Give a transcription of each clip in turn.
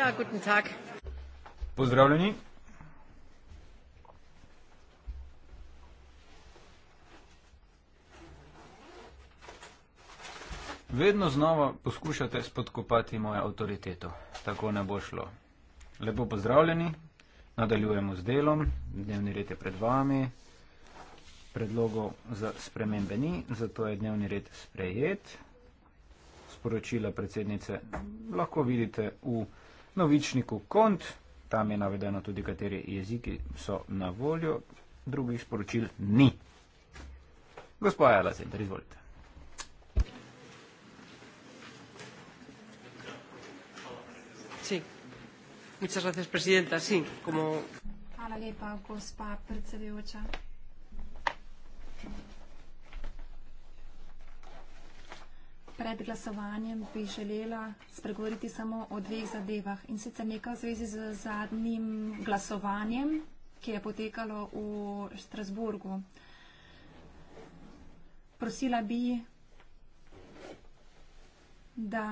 Ja, guten Tag. Pozdravljeni. Vedno znova poskušate spodkopati moje avtoriteto. Tako ne bo šlo. Lepo pozdravljeni. Nadaljujemo z delom. Dnevni red je pred vami. Predlogov za spremembe ni, zato je dnevni red sprejet. Sporočila predsednice lahko vidite v novičniku kont, tam je navedeno tudi, kateri jeziki so na voljo, drugih sporočil ni. Gospod Jala Center, izvolite. Sí. Muchas gracias, presidenta. Sí, como... Hvala lepa, gospa predsedujoča. pred glasovanjem bi želela spregovoriti samo o dveh zadevah in sicer nekaj v zvezi z zadnjim glasovanjem, ki je potekalo v Strasburgu. Prosila bi, da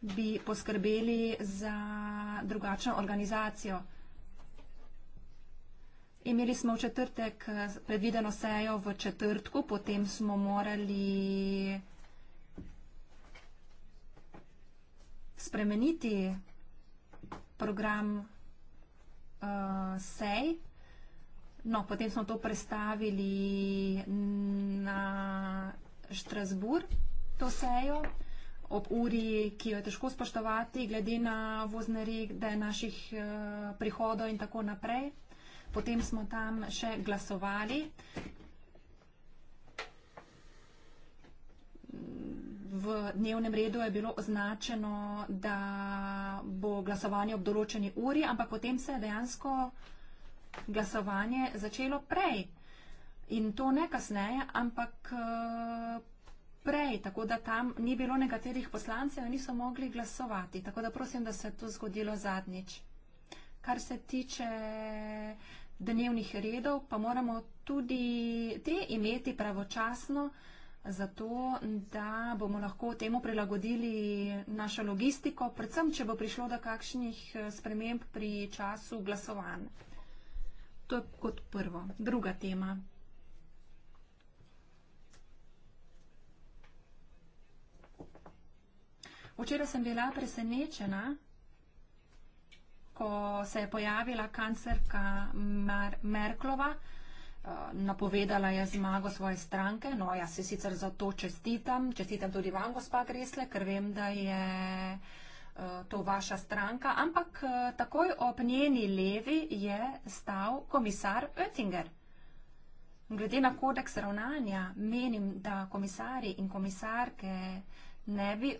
bi poskrbeli za drugačno organizacijo. Imeli smo v četrtek predvideno sejo v četrtku, potem smo morali spremeniti program uh, sej. No, potem smo to prestavili na Štrasbur, to sejo, ob uri, ki jo je težko spoštovati, glede na vozne rede naših uh, prihodov in tako naprej. Potem smo tam še glasovali, v dnevnem redu je bilo označeno, da bo glasovanje ob določeni uri, ampak potem se je dejansko glasovanje začelo prej. In to ne kasneje, ampak eh, prej, tako da tam ni bilo nekaterih poslancev in niso mogli glasovati. Tako da prosim, da se je to zgodilo zadnjič. Kar se tiče dnevnih redov, pa moramo tudi te imeti pravočasno zato, da bomo lahko temu prilagodili našo logistiko, predvsem, če bo prišlo do kakšnih eh, sprememb pri času glasovanj. To je kot prvo. Druga tema. Včeraj sem bila presenečena, ko se je pojavila kancerka Mer Merklova. Eh, napovedala je zmago svoje stranke. No, jaz se sicer za to čestitam. Čestitam tudi vam, gospa Gresle, ker vem, da je eh, to vaša stranka. Ampak eh, takoj ob njeni levi je stal komisar Oettinger. Glede na kodeks ravnanja menim, da komisari in komisarke ne bi,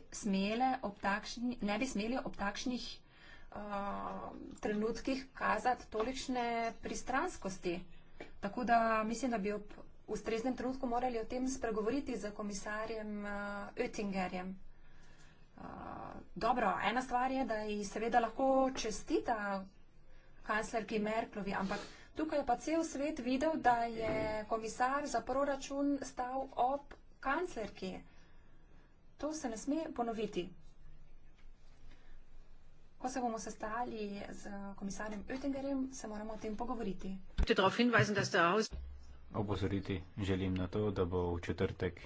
ob takšni, ne bi smeli ob takšnih uh, trenutkih kazati tolične pristranskosti. Uh, Tako da mislim, da bi ob ustreznem trenutku morali o tem spregovoriti z komisarjem eh, Oettingerjem. Eh, dobro, ena stvar je, da ji seveda lahko čestita kanclerki Merklovi, ampak tukaj je pa cel svet videl, da je komisar za proračun stal ob kanclerki. To se ne sme ponoviti. Ko se bomo sestali z komisarjem Oettingerjem, se moramo o tem pogovoriti. Opozoriti želim na to, da bo v četrtek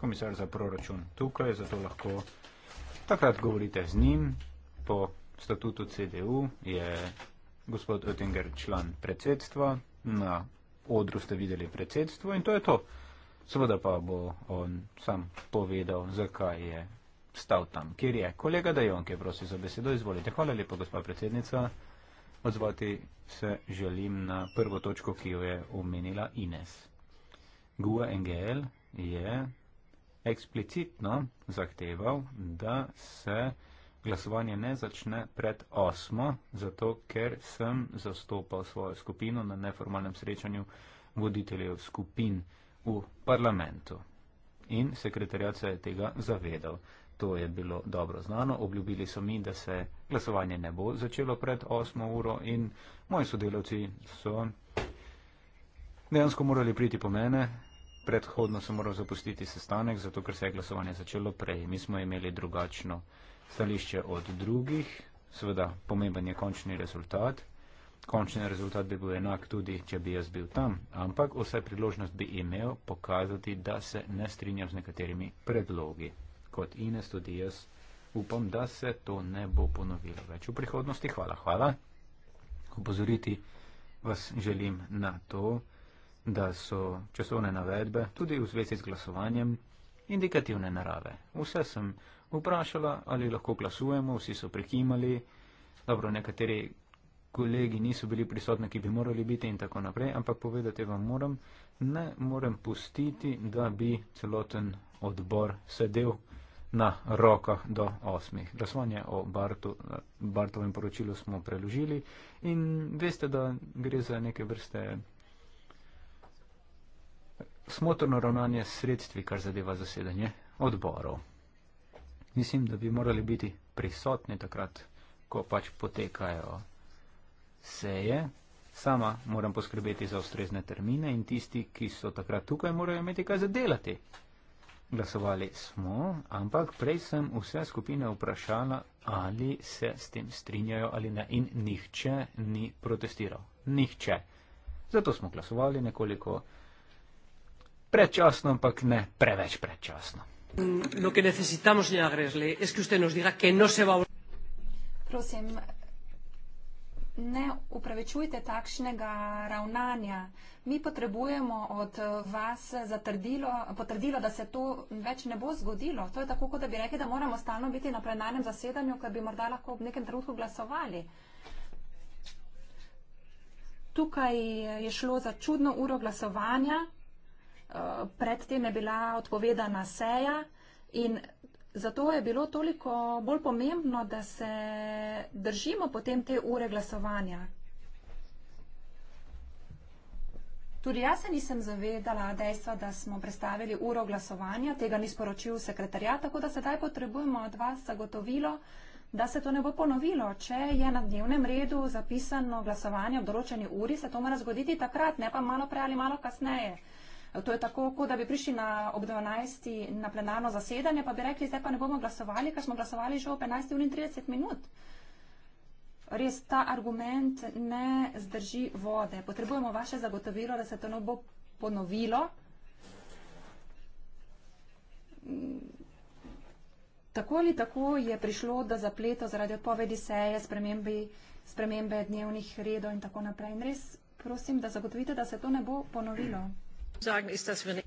komisar za proračun tukaj, zato lahko takrat govorite z njim. Po statutu CDU je gospod Oettinger član predsedstva, na odru ste videli predsedstvo in to je to. Seveda pa bo on sam povedal, zakaj je stal tam, kjer je. Kolega Dajon, ki je prosil za besedo, izvolite. Hvala lepo, gospod predsednica. Odzvati se želim na prvo točko, ki jo je omenila Ines. GUA NGL je eksplicitno zahteval, da se glasovanje ne začne pred osmo, zato ker sem zastopal svojo skupino na neformalnem srečanju voditeljev skupin v parlamentu. In sekretarjat se je tega zavedal. To je bilo dobro znano. Obljubili so mi, da se glasovanje ne bo začelo pred 8 uro in moji sodelavci so dejansko morali priti po mene. Predhodno sem moral zapustiti sestanek, zato ker se je glasovanje začelo prej. Mi smo imeli drugačno stališče od drugih. Seveda, pomemben je končni rezultat. Končni rezultat bi bil enak tudi, če bi jaz bil tam, ampak vsaj priložnost bi imel pokazati, da se ne strinjam z nekaterimi predlogi kot Ines tudi jaz upam, da se to ne bo ponovilo več v prihodnosti. Hvala, hvala. Upozoriti vas želim na to, da so časovne navedbe tudi v zvezi z glasovanjem indikativne narave. Vse sem vprašala, ali lahko glasujemo, vsi so prikimali, dobro, nekateri kolegi niso bili prisotni, ki bi morali biti in tako naprej, ampak povedati vam moram, ne morem pustiti, da bi celoten odbor sedel na rokah do osmih. Glasovanje o Bartu, Bartovem poročilu smo preložili in veste, da gre za neke vrste smotrno ravnanje sredstvi, kar zadeva zasedanje odborov. Mislim, da bi morali biti prisotni takrat, ko pač potekajo seje. Sama moram poskrbeti za ustrezne termine in tisti, ki so takrat tukaj, morajo imeti kaj zadelati. Glasovali smo, ampak prej sem vse skupine vprašala, ali se s tem strinjajo ali ne. In nihče ni protestiral. Nihče. Zato smo glasovali nekoliko predčasno, ampak ne preveč predčasno. No Prosim, ne upravičujte takšnega ravnanja. Mi potrebujemo od vas zatrdilo, potrdilo, da se to več ne bo zgodilo. To je tako, kot da bi rekli, da moramo stalno biti na plenarnem zasedanju, ker bi morda lahko v nekem trenutku glasovali. Tukaj je šlo za čudno uro glasovanja, eh, predtem je bila odpovedana seja in Zato je bilo toliko bolj pomembno, da se držimo potem te ure glasovanja. Tudi jaz se nisem zavedala dejstva, da smo predstavili uro glasovanja, tega ni sporočil sekretarja, tako da sedaj potrebujemo od vas zagotovilo, da se to ne bo ponovilo. Če je na dnevnem redu zapisano glasovanje v določeni uri, se to mora zgoditi takrat, ne pa malo prej ali malo kasneje. To je tako, kot da bi prišli na ob 12. na plenarno zasedanje, pa bi rekli, zdaj pa ne bomo glasovali, ker smo glasovali že ob 15.30 minut. Res ta argument ne zdrži vode. Potrebujemo vaše zagotovilo, da se to ne bo ponovilo. Tako ali tako je prišlo do zapleta zaradi odpovedi seje, spremembi, spremembe dnevnih redov in tako naprej. In res prosim, da zagotovite, da se to ne bo ponovilo. Mm sagen, ist, dass wir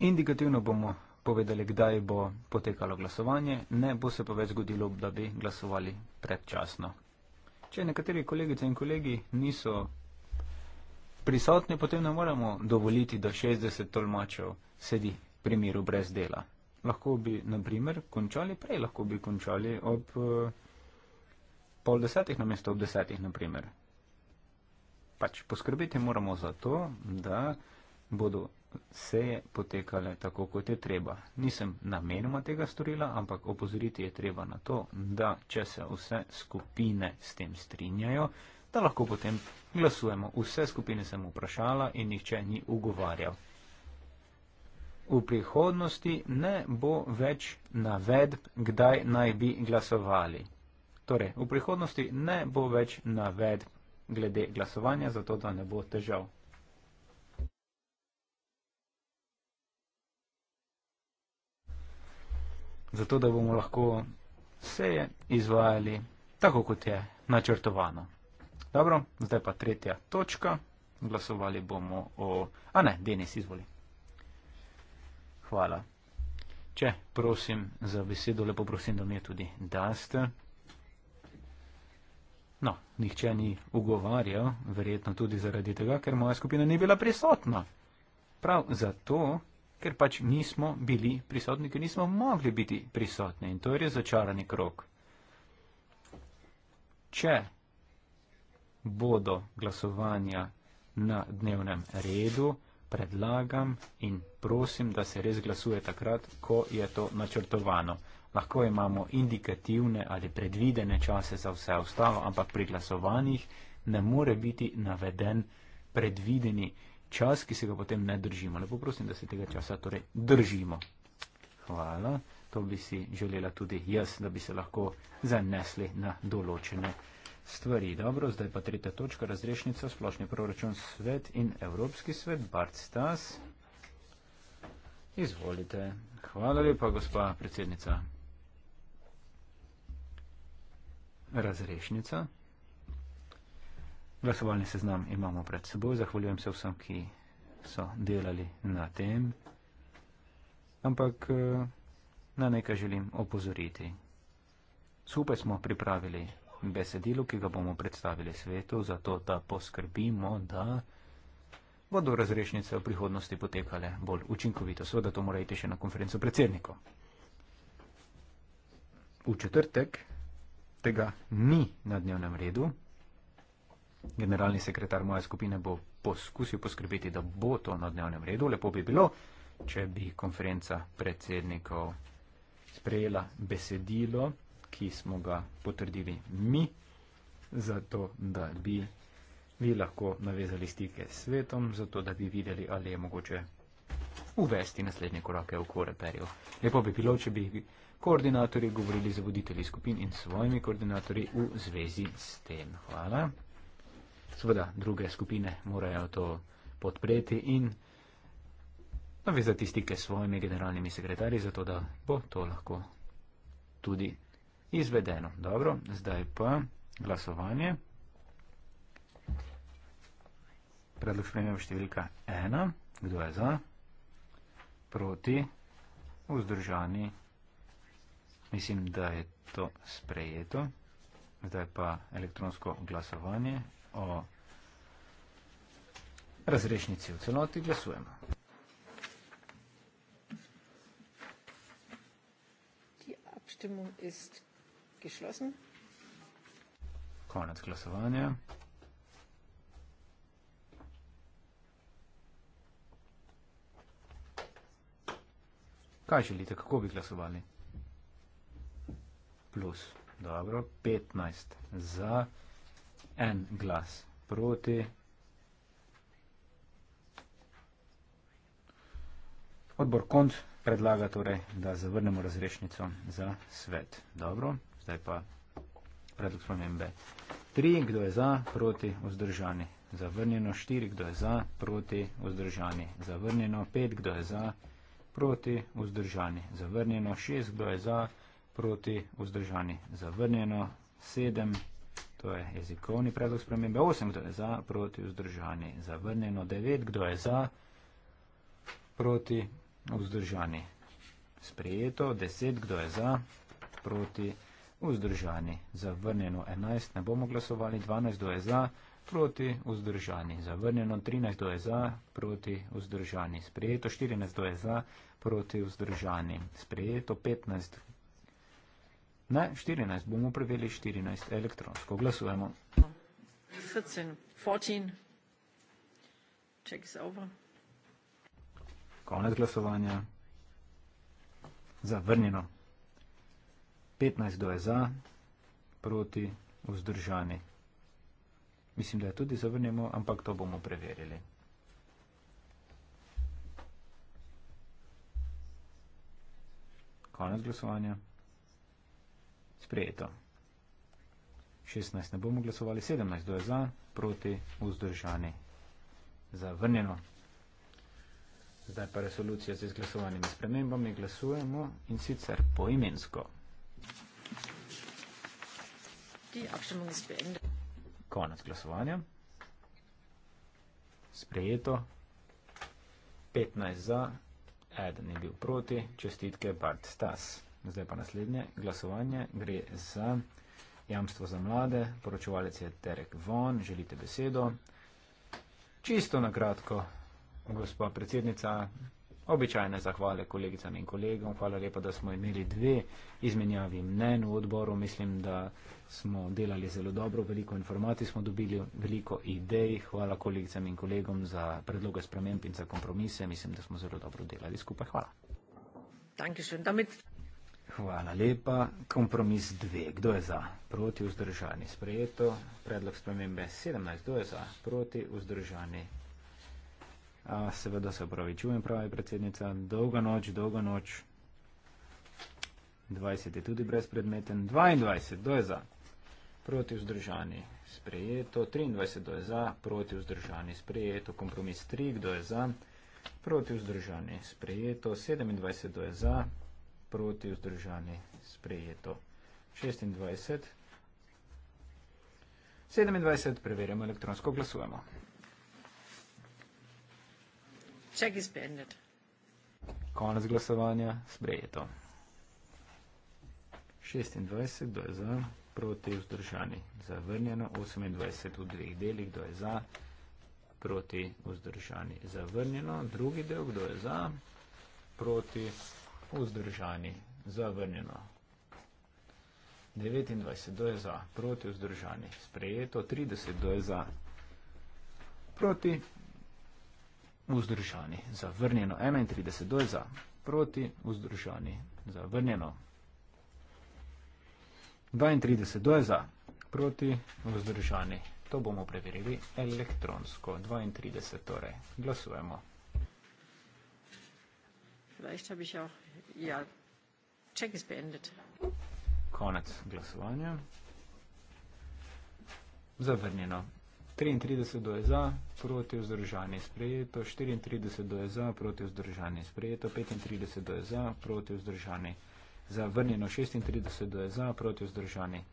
Indikativno bomo povedali, kdaj bo potekalo glasovanje, ne bo se pa več zgodilo, da bi glasovali predčasno. Če nekateri kolegice in kolegi niso prisotni, potem ne moremo dovoliti, da 60 tolmačev sedi pri miru brez dela. Lahko bi, na primer, končali prej, lahko bi končali ob uh, pol desetih na mesto, ob desetih, na primer pač poskrbeti moramo za to, da bodo seje potekale tako, kot je treba. Nisem namenoma tega storila, ampak opozoriti je treba na to, da če se vse skupine s tem strinjajo, da lahko potem glasujemo. Vse skupine sem vprašala in nihče ni ugovarjal. V prihodnosti ne bo več navedb, kdaj naj bi glasovali. Torej, v prihodnosti ne bo več navedb, glede glasovanja, zato da ne bo težav. Zato da bomo lahko seje izvajali tako, kot je načrtovano. Dobro, zdaj pa tretja točka. Glasovali bomo o... A ne, Denis, izvoli. Hvala. Če prosim za besedo, lepo prosim, da mi je tudi daste. No, nihče ni ugovarjal, verjetno tudi zaradi tega, ker moja skupina ni bila prisotna. Prav zato, ker pač nismo bili prisotni, ker nismo mogli biti prisotni in to je res začarani krok. Če bodo glasovanja na dnevnem redu, predlagam in prosim, da se res glasuje takrat, ko je to načrtovano lahko imamo indikativne ali predvidene čase za vse ostalo, ampak pri glasovanjih ne more biti naveden predvideni čas, ki se ga potem ne držimo. Lepo prosim, da se tega časa torej držimo. Hvala. To bi si želela tudi jaz, da bi se lahko zanesli na določene stvari. Dobro, zdaj pa tretja točka, razrešnica, splošni proračun svet in Evropski svet, Bart Stas. Izvolite. Hvala lepa, gospa predsednica. razrešnica. Glasovalni seznam imamo pred seboj. Zahvaljujem se vsem, ki so delali na tem. Ampak eh, na nekaj želim opozoriti. Skupaj smo pripravili besedilo, ki ga bomo predstavili svetu, zato da poskrbimo, da bodo razrešnice v prihodnosti potekale bolj učinkovito. Seveda to morate še na konferenco predsednikov. V četrtek tega ni na dnevnem redu. Generalni sekretar moje skupine bo poskusil poskrbeti, da bo to na dnevnem redu. Lepo bi bilo, če bi konferenca predsednikov sprejela besedilo, ki smo ga potrdili mi, zato da bi vi lahko navezali stike s svetom, zato da bi videli, ali je mogoče uvesti naslednje korake v koreperju. Lepo bi bilo, če bi koordinatorji govorili za voditelji skupin in svojimi koordinatorji v zvezi s tem. Hvala. Sveda, druge skupine morajo to podpreti in navezati stike s svojimi generalnimi sekretarji, zato da bo to lahko tudi izvedeno. Dobro, zdaj pa glasovanje. Predlog spremem številka 1. Kdo je za? Proti? Vzdržani? Proti? Mislim, da je to sprejeto. Zdaj pa elektronsko glasovanje o razrešnici v celoti glasujemo. Konec glasovanja. Kaj želite, kako bi glasovali? plus. Dobro, 15 za, en glas proti. Odbor konc predlaga torej, da zavrnemo razrešnico za svet. Dobro, zdaj pa predlog spremembe. 3, kdo je za, proti, vzdržani. Zavrnjeno 4, kdo je za, proti, vzdržani. Zavrnjeno 5, kdo je za, proti, vzdržani. Zavrnjeno 6, kdo je za, proti, vzdržani proti, vzdržani zavrnjeno, sedem, to je jezikovni predlog spremembe, osem, kdo je za, proti, vzdržani zavrnjeno, devet, kdo je za, proti, vzdržani sprejeto, deset, kdo je za, proti, vzdržani zavrnjeno, enajst, ne bomo glasovali, dvanajst, kdo je za, proti, vzdržani zavrnjeno, trinajst, kdo je za, proti, vzdržani sprejeto, štirinajst, kdo je za, proti, vzdržani sprejeto, petnajst, Ne, 14, bomo preveli 14 elektronsko. Glasujemo. 14, 14. Check is over. Konec glasovanja. Zavrnjeno. 15 do je za, proti, vzdržani. Mislim, da je tudi zavrnjeno, ampak to bomo preverili. Konec glasovanja sprejeto. 16 ne bomo glasovali, 17 do je za, proti, vzdržani, zavrnjeno. Zdaj pa resolucija z izglasovanimi spremembami, glasujemo in sicer poimensko. Konec glasovanja. Sprejeto. 15 za, eden je bil proti, čestitke Bart Stas. Zdaj pa naslednje glasovanje. Gre za jamstvo za mlade. Poročevalec je Terek Von. Želite besedo? Čisto na kratko, gospa predsednica, običajne zahvale kolegicam in kolegom. Hvala lepa, da smo imeli dve izmenjavi mnen v odboru. Mislim, da smo delali zelo dobro, veliko informacij smo dobili, veliko idej. Hvala kolegicam in kolegom za predloge sprememb in za kompromise. Mislim, da smo zelo dobro delali skupaj. Hvala. Dankeschön. Damit Hvala lepa. Kompromis dve. Kdo je za? Proti vzdržani. Sprejeto. Predlog spremembe 17. Kdo je za? Proti vzdržani. A, seveda se upravičujem, pravi predsednica. Dolga noč, dolga noč. 20 je tudi brezpredmeten. 22. Kdo je za? Proti vzdržani. Sprejeto. 23. Kdo je za? Proti vzdržani. Sprejeto. Kompromis 3. Kdo je za? Proti vzdržani. Sprejeto. 27. Kdo je za? Sprejeto proti vzdržani sprejeto. 26. 27. Preverjamo elektronsko glasujemo. Check is pended. Konec glasovanja sprejeto. 26. Kdo je za? Proti vzdržani. Zavrnjeno. 28. V dveh delih. Kdo je za? Proti vzdržani. Zavrnjeno. Drugi del. Kdo je za? Proti vzdržani vzdržani, zavrnjeno. 29, do je za, proti vzdržani, sprejeto, 30, do je za, proti vzdržani, zavrnjeno, 31, do je za, proti vzdržani, zavrnjeno, 32, do je za, proti vzdržani, to bomo preverili elektronsko, 32, torej, glasujemo. 32. Vielleicht habe ich auch. Ja, Check ist beendet. Konec glasovanja. Zavrnjeno. 33 do je za, proti vzdržani je sprejeto, 34 do je za, proti vzdržani je sprejeto, 35 do je za, proti vzdržani je zavrnjeno, 36 do je za, proti vzdržani je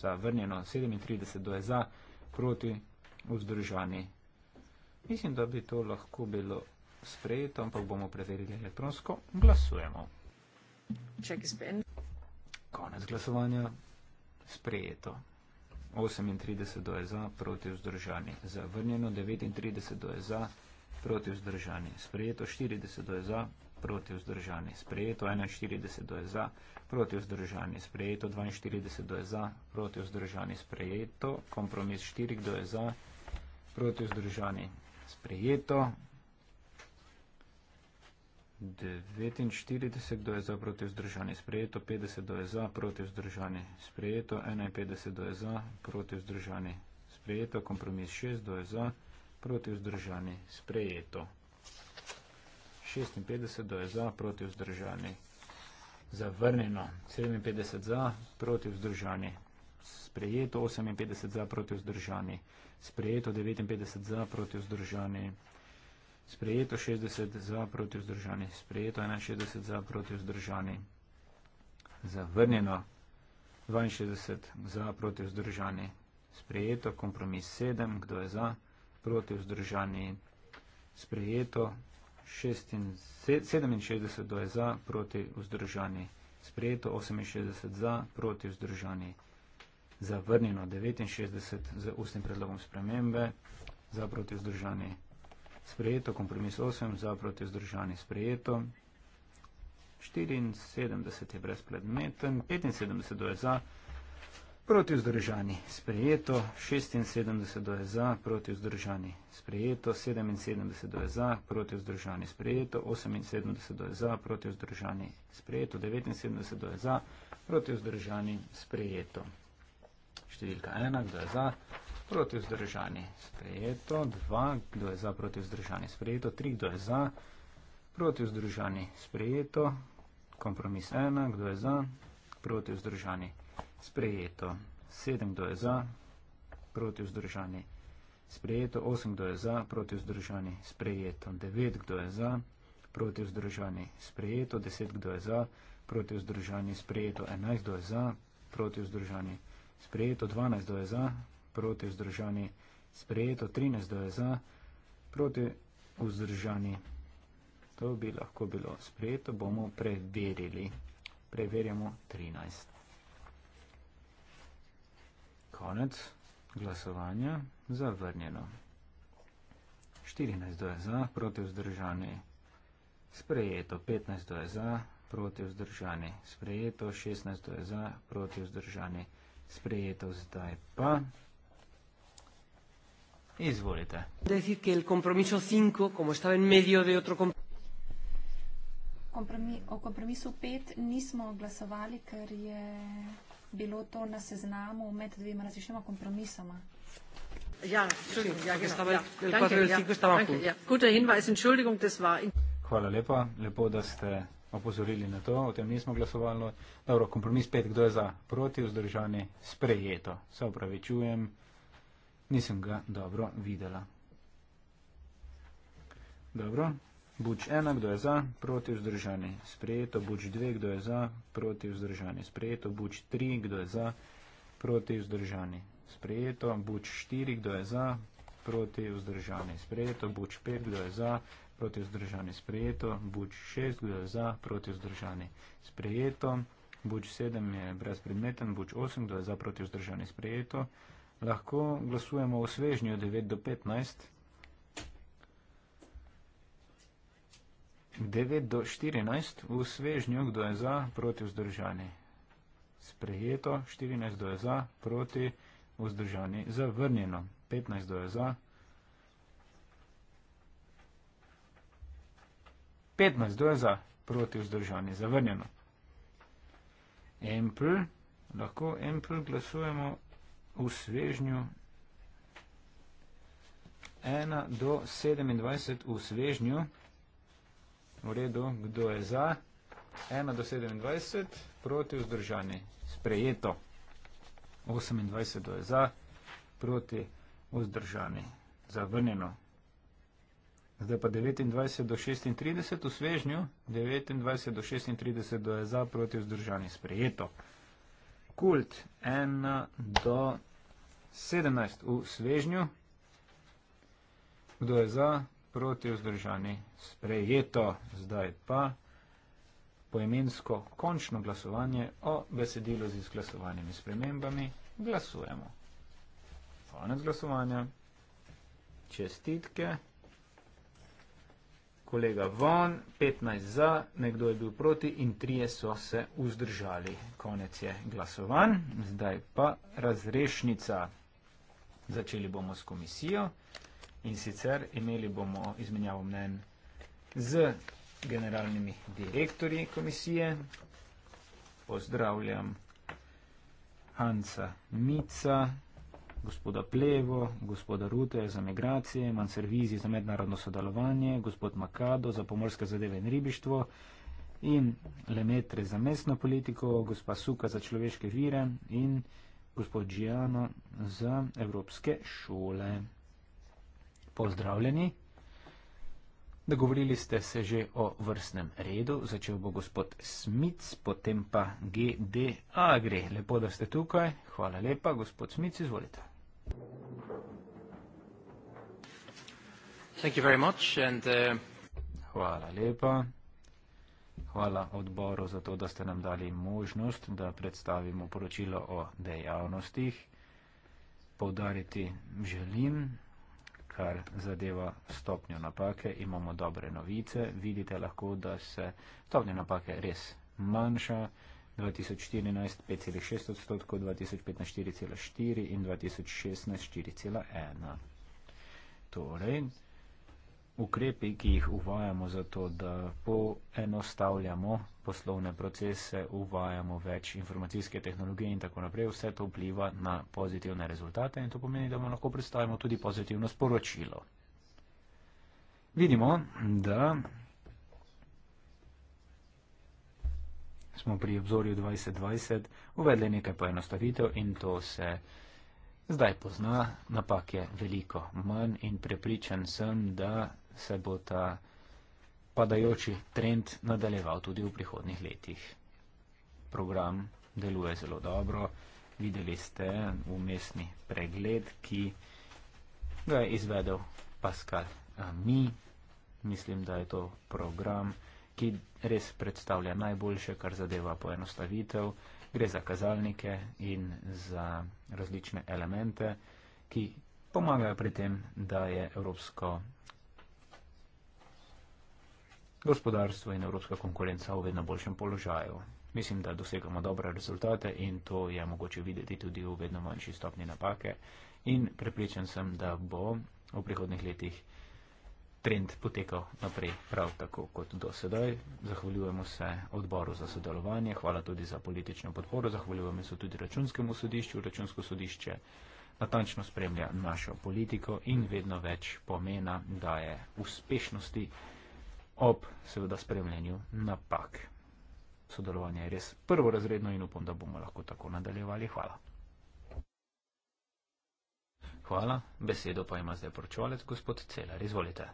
zavrnjeno, 37 do je za, proti vzdržani. Mislim, da bi to lahko bilo sprejeto, ampak bomo preverili elektronsko. Glasujemo. Konec glasovanja. Sprejeto. 38 do je za, proti vzdržani. Zavrnjeno. 39 do je za, proti vzdržani. Sprejeto. 40 do je za, proti vzdržani. Sprejeto. 41 do je za, proti vzdržani. Sprejeto. 42 do je za, proti vzdržani. Sprejeto. Kompromis 4 do je za, proti vzdržani. Sprejeto. 49, kdo je za proti vzdržanje sprejeto, 50, kdo je za proti vzdržanje sprejeto, 51, kdo je za proti vzdržanje sprejeto, kompromis 6, kdo je za proti vzdržanje sprejeto, 56, kdo je za proti vzdržanje zavrneno, 57 za proti vzdržanje sprejeto, 58 za proti vzdržanje sprejeto, 59 za proti vzdržanje sprejeto sprejeto 60 za proti vzdržani, sprejeto 61 za proti vzdržani, zavrnjeno 62 za proti vzdržani, sprejeto kompromis 7, kdo je za proti vzdržani, sprejeto 67, kdo je za proti vzdržani, sprejeto 68 za proti vzdržani, zavrnjeno 69 z ustnim predlogom spremembe, za proti vzdržani, sprejeto, kompromis 8 za proti vzdržani sprejeto, 74 je brezpredmeten, 75 do je za, proti vzdržani sprejeto, 76 do je za, proti vzdržani sprejeto, 77 do je za, proti vzdržani sprejeto, 78 do je za, proti vzdržani sprejeto, 79 do je za, proti vzdržani sprejeto. Številka 1, kdo je za? proti vzdržani, sprejeto, 2, kdo je za proti vzdržani, sprejeto, 3, kdo je za proti vzdržani, sprejeto, kompromis 1, kdo je za proti vzdržani, sprejeto, 7, kdo je za proti vzdržani, sprejeto, 8, kdo je za proti vzdržani, sprejeto, 9, kdo je za proti vzdržani, sprejeto, 10, kdo je za proti vzdržani, sprejeto, 11, kdo je za proti vzdržani. Sprejeto 12 do je za, proti vzdržani sprejeto, 13 je za, proti vzdržani. To bi lahko bilo sprejeto, bomo preverili. Preverjamo 13. Konec glasovanja, zavrnjeno. 14 je za, proti vzdržani sprejeto, 15 je za, proti vzdržani sprejeto, 16 je za, proti vzdržani sprejeto, zdaj pa. Izvolite. O kompromisu 5 nismo glasovali, ker je bilo to na seznamu med dvema različnima kompromisoma. Hvala lepa, lepo, da ste opozorili na to, o tem nismo glasovali. Dobro, kompromis 5, kdo je za? Proti, vzdržani, sprejeto. Se opravičujem. Nisem ga dobro videla. Dobro. Buč ena, kdo je za, proti vzdržani, sprejeto. Buč dve, kdo je za, proti vzdržani, sprejeto. Buč tri, kdo je za, proti vzdržani, sprejeto. Buč štiri, kdo je za, proti vzdržani, sprejeto. Buč pet, kdo je za, proti vzdržani, sprejeto. Buč šest, kdo je za, proti vzdržani, sprejeto. Buč sedem je brezpredmeten. Buč osem, kdo je za, proti vzdržani, sprejeto. Buč sedem je brezpredmeten lahko glasujemo v svežnju 9 do 15. 9 do 14 v svežnju, kdo je za, proti vzdržani. Sprejeto, 14 do je za, proti vzdržani. Zavrnjeno, 15 do je za. 15 do je za, proti vzdržani. Zavrnjeno. Ample, lahko ample glasujemo v svežnju 1 do 27 v svežnju. V redu, kdo je za? 1 do 27 proti vzdržani. Sprejeto. 28 je za, proti vzdržani. Zavrnjeno. Zdaj pa 29 do 36 v svežnju. 29 do 36 je za, proti vzdržani. Sprejeto kult 1 do 17 v svežnju. Kdo je za? Proti vzdržani sprejeto. Zdaj pa poimensko končno glasovanje o besedilu z izglasovanimi spremembami. Glasujemo. Konec glasovanja. Čestitke. Čestitke kolega von, 15 za, nekdo je bil proti in trije so se vzdržali. Konec je glasovan, zdaj pa razrešnica. Začeli bomo s komisijo in sicer imeli bomo izmenjavo mnen z generalnimi direktorji komisije. Pozdravljam Hansa Mica. Hansa Mica gospoda Plevo, gospoda Rute za migracije, Manservizi za mednarodno sodelovanje, gospod Makado za pomorske zadeve in ribištvo in Lemetre za mestno politiko, gospa Suka za človeške vire in gospod Džijano za evropske šole. Pozdravljeni. Dogovorili ste se že o vrstnem redu, začel bo gospod Smic, potem pa GD Agri. Lepo, da ste tukaj. Hvala lepa, gospod Smic, izvolite. Thank you very much and, uh... Hvala lepa. Hvala odboru za to, da ste nam dali možnost, da predstavimo poročilo o dejavnostih. Poudariti želim, kar zadeva stopnjo napake, imamo dobre novice. Vidite lahko, da se stopnja napake res manjša. 2014 5,6 odstotkov, 2015 4,4 in 2016 4,1. Torej, ukrepi, ki jih uvajamo za to, da poenostavljamo poslovne procese, uvajamo več informacijske tehnologije in tako naprej, vse to vpliva na pozitivne rezultate in to pomeni, da mu lahko predstavimo tudi pozitivno sporočilo. Vidimo, da smo pri obzorju 2020 uvedli nekaj poenostavitev in to se zdaj pozna. Napak je veliko manj in prepričan sem, da se bo ta padajoči trend nadaljeval tudi v prihodnih letih. Program deluje zelo dobro. Videli ste umestni pregled, ki ga je izvedel Pascal Mi. Mislim, da je to program ki res predstavlja najboljše, kar zadeva poenostavitev. Gre za kazalnike in za različne elemente, ki pomagajo pri tem, da je evropsko gospodarstvo in evropska konkurenca v vedno boljšem položaju. Mislim, da dosegamo dobre rezultate in to je mogoče videti tudi v vedno manjši stopni napake in prepričan sem, da bo v prihodnih letih trend potekal naprej prav tako kot do sedaj. Zahvaljujemo se odboru za sodelovanje, hvala tudi za politično podporo, zahvaljujemo se tudi računskemu sodišču. Računsko sodišče natančno spremlja našo politiko in vedno več pomena daje uspešnosti ob seveda spremljanju napak. Sodelovanje je res prvorazredno in upam, da bomo lahko tako nadaljevali. Hvala. Hvala. Besedo pa ima zdaj pročolec gospod Celar. Izvolite.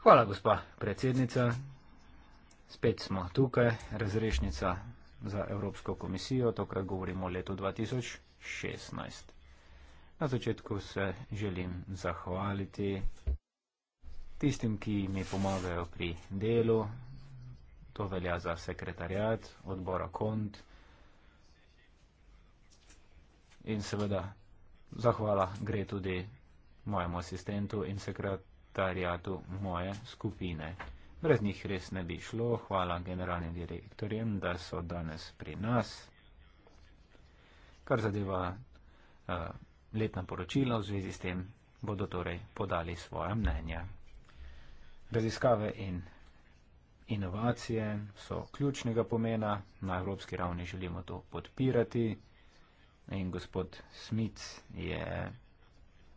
Hvala, gospa predsednica. Spet smo tukaj, razrešnica za Evropsko komisijo, tokrat govorimo o letu 2016. Na začetku se želim zahvaliti tistim, ki mi pomagajo pri delu. To velja za sekretarjat, odbora kont in seveda zahvala gre tudi mojemu asistentu in sekretarju sekretariatu moje skupine. Brez njih res ne bi šlo. Hvala generalnim direktorjem, da so danes pri nas. Kar zadeva uh, letna poročila v zvezi s tem, bodo torej podali svoje mnenja. Raziskave in inovacije so ključnega pomena. Na evropski ravni želimo to podpirati. In gospod Smic je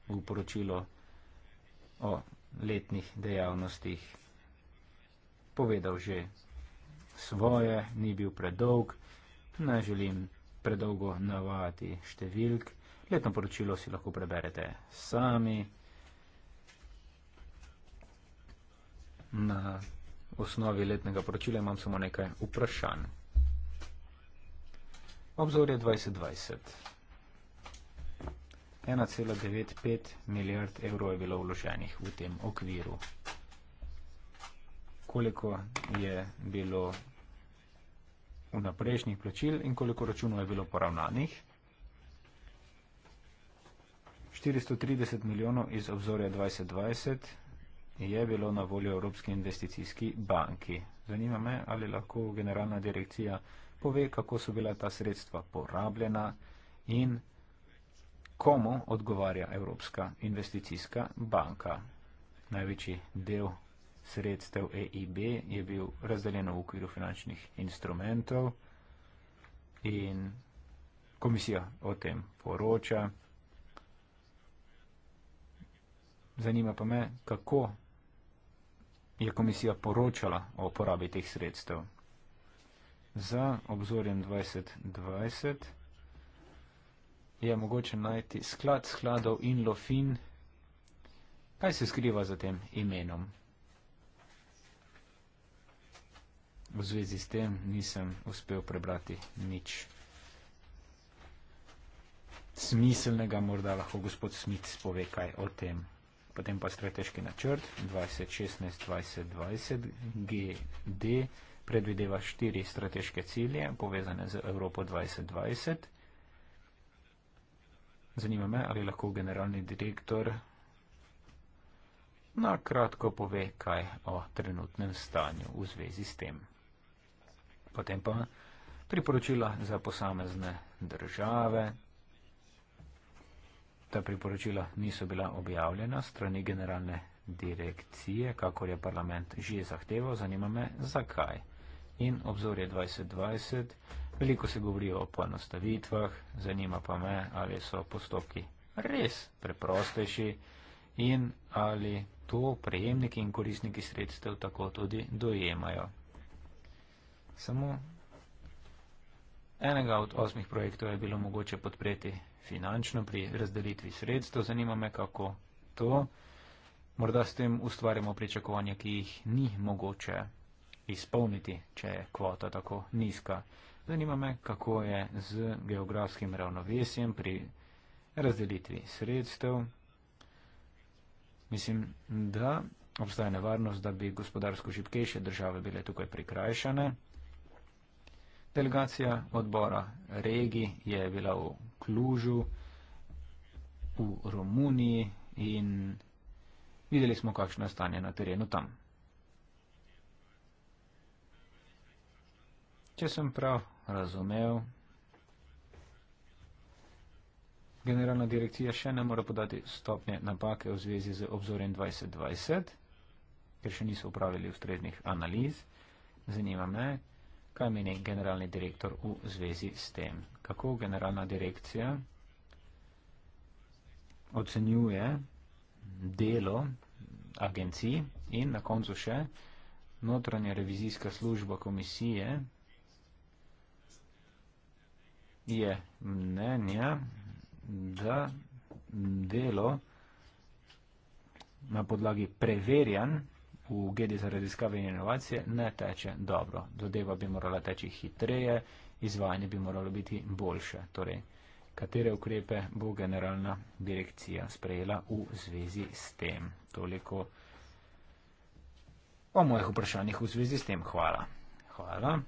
v poročilo o letnih dejavnostih povedal že svoje, ni bil predolg, ne želim predolgo navajati številk. Letno poročilo si lahko preberete sami na osnovi letnega poročila imam samo nekaj vprašanj. Obzorje 2020 1,95 milijard evrov je bilo vloženih v tem okviru. Koliko je bilo v naprejšnjih plačil in koliko računov je bilo poravnanih? 430 milijonov iz obzorja 2020 je bilo na voljo Evropski investicijski banki. Zanima me, ali lahko generalna direkcija pove, kako so bila ta sredstva porabljena in kako komu odgovarja Evropska investicijska banka. Največji del sredstev EIB je bil razdeljen v okviru finančnih instrumentov in komisija o tem poroča. Zanima pa me, kako je komisija poročala o porabi teh sredstev. Za obzorjem 2020 je mogoče najti sklad skladov in lofin. Kaj se skriva za tem imenom? V zvezi s tem nisem uspel prebrati nič smiselnega, morda lahko gospod Smith spove kaj o tem. Potem pa strateški načrt 2016-2020 GD predvideva štiri strateške cilje povezane z Evropo 2020. Zanima me, ali lahko generalni direktor na kratko pove kaj o trenutnem stanju v zvezi s tem. Potem pa priporočila za posamezne države. Ta priporočila niso bila objavljena strani generalne direkcije, kakor je parlament že zahteval. Zanima me, zakaj. In obzorje 2020. Veliko se govori o poenostavitvah, zanima pa me, ali so postopki res preprostejši in ali to prejemniki in korisniki sredstev tako tudi dojemajo. Samo enega od osmih projektov je bilo mogoče podpreti finančno pri razdelitvi sredstev, zanima me, kako to. Morda s tem ustvarjamo pričakovanja, ki jih ni mogoče izpolniti, če je kvota tako nizka. Zanima me, kako je z geografskim ravnovesjem pri razdelitvi sredstev. Mislim, da obstaja nevarnost, da bi gospodarsko šipkejše države bile tukaj prikrajšane. Delegacija odbora regi je bila v Klužu, v Romuniji in videli smo, kakšno je stanje na terenu tam. Če sem prav razumev. Generalna direkcija še ne mora podati stopnje napake v zvezi z obzorjem 2020, ker še niso upravili ustreznih analiz. Zanima me, kaj meni generalni direktor v zvezi s tem. Kako generalna direkcija ocenjuje delo agencij in na koncu še notranja revizijska služba komisije, je mnenja, da delo na podlagi preverjan v GD za raziskave in inovacije ne teče dobro. Zadeva bi morala teči hitreje, izvajanje bi moralo biti boljše. Torej, katere ukrepe bo generalna direkcija sprejela v zvezi s tem. Toliko o mojih vprašanjih v zvezi s tem. Hvala. Hvala.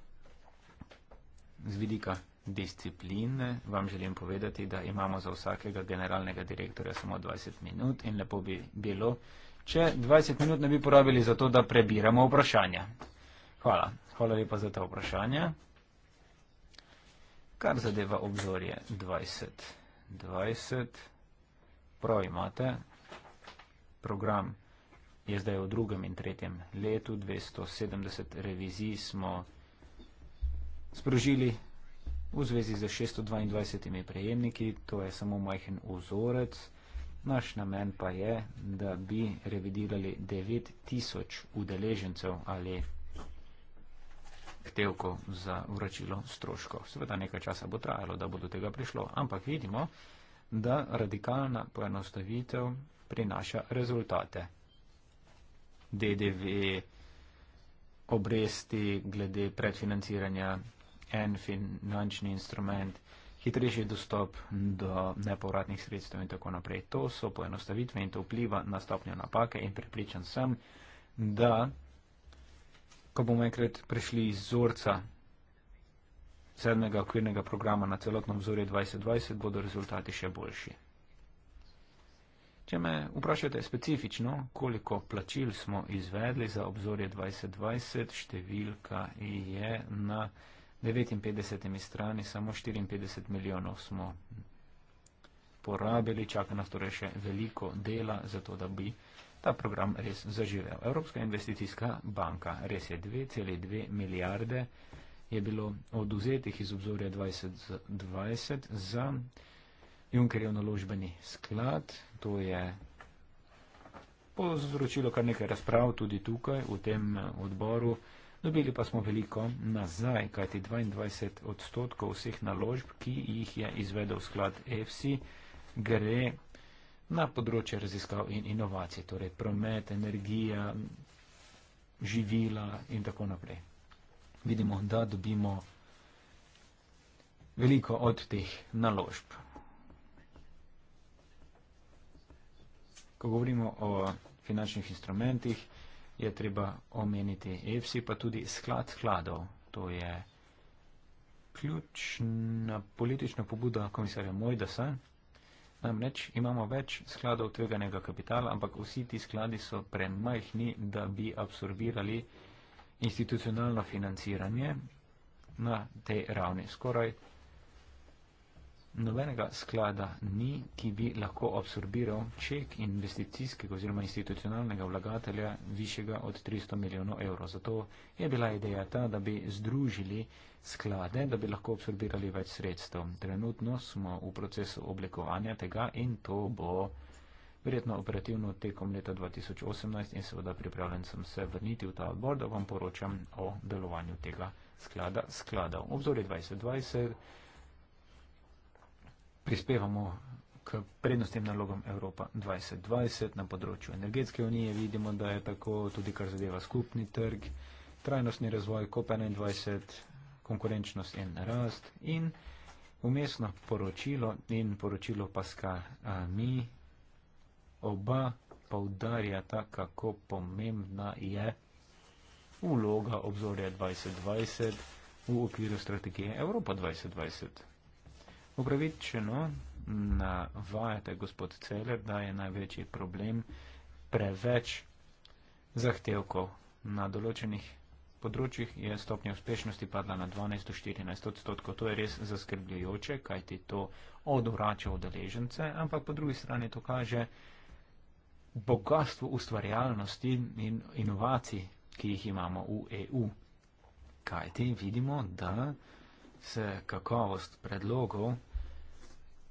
Z vidika discipline, vam želim povedati, da imamo za vsakega generalnega direktorja samo 20 minut in lepo bi bilo, če 20 minut ne bi porabili za to, da prebiramo vprašanja. Hvala. Hvala lepa za ta vprašanja. Kar zadeva obzorje 20. 20. Prav imate. Program je zdaj v drugem in tretjem letu. 270 revizij smo sprožili v zvezi z 622 prejemniki, to je samo majhen ozorec. Naš namen pa je, da bi revidirali 9000 udeležencev ali ktevkov za vračilo stroško. Seveda nekaj časa bo trajalo, da bo do tega prišlo, ampak vidimo, da radikalna poenostavitev prinaša rezultate. DDV, obresti glede predfinanciranja en finančni instrument, hitrejši dostop do nepovratnih sredstev in tako naprej. To so poenostavitve in to vpliva na stopnjo napake in prepričan sem, da ko bomo enkrat prišli iz vzorca sedmega okvirnega programa na celotnem vzorju 2020, bodo rezultati še boljši. Če me vprašate specifično, koliko plačil smo izvedli za obzorje 2020, številka je na 59 strani, samo 54 milijonov smo porabili, čaka nas torej še veliko dela, zato da bi ta program res zaživel. Evropska investicijska banka, res je 2,2 milijarde, je bilo oduzetih iz obzorja 2020 za Junkerjev naložbeni sklad. To je povzročilo kar nekaj razprav tudi tukaj v tem odboru. Dobili pa smo veliko nazaj, kajti 22 odstotkov vseh naložb, ki jih je izvedel sklad EFSI, gre na področje raziskav in inovacij, torej promet, energija, živila in tako naprej. Vidimo, da dobimo veliko od teh naložb. Ko govorimo o finančnih instrumentih, je treba omeniti. EFSI pa tudi sklad skladov. To je ključna politična pobuda komisarja Mojdasa. Namreč imamo več skladov tveganega kapitala, ampak vsi ti skladi so premajhni, da bi absorbirali institucionalno financiranje na tej ravni. Skoraj nobenega sklada ni, ki bi lahko absorbiral ček investicijskega oziroma institucionalnega vlagatelja višjega od 300 milijonov evrov. Zato je bila ideja ta, da bi združili sklade, da bi lahko absorbirali več sredstev. Trenutno smo v procesu oblikovanja tega in to bo verjetno operativno tekom leta 2018 in seveda pripravljen sem se vrniti v ta odbor, da vam poročam o delovanju tega sklada skladov. Obzorje 2020 prispevamo k prednostnim nalogom Evropa 2020 na področju energetske unije. Vidimo, da je tako tudi kar zadeva skupni trg, trajnostni razvoj COP21, konkurenčnost in rast in umestno poročilo in poročilo Paska Mi oba poudarjata, kako pomembna je vloga obzorja 2020 v okviru strategije Evropa 2020. Upravičeno navajate, gospod Celer, da je največji problem preveč zahtevkov. Na določenih področjih je stopnja uspešnosti padla na 12 do 14 odstotkov. To je res zaskrbljujoče, kajti to odvrača odeležence, ampak po drugi strani to kaže bogatstvo ustvarjalnosti in inovacij, ki jih imamo v EU. Kajti vidimo, da se kakovost predlogov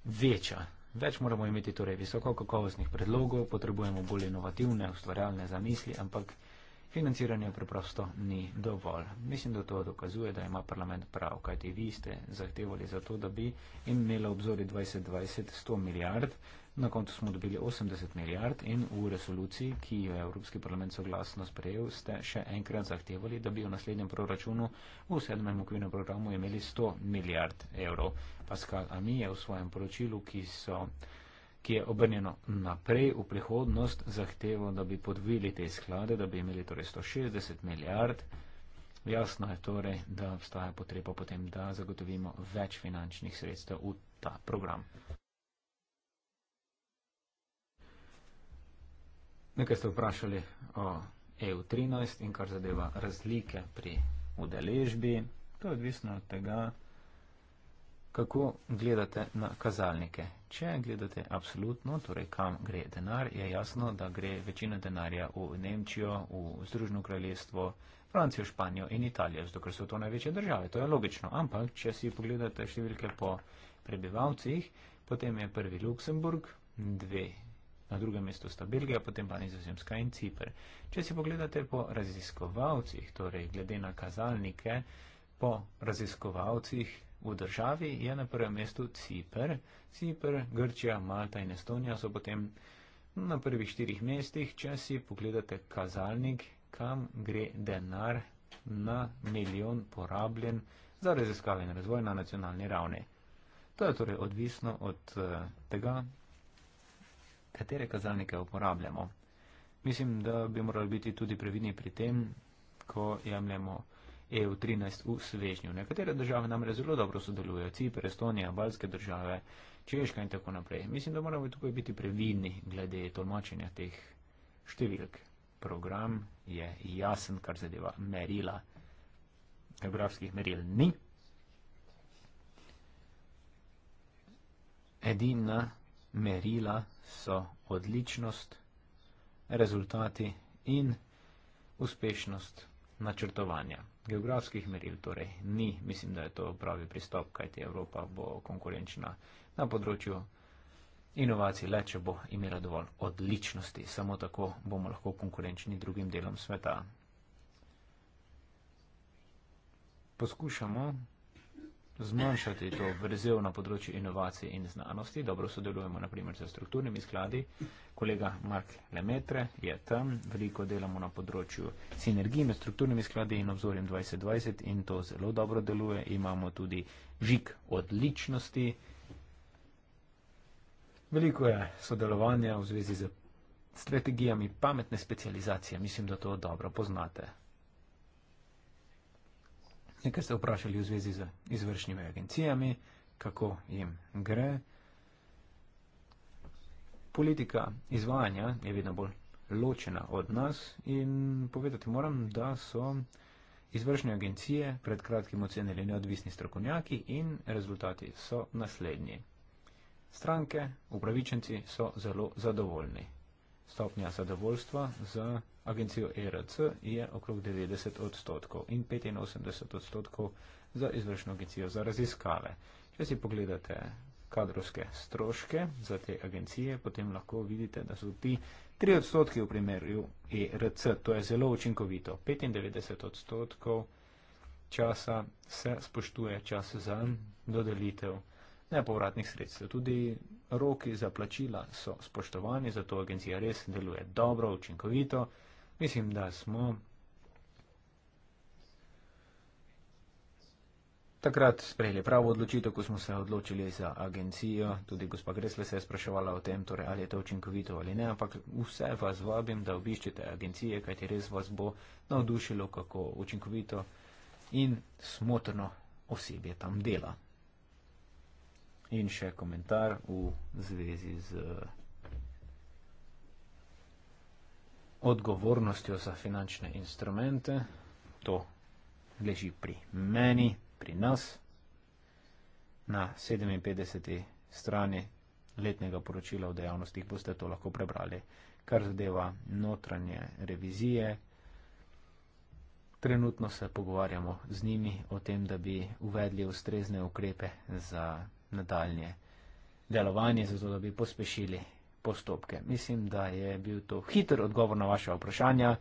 večja. Več moramo imeti torej visoko kakovostnih predlogov, potrebujemo bolj inovativne, ustvarjalne zamisli, ampak financiranje preprosto ni dovolj. Mislim, da to dokazuje, da ima parlament prav, kajti vi ste zahtevali za to, da bi imela obzori 2020 100 milijard, Na koncu smo dobili 80 milijard in v resoluciji, ki jo je Evropski parlament soglasno sprejel, ste še enkrat zahtevali, da bi v naslednjem proračunu v sedmem okvirnem programu imeli 100 milijard evrov. Pascal Ami je v svojem poročilu, ki, so, ki je obrnjeno naprej v prihodnost, zahteval, da bi podvili te sklade, da bi imeli torej 160 milijard. Jasno je torej, da obstaja potreba potem, da zagotovimo več finančnih sredstev v ta program. Nekaj ste vprašali o EU13 in kar zadeva razlike pri udeležbi. To je odvisno od tega, kako gledate na kazalnike. Če gledate absolutno, torej kam gre denar, je jasno, da gre večina denarja v Nemčijo, v Združeno kraljestvo, Francijo, Španijo in Italijo, zato ker so to največje države. To je logično. Ampak, če si pogledate številke po prebivalcih, potem je prvi Luksemburg, dve Na drugem mestu sta Belgija, potem pa Nizozemska in Cipr. Če si pogledate po raziskovalcih, torej glede na kazalnike, po raziskovalcih v državi je na prvem mestu Cipr. Cipr, Grčija, Malta in Estonija so potem na prvih štirih mestih. Če si pogledate kazalnik, kam gre denar na milijon porabljen za raziskave in razvoj na nacionalni ravni. To je torej odvisno od eh, tega, katere kazalnike uporabljamo. Mislim, da bi morali biti tudi previdni pri tem, ko jemljemo EU13 v svežnju. Nekatere države nam res zelo dobro sodelujejo, Cipr, Estonija, Balske države, Češka in tako naprej. Mislim, da moramo tukaj biti previdni glede tolmačenja teh številk. Program je jasen, kar zadeva merila. Geografskih meril ni. Edina merila so odličnost, rezultati in uspešnost načrtovanja. Geografskih meril torej ni, mislim, da je to pravi pristop, kajti Evropa bo konkurenčna na področju inovacij le, če bo imela dovolj odličnosti. Samo tako bomo lahko konkurenčni drugim delom sveta. Poskušamo zmanjšati to vrzel na področju inovacij in znanosti. Dobro sodelujemo naprimer z strukturnimi skladi. Kolega Mark Lemetre je tam, veliko delamo na področju sinergij med strukturnimi skladi in obzorjem 2020 in to zelo dobro deluje. Imamo tudi žik odličnosti. Veliko je sodelovanja v zvezi z strategijami pametne specializacije. Mislim, da to dobro poznate. Nekaj ste vprašali v zvezi z izvršnimi agencijami, kako jim gre. Politika izvajanja je vedno bolj ločena od nas in povedati moram, da so izvršne agencije pred kratkim ocenili neodvisni strokovnjaki in rezultati so naslednji. Stranke, upravičenci so zelo zadovoljni stopnja zadovoljstva z agencijo ERC je okrog 90 odstotkov in 85 odstotkov za izvršno agencijo za raziskave. Če si pogledate kadrovske stroške za te agencije, potem lahko vidite, da so ti 3 odstotki v primerju ERC. To je zelo učinkovito. 95 odstotkov časa se spoštuje čas za dodelitev nepovratnih sredstev. Tudi roki za plačila so spoštovani, zato agencija res deluje dobro, učinkovito. Mislim, da smo takrat sprejeli pravo odločitev, ko smo se odločili za agencijo. Tudi gospa Gresle se je spraševala o tem, torej, ali je to učinkovito ali ne, ampak vse vas vabim, da obiščete agencije, kajti res vas bo navdušilo, kako učinkovito in smotrno osebje tam dela. In še komentar v zvezi z odgovornostjo za finančne instrumente. To leži pri meni, pri nas, na 57. strani letnega poročila o dejavnostih. Boste to lahko prebrali, kar zadeva notranje revizije. Trenutno se pogovarjamo z njimi o tem, da bi uvedli ustrezne ukrepe za nadaljne delovanje, zato da bi pospešili postopke. Mislim, da je bil to hiter odgovor na vaše vprašanja.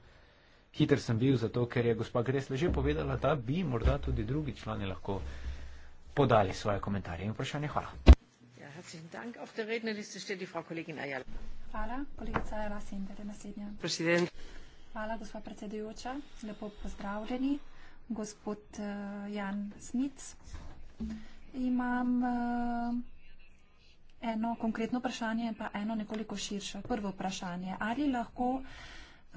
Hiter sem bil zato, ker je gospa Gresla že povedala, da bi morda tudi drugi člani lahko podali svoje komentarje in vprašanje. Hvala. Ja, Hvala, kolegica Eva Sender je naslednja. President. Hvala, gospa predsedujoča. Lepo pozdravljeni, gospod eh, Jan Smits. Mm -hmm. Imam uh, eno konkretno vprašanje in pa eno nekoliko širše. Prvo vprašanje. Ali lahko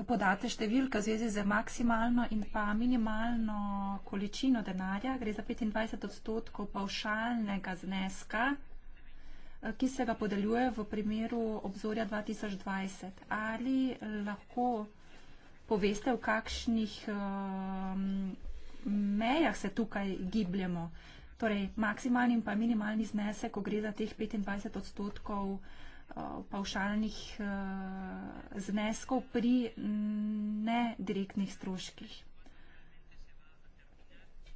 podate številka v zvezi z maksimalno in pa minimalno količino denarja, gre za 25 odstotkov paušalnega zneska, eh, ki se ga podeljuje v primeru obzorja 2020. Ali lahko poveste, v kakšnih um, mejah se tukaj gibljemo? Uh, torej maksimalni in pa minimalni znesek, ko gre za teh 25 odstotkov eh, pavšalnih eh, zneskov pri mm, nedirektnih stroških.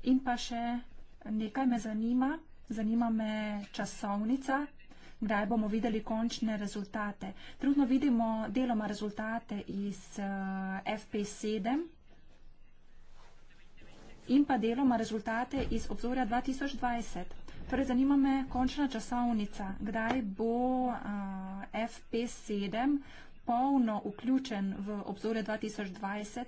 In pa še nekaj me zanima, zanima me časovnica, kdaj bomo videli končne rezultate. Trudno vidimo deloma rezultate iz eh, FP7, in pa deloma rezultate iz obzorja 2020. Torej, zanima me končna časovnica, kdaj bo uh, FP7 polno vključen v obzorje 2020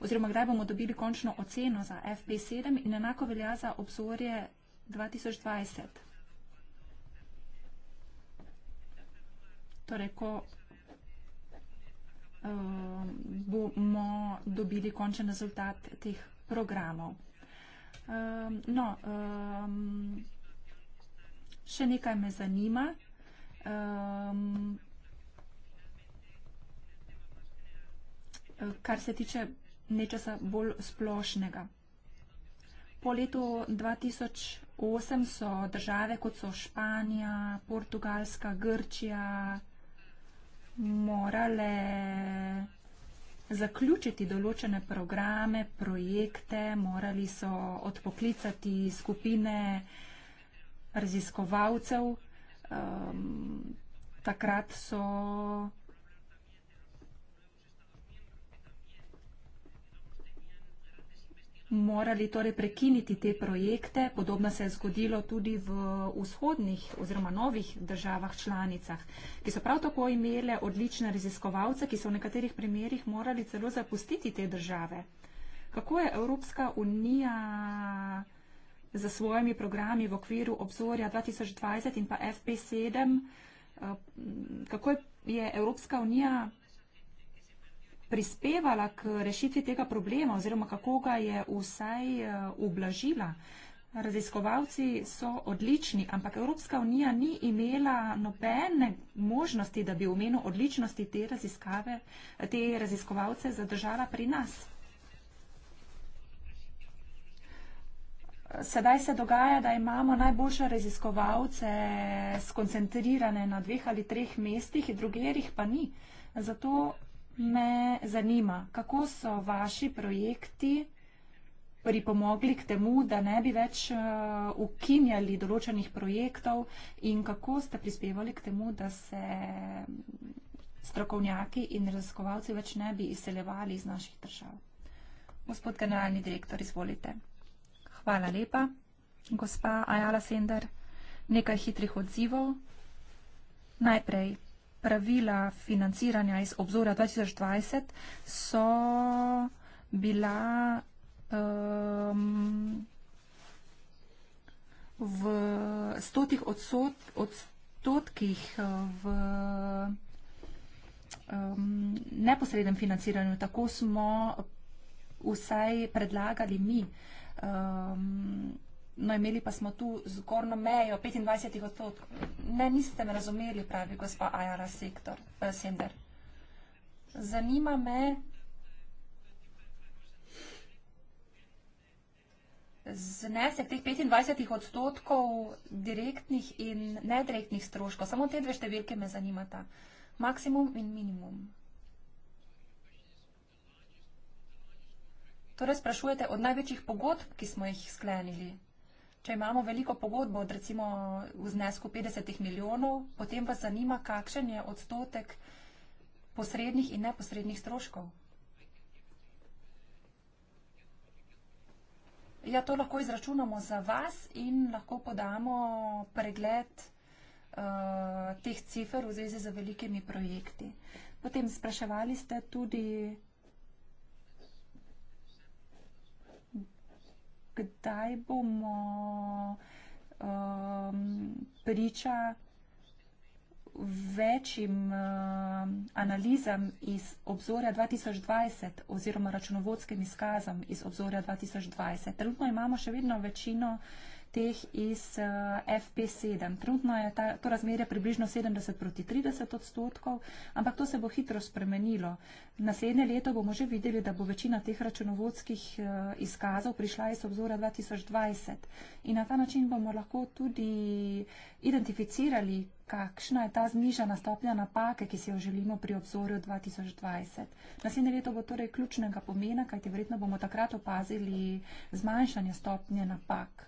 oziroma kdaj bomo dobili končno oceno za FP7 in enako velja za obzorje 2020. Torej, ko uh, bomo dobili končen rezultat teh programov. Um, no, um, še nekaj me zanima. Um, kar se tiče nečesa bolj splošnega. Po letu 2008 so države kot so Španija, Portugalska, Grčija morale zaključiti določene programe, projekte, morali so odpoklicati skupine raziskovalcev. Um, takrat so morali torej prekiniti te projekte. Podobno se je zgodilo tudi v vzhodnih oziroma novih državah članicah, ki so prav tako imele odlične raziskovalce, ki so v nekaterih primerjih morali celo zapustiti te države. Kako je Evropska unija za svojimi programi v okviru obzorja 2020 in pa FP7, eh, kako je Evropska unija prispevala k rešitvi tega problema oziroma kako ga je vsaj eh, ublažila. Raziskovalci so odlični, ampak Evropska unija ni imela nobene možnosti, da bi v imenu odličnosti te, te raziskovalce zadržala pri nas. Sedaj se dogaja, da imamo najboljše raziskovalce skoncentrirane na dveh ali treh mestih, drugerih pa ni. Zato me zanima, kako so vaši projekti pripomogli k temu, da ne bi več eh, ukinjali določenih projektov in kako ste prispevali k temu, da se strokovnjaki in raziskovalci več ne bi izseljevali iz naših držav. Gospod generalni direktor, izvolite. Hvala lepa. Gospa Ajala Sender, nekaj hitrih odzivov. Najprej pravila financiranja iz obzora 2020 so bila um, v stotih odsot, odstotkih uh, v um, neposrednem financiranju. Tako smo vsaj predlagali mi. Um, No, imeli pa smo tu zgornjo mejo 25 odstotkov. Ne, niste me razumeli, pravi gospa Ajara Sektor, eh, Sender. Zanima me, znesek teh 25 odstotkov direktnih in nedirektnih stroškov. Samo te dve številke me zanimata. Maksimum in minimum. Torej sprašujete od največjih pogodb, ki smo jih sklenili. Če imamo veliko pogodbo, recimo v znesku 50 milijonov, potem vas zanima, kakšen je odstotek posrednih in neposrednih stroškov. Ja, to lahko izračunamo za vas in lahko podamo pregled uh, teh cifer v zvezi z velikimi projekti. Potem spraševali ste tudi kdaj bomo um, priča večjim uh, analizam iz obzorja 2020 oziroma računovodskim izkazom iz obzorja 2020. Trenutno imamo še vedno večino uh, teh iz eh, FP7. Trenutno je ta, to razmerje približno 70 proti 30 odstotkov, ampak to se bo hitro spremenilo. Naslednje leto bomo že videli, da bo večina teh računovodskih eh, izkazov prišla iz obzora 2020 in na ta način bomo lahko tudi identificirali, kakšna je ta znižana stopnja napake, ki si jo želimo pri obzorju 2020. Naslednje leto bo torej ključnega pomena, kajti verjetno bomo takrat opazili zmanjšanje stopnje napak.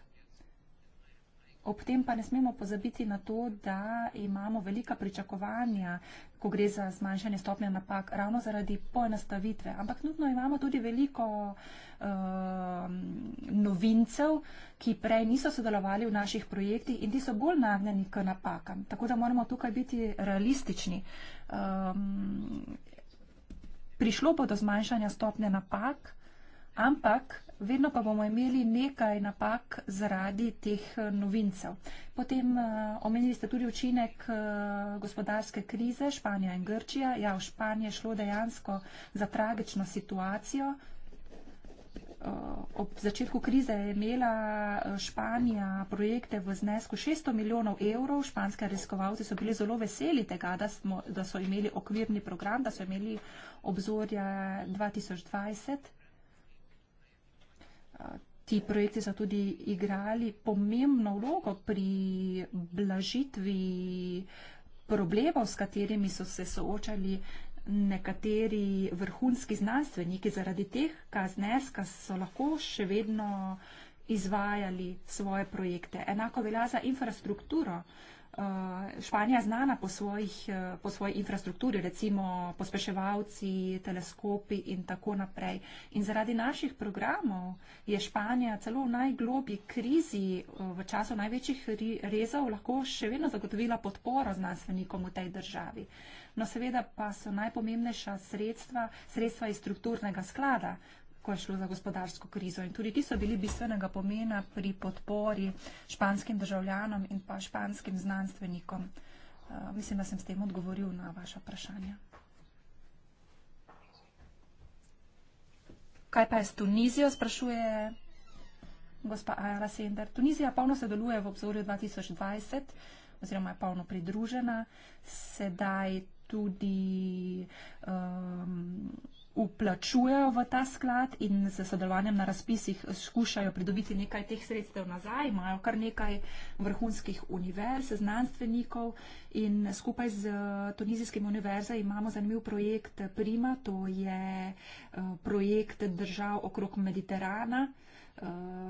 Ob tem pa ne smemo pozabiti na to, da imamo velika pričakovanja, ko gre za zmanjšanje stopnja napak, ravno zaradi poenostavitve. Ampak nutno imamo tudi veliko uh, novincev, ki prej niso sodelovali v naših projektih in ti so bolj nagnjeni k napakam. Tako da moramo tukaj biti realistični. Um, prišlo bo do zmanjšanja stopnje napak, ampak vedno pa bomo imeli nekaj napak zaradi teh eh, novincev. Potem eh, omenili ste tudi učinek eh, gospodarske krize Španija in Grčija. Ja, v Španiji je šlo dejansko za tragično situacijo. Ob začetku krize je imela Španija projekte v znesku 600 milijonov evrov. Španske raziskovalci so bili zelo veseli tega, da, smo, da so imeli okvirni program, da so imeli obzorja 2020 ti projekti so tudi igrali pomembno vlogo pri blažitvi problemov, s katerimi so se soočali nekateri vrhunski znanstveniki. Zaradi teh kazneska so lahko še vedno izvajali svoje projekte. Enako velja za infrastrukturo. Uh, Eh, Španija znana po, svojih, eh, po svoji infrastrukturi, recimo pospeševalci, teleskopi in tako naprej. In zaradi naših programov je Španija celo v najglobji krizi eh, v času največjih rezov lahko še vedno zagotovila podporo znanstvenikom v tej državi. No seveda pa so najpomembnejša sredstva, sredstva iz strukturnega sklada, ko je šlo za gospodarsko krizo. In tudi ti so bili bistvenega pomena pri podpori španskim državljanom in pa španskim znanstvenikom. Eh, mislim, da sem s tem odgovoril na vaše vprašanje. Kaj pa je s Tunizijo, sprašuje gospa Ajara Sender. Tunizija polno sodeluje v obzorju 2020 oziroma je polno pridružena. Sedaj tudi um, vplačujejo v ta sklad in s sodelovanjem na razpisih skušajo pridobiti nekaj teh sredstev nazaj. Imajo kar nekaj vrhunskih univerz, znanstvenikov in skupaj z eh, Tunizijskim univerzom imamo zanimiv projekt Prima, to je eh, projekt držav okrog Mediterana,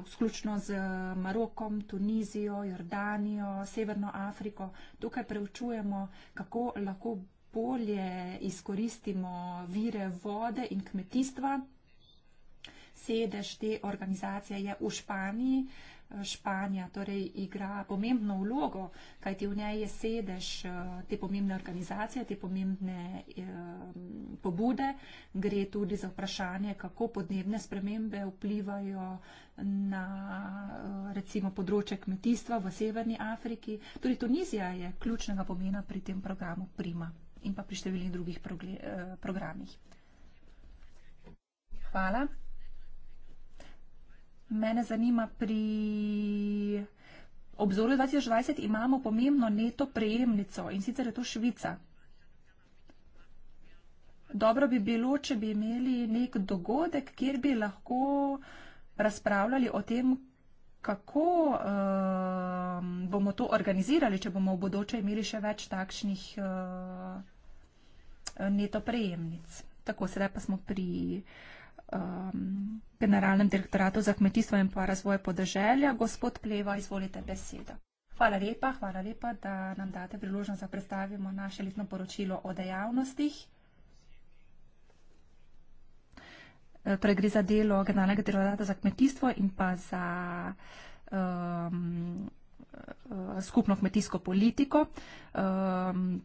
sključno eh, z Marokom, Tunizijo, Jordanijo, Severno Afriko. Tukaj preučujemo, kako lahko bolje izkoristimo vire vode in kmetijstva. Sedež te organizacije je v Španiji. Španija torej igra pomembno vlogo, kajti v njej je sedež eh, te pomembne organizacije, te pomembne eh, pobude. Gre tudi za vprašanje, kako podnebne spremembe vplivajo na eh, recimo področje kmetijstva v Severni Afriki. Tudi Tunizija je ključnega pomena pri tem programu Prima in pa pri številnih drugih eh, programih. Hvala. Mene zanima, pri obzorju 2020 imamo pomembno neto prejemnico in sicer je to Švica. Dobro bi bilo, če bi imeli nek dogodek, kjer bi lahko razpravljali o tem, kako uh, bomo to organizirali, če bomo v bodoče imeli še več takšnih uh, neto prejemnic. Tako, sedaj pa smo pri um, Generalnem direktoratu za kmetijstvo in pa razvoj podeželja. Gospod Pleva, izvolite besedo. Hvala lepa, hvala lepa, da nam date priložnost, da predstavimo naše letno poročilo o dejavnostih. Eh, torej gre za delo generalnega delodata za kmetijstvo in pa za um, skupno kmetijsko politiko. Um,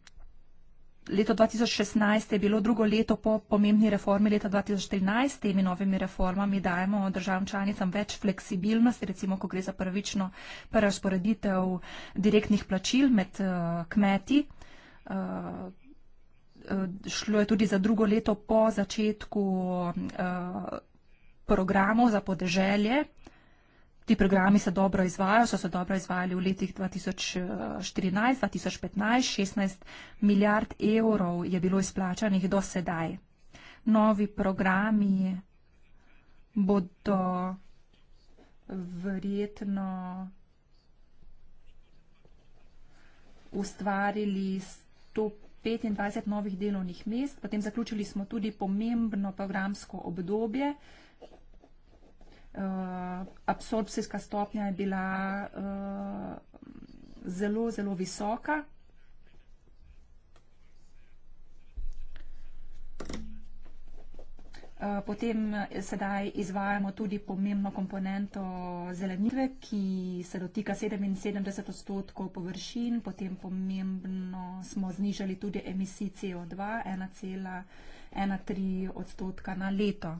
Leto 2016 je bilo drugo leto po pomembni reformi leta 2014. S temi novimi reformami dajemo državam članicam več fleksibilnosti, recimo, ko gre za pravično prerasporeditev direktnih plačil med uh, kmeti. Uh, Eh, šlo je tudi za drugo leto po začetku eh, programov za podeželje. Ti programi se dobro izvajajo, so se dobro izvajali v letih 2014, 2015, 16 milijard evrov je bilo izplačanih do sedaj. Novi programi bodo verjetno ustvarili 100 25 novih delovnih mest, potem zaključili smo tudi pomembno programsko obdobje. Eh, absorpcijska stopnja je bila eh, zelo, zelo visoka. Eh, potem sedaj izvajamo tudi pomembno komponento zelenitve, ki se dotika 77 odstotkov površin, potem pomembno smo znižali tudi emisij CO2 1,13 odstotka na leto.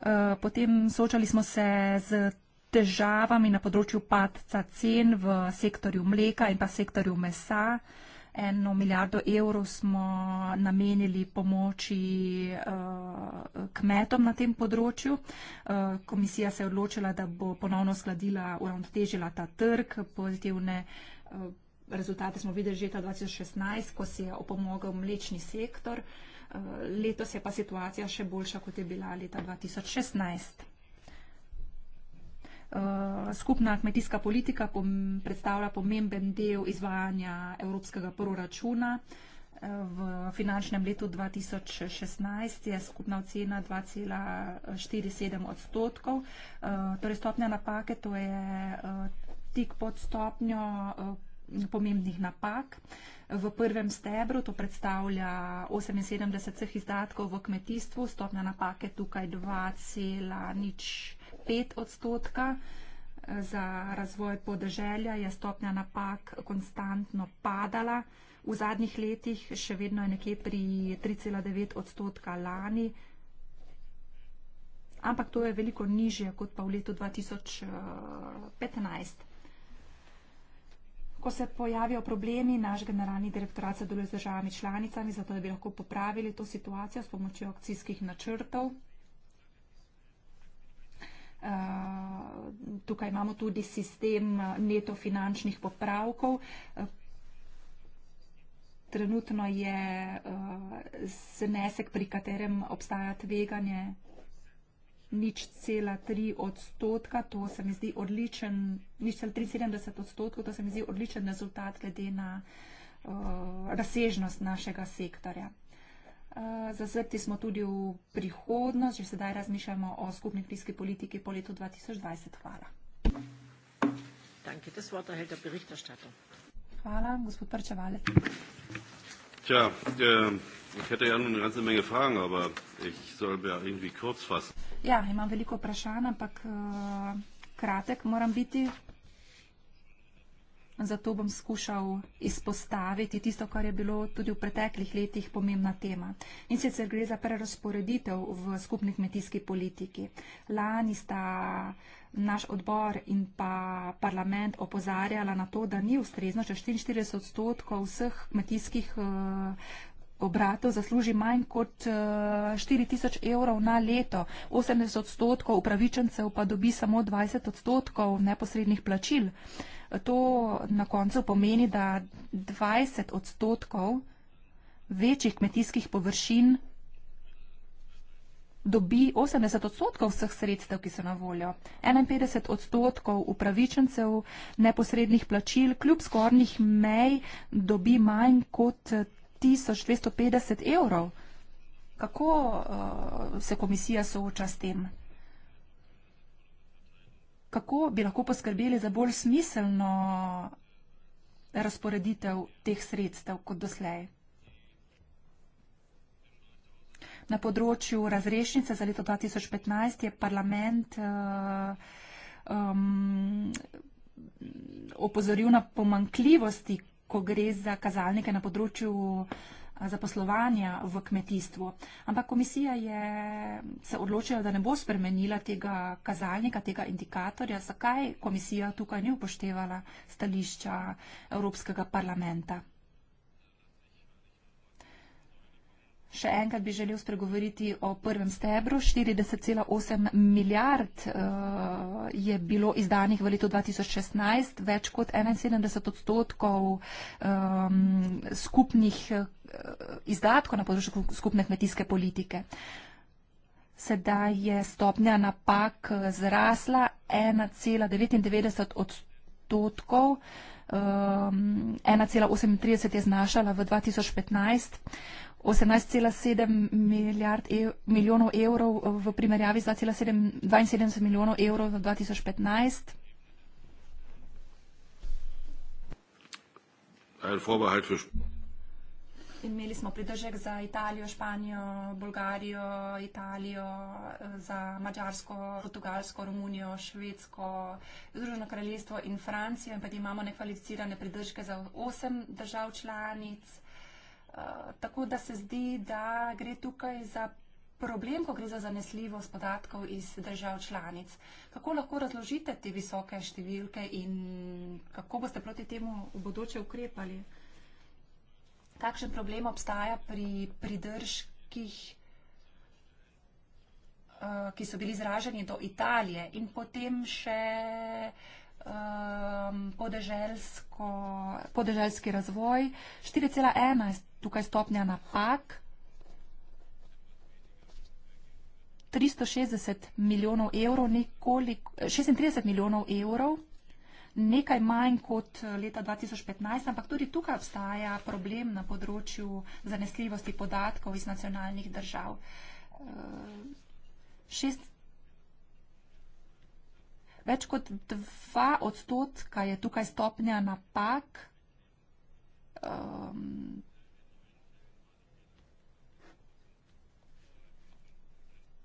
Eh, potem soočali smo se z težavami na področju padca cen v sektorju mleka in pa sektorju mesa eno milijardo evrov smo namenili pomoči uh, kmetom na tem področju. Uh, komisija se je odločila, da bo ponovno skladila, uravnotežila ta trg, pozitivne. Uh, Rezultate smo videli že leta 2016, ko se je opomogel mlečni sektor. Letos je pa situacija še boljša, kot je bila leta 2016. Eh, skupna kmetijska politika predstavlja pomemben del izvajanja evropskega proračuna. Eh, v finančnem letu 2016 je skupna ocena 2,47 odstotkov, eh, torej stopnja napake to je tik pod stopnjo pomembnih napak. V prvem stebru to predstavlja 78 izdatkov v kmetijstvu, stopnja napake tukaj 2,0. 5 odstotka. Eh, za razvoj podeželja je stopnja napak konstantno padala. V zadnjih letih še vedno je nekje pri 3,9 odstotka lani. Ampak to je veliko nižje kot pa v letu 2015. Eh, Ko se pojavijo problemi, naš generalni direktorat se deluje z državami članicami, zato da bi lahko popravili to situacijo s pomočjo akcijskih načrtov. Eh, tukaj imamo tudi sistem eh, neto finančnih popravkov. Eh, trenutno je znesek, pri katerem obstaja tveganje nič cela tri odstotka, to se mi zdi odličen, nič cel 73 odstotkov, to se mi zdi odličen rezultat glede na uh, razsežnost našega sektorja. Eh, Zazrti smo tudi v prihodnost, že sedaj razmišljamo o skupni kmetijski politiki po letu 2020. Hvala. Danke, Hvala, gospod Prčevalec. Tja, eh, ich hätte ja nun eine ganze Menge Fragen, aber ich soll mir irgendwie kurz fassen. Ja, imam veliko vprašanj, ampak uh, kratek moram biti zato bom skušal izpostaviti tisto, kar je bilo tudi v preteklih letih pomembna tema. In sicer gre za prerasporeditev v skupni kmetijski politiki. Lani sta naš odbor in pa parlament opozarjala na to, da ni ustrezno, če 44 odstotkov vseh kmetijskih uh, obratov zasluži manj kot 4000 eh, evrov na leto, 80 odstotkov upravičencev pa dobi samo 20 odstotkov neposrednih plačil. To na koncu pomeni, da 20 odstotkov večjih kmetijskih površin dobi 80 odstotkov vseh sredstev, ki so na voljo. 51 odstotkov upravičencev neposrednih plačil kljub skornih mej dobi manj kot 1250 evrov. Kako uh, se komisija sooča s tem? Kako bi lahko poskrbeli za bolj smiselno razporeditev teh sredstev kot doslej? Na področju razrešnice za leto 2015 je parlament uh, um, opozoril na pomankljivosti, ko gre za kazalnike na področju zaposlovanja v kmetijstvu. Ampak komisija je se odločila, da ne bo spremenila tega kazalnika, tega indikatorja. Zakaj komisija tukaj ni upoštevala stališča Evropskega parlamenta? Še enkrat bi želel spregovoriti o prvem stebru. 40,8 milijard uh, je bilo izdanih v letu 2016, več kot 71 odstotkov um, skupnih uh, izdatkov na področju skupne kmetijske politike. Sedaj je stopnja napak eh, zrasla 1,99 odstotkov. Uh, 1,38 um, je znašala v 2015. 18,7 milijard ev, milijonov evrov uh, v primerjavi z 2,72 milijonov evrov v 2015. Ali je forbehalt za Imeli smo pridržek za Italijo, Španijo, Bolgarijo, Italijo, za Mačarsko, Portugalsko, Romunijo, Švedsko, Združeno kraljestvo in Francijo. In pa imamo nekvalificirane pridržke za osem držav članic. Eh, tako da se zdi, da gre tukaj za problem, ko gre za zanesljivost podatkov iz držav članic. Kako lahko razložite te visoke številke in kako boste proti temu v bodoče ukrepali? Kakšen problem obstaja pri pridržkih, eh, ki so bili izraženi do Italije in potem še eh, podeželski razvoj? 4,1 je tukaj stopnja napak. 360 milijonov evrov, nekoliko, 36 eh, milijonov evrov nekaj manj kot eh, leta 2015, ampak tudi tukaj obstaja problem na področju zanesljivosti podatkov iz nacionalnih držav. Eh, šest, več kot dva odstotka je tukaj stopnja napak. Um,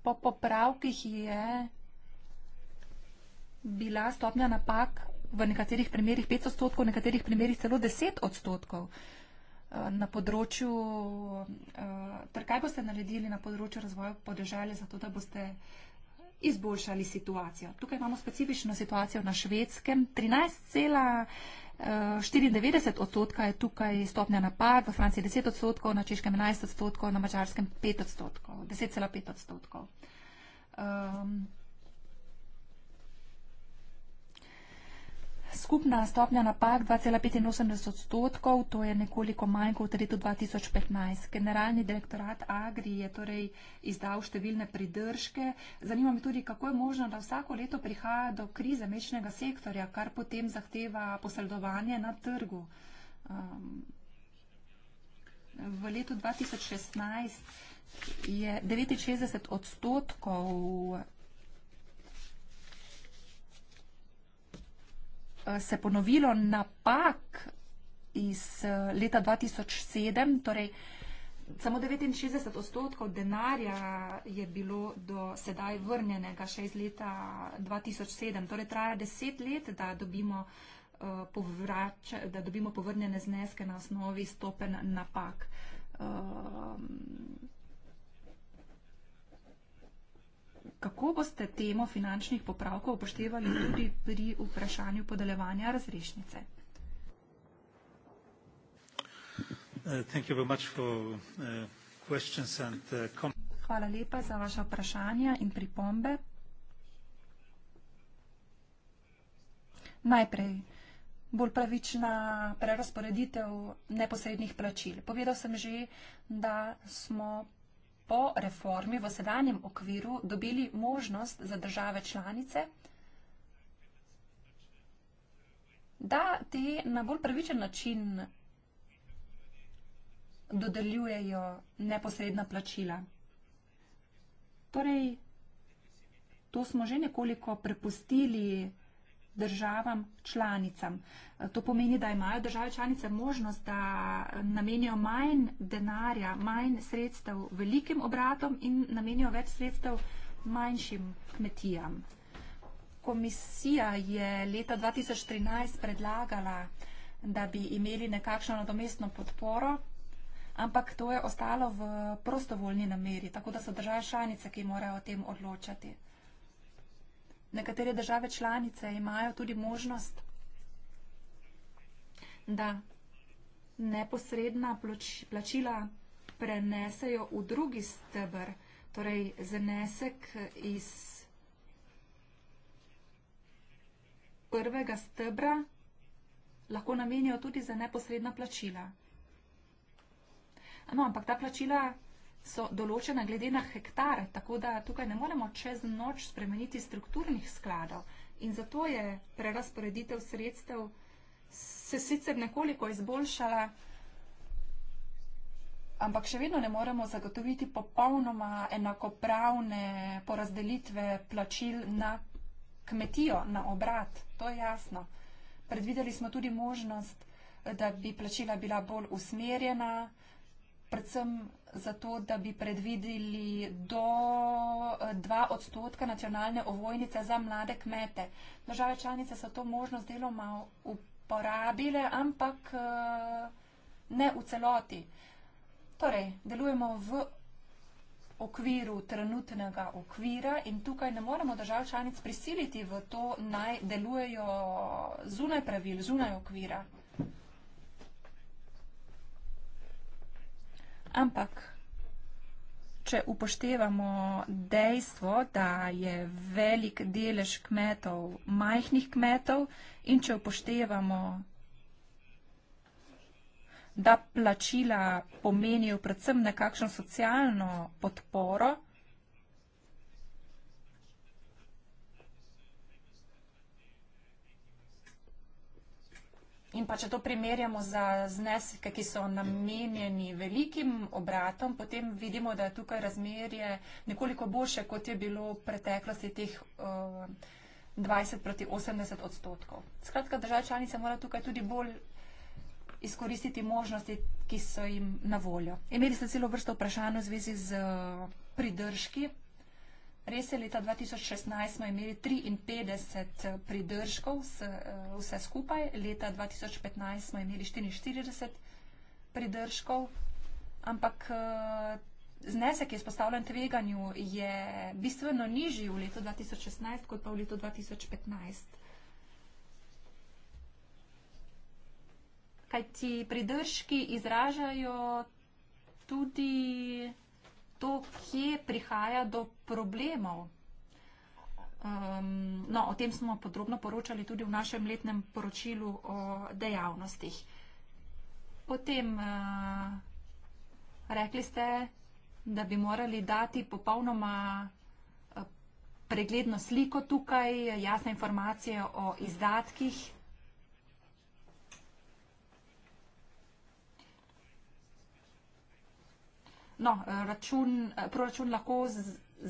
po popravkih je bila stopnja napak v nekaterih primerjih 5 odstotkov, v nekaterih primerjih celo 10 odstotkov eh, na področju. Eh, ter kaj boste naredili na področju razvoja podeželja, zato da boste izboljšali situacijo? Tukaj imamo specifično situacijo na švedskem. 13,94 eh, odstotka je tukaj stopnja napad, v Franciji 10 odstotkov, na češkem 11 odstotkov, na mačarskem 5 odstotkov, 10,5 odstotkov. Um, Skupna stopnja napak 2,85 odstotkov, to je nekoliko manj kot v letu 2015. Generalni direktorat Agri je torej izdal številne pridržke. Zanima me tudi, kako je možno, da vsako leto prihaja do krize mešnega sektorja, kar potem zahteva posredovanje na trgu. Um, v letu 2016 je 69 odstotkov Eh, se ponovilo napak iz eh, leta 2007, torej samo 69 odstotkov denarja je bilo do sedaj vrnjenega še iz leta 2007, torej traja deset let, da dobimo, eh, povrač, da dobimo povrnjene zneske na osnovi stopen napak. Ehm, kako boste temo finančnih popravkov upoštevali tudi pri vprašanju podeljevanja razrešnice? Uh, uh, uh, Hvala lepa za vaše vprašanja in pripombe. Najprej, bolj pravična prerasporeditev neposrednih plačil. Povedal sem že, da smo po reformi v sedanjem okviru dobili možnost za države članice, da te na bolj pravičen način dodeljujejo neposredna plačila. Torej, to smo že nekoliko prepustili državam članicam. To pomeni, da imajo države članice možnost, da namenijo manj denarja, manj sredstev velikim obratom in namenijo več sredstev manjšim kmetijam. Komisija je leta 2013 predlagala, da bi imeli nekakšno nadomestno podporo, ampak to je ostalo v prostovoljni nameri, tako da so države članice, ki morajo o tem odločati. Nekatere države članice imajo tudi možnost, da neposredna plačila prenesejo v drugi stebr, torej zanesek iz prvega stebra lahko namenijo tudi za neposredna plačila. No, ampak ta plačila so določena glede na hektar, tako da tukaj ne moremo čez noč spremeniti strukturnih skladov. In zato je prerasporeditev sredstev se sicer nekoliko izboljšala, ampak še vedno ne moremo zagotoviti popolnoma enakopravne porazdelitve plačil na kmetijo, na obrat. To je jasno. Predvideli smo tudi možnost, da bi plačila bila bolj usmerjena, predvsem za to, da bi predvideli do 2 eh, odstotka nacionalne ovojnice za mlade kmete. Države članice so to možnost deloma uporabile, ampak eh, ne v celoti. Torej, delujemo v okviru trenutnega okvira in tukaj ne moremo držav članic prisiliti v to, naj delujejo zunaj pravil, zunaj okvira. Ampak, če upoštevamo dejstvo, da je velik delež kmetov majhnih kmetov in če upoštevamo, da plačila pomenijo predvsem nekakšno socialno podporo, In pa če to primerjamo za zneske, ki so namenjeni velikim obratom, potem vidimo, da je tukaj razmerje nekoliko boljše, kot je bilo v preteklosti teh uh, eh, 20 proti 80 odstotkov. Skratka, države članice morajo tukaj tudi bolj izkoristiti možnosti, ki so jim na voljo. Imeli ste celo vrsto vprašanj v zvezi z eh, pridržki, Res je, leta 2016 smo imeli 53 eh, pridržkov eh, vse skupaj, leta 2015 smo imeli 44 pridržkov, ampak eh, znesek izpostavljen tveganju je bistveno nižji v letu 2016 kot pa v letu 2015. Kaj ti pridržki izražajo tudi to, kje prihaja do problemov. Um, no, o tem smo podrobno poročali tudi v našem letnem poročilu o dejavnostih. Potem uh, rekli ste, da bi morali dati popolnoma uh, pregledno sliko tukaj, jasne informacije o izdatkih, no, račun, proračun lahko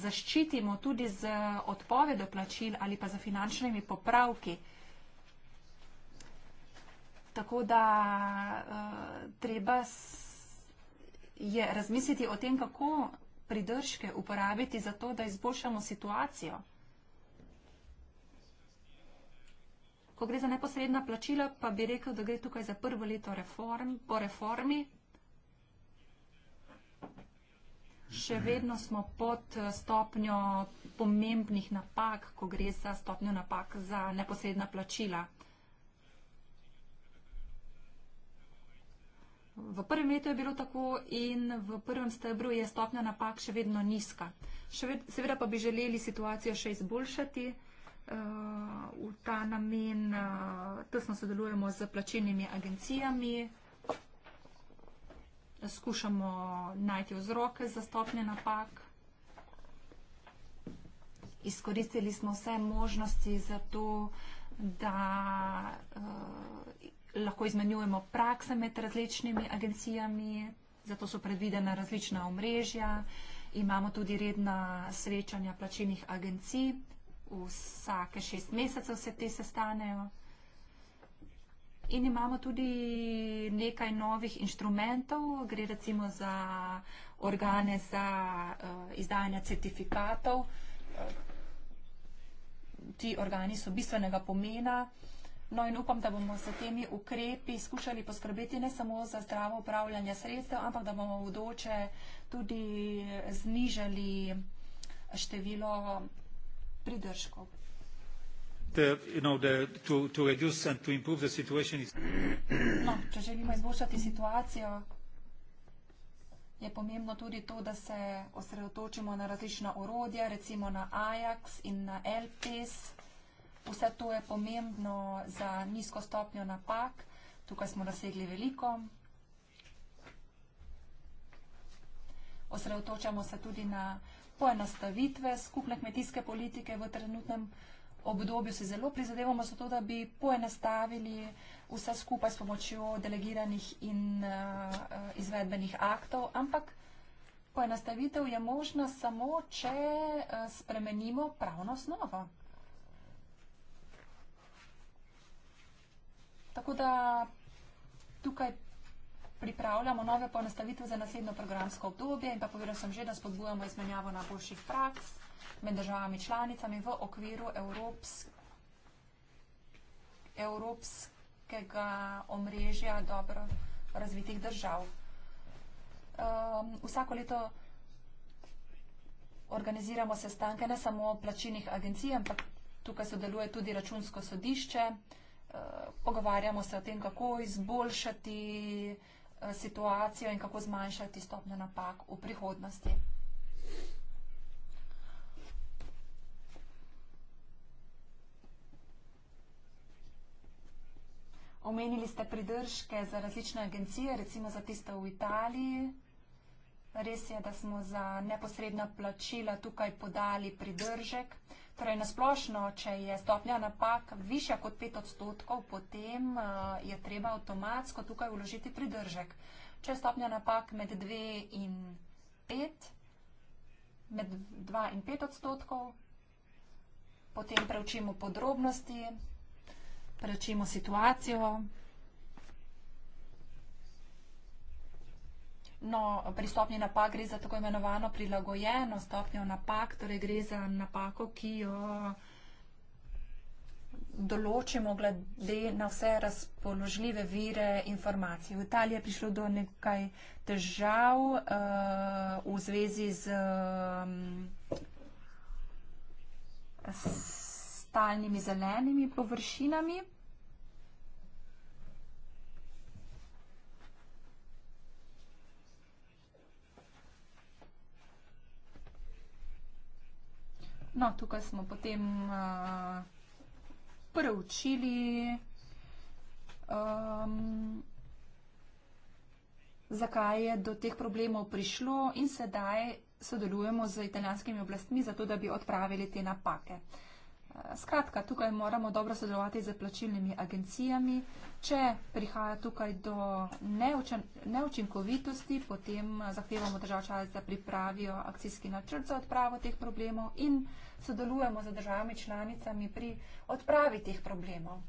zaščitimo tudi z odpovedo plačil ali pa za finančnimi popravki. Tako da eh, treba je razmisliti o tem, kako pridržke uporabiti za to, da izboljšamo situacijo. Ko gre za neposredna plačila, pa bi rekel, da gre tukaj za prvo leto reform, po reformi, še vedno smo pod eh, stopnjo pomembnih napak, ko gre za stopnjo napak za neposredna plačila. V prvem letu je bilo tako in v prvem stebru je stopnja napak še vedno nizka. Še ved, seveda pa bi želeli situacijo še izboljšati. Uh, v ta namen uh, tesno sodelujemo z plačilnimi agencijami skušamo najti vzroke za stopnje napak. Izkoristili smo vse možnosti za to, da uh, lahko izmenjujemo prakse med različnimi agencijami, zato so predvidena različna omrežja. Imamo tudi redna srečanja plačilnih agencij, vsake šest mesecev se te sestanejo. In imamo tudi nekaj novih inštrumentov, gre recimo za organe za uh, izdajanje certifikatov. Eh, ti organi so bistvenega pomena. No in upam, da bomo s temi ukrepi skušali poskrbeti ne samo za zdravo upravljanje sredstev, ampak da bomo v doče tudi znižali število pridržkov. No, če želimo izboljšati situacijo, je pomembno tudi to, da se osredotočimo na različna orodja, recimo na Ajax in na LPS. Vse to je pomembno za nizko stopnjo napak. Tukaj smo dosegli veliko. Osredotočamo se tudi na poenostavitve skupne kmetijske politike v trenutnem času obdobju si zelo prizadevamo za to, da bi poenostavili vse skupaj s pomočjo delegiranih in uh, izvedbenih aktov, ampak poenostavitev je možna samo, če uh, spremenimo pravno osnovo. Tako da tukaj pripravljamo nove poenostavitve za naslednjo programsko obdobje in pa povedal sem že, da spodbujamo izmenjavo najboljših praks med državami članicami v okviru evropske evropskega omrežja dobro razvitih držav. Um, vsako leto organiziramo sestanke ne samo plačilnih agencij, ampak tukaj sodeluje tudi računsko sodišče. Uh, pogovarjamo se o tem, kako izboljšati uh, situacijo in kako zmanjšati stopnjo napak v prihodnosti. Omenili ste pridržke za različne agencije, recimo za tiste v Italiji. Res je, da smo za neposredna plačila tukaj podali pridržek. Torej, nasplošno, če je stopnja napak višja kot 5 odstotkov, potem uh, je treba avtomatsko tukaj uložiti pridržek. Če je stopnja napak med 2 in 5, med 2 in 5 odstotkov, potem preučimo podrobnosti. Rečemo situacijo. No, pri stopnji napak gre za tako imenovano prilagojeno stopnjo napak, torej gre za napako, ki jo določimo glede na vse razpoložljive vire informacij. V Italiji je prišlo do nekaj težav uh, v zvezi z. Um, s, stalnimi zelenimi površinami. No, tukaj smo potem uh, preučili um, zakaj je do teh problemov prišlo in sedaj sodelujemo z italijanskimi oblastmi, zato da bi odpravili te napake. Skratka, tukaj moramo dobro sodelovati z plačilnimi agencijami. Če prihaja tukaj do neučinkovitosti, potem zahtevamo državo članic, da pripravijo akcijski načrt za odpravo teh problemov in sodelujemo z državami članicami pri odpravi teh problemov.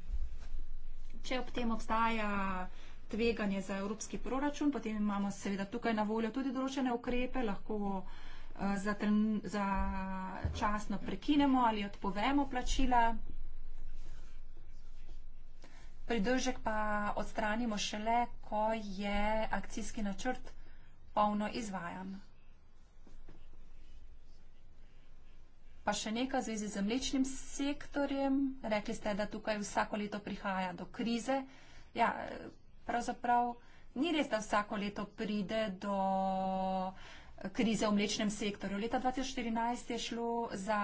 Če ob tem obstaja tveganje za evropski proračun, potem imamo seveda tukaj na voljo tudi določene ukrepe, lahko Eh, za, tren, za časno prekinemo ali odpovemo plačila. Pridržek pa odstranimo šele, ko je akcijski načrt polno izvajan. Pa še nekaj zvezi z mlečnim sektorjem. Rekli ste, da tukaj vsako leto prihaja do krize. Ja, eh, pravzaprav ni res, da vsako leto pride do krize v mlečnem sektorju. Leta 2014 je šlo za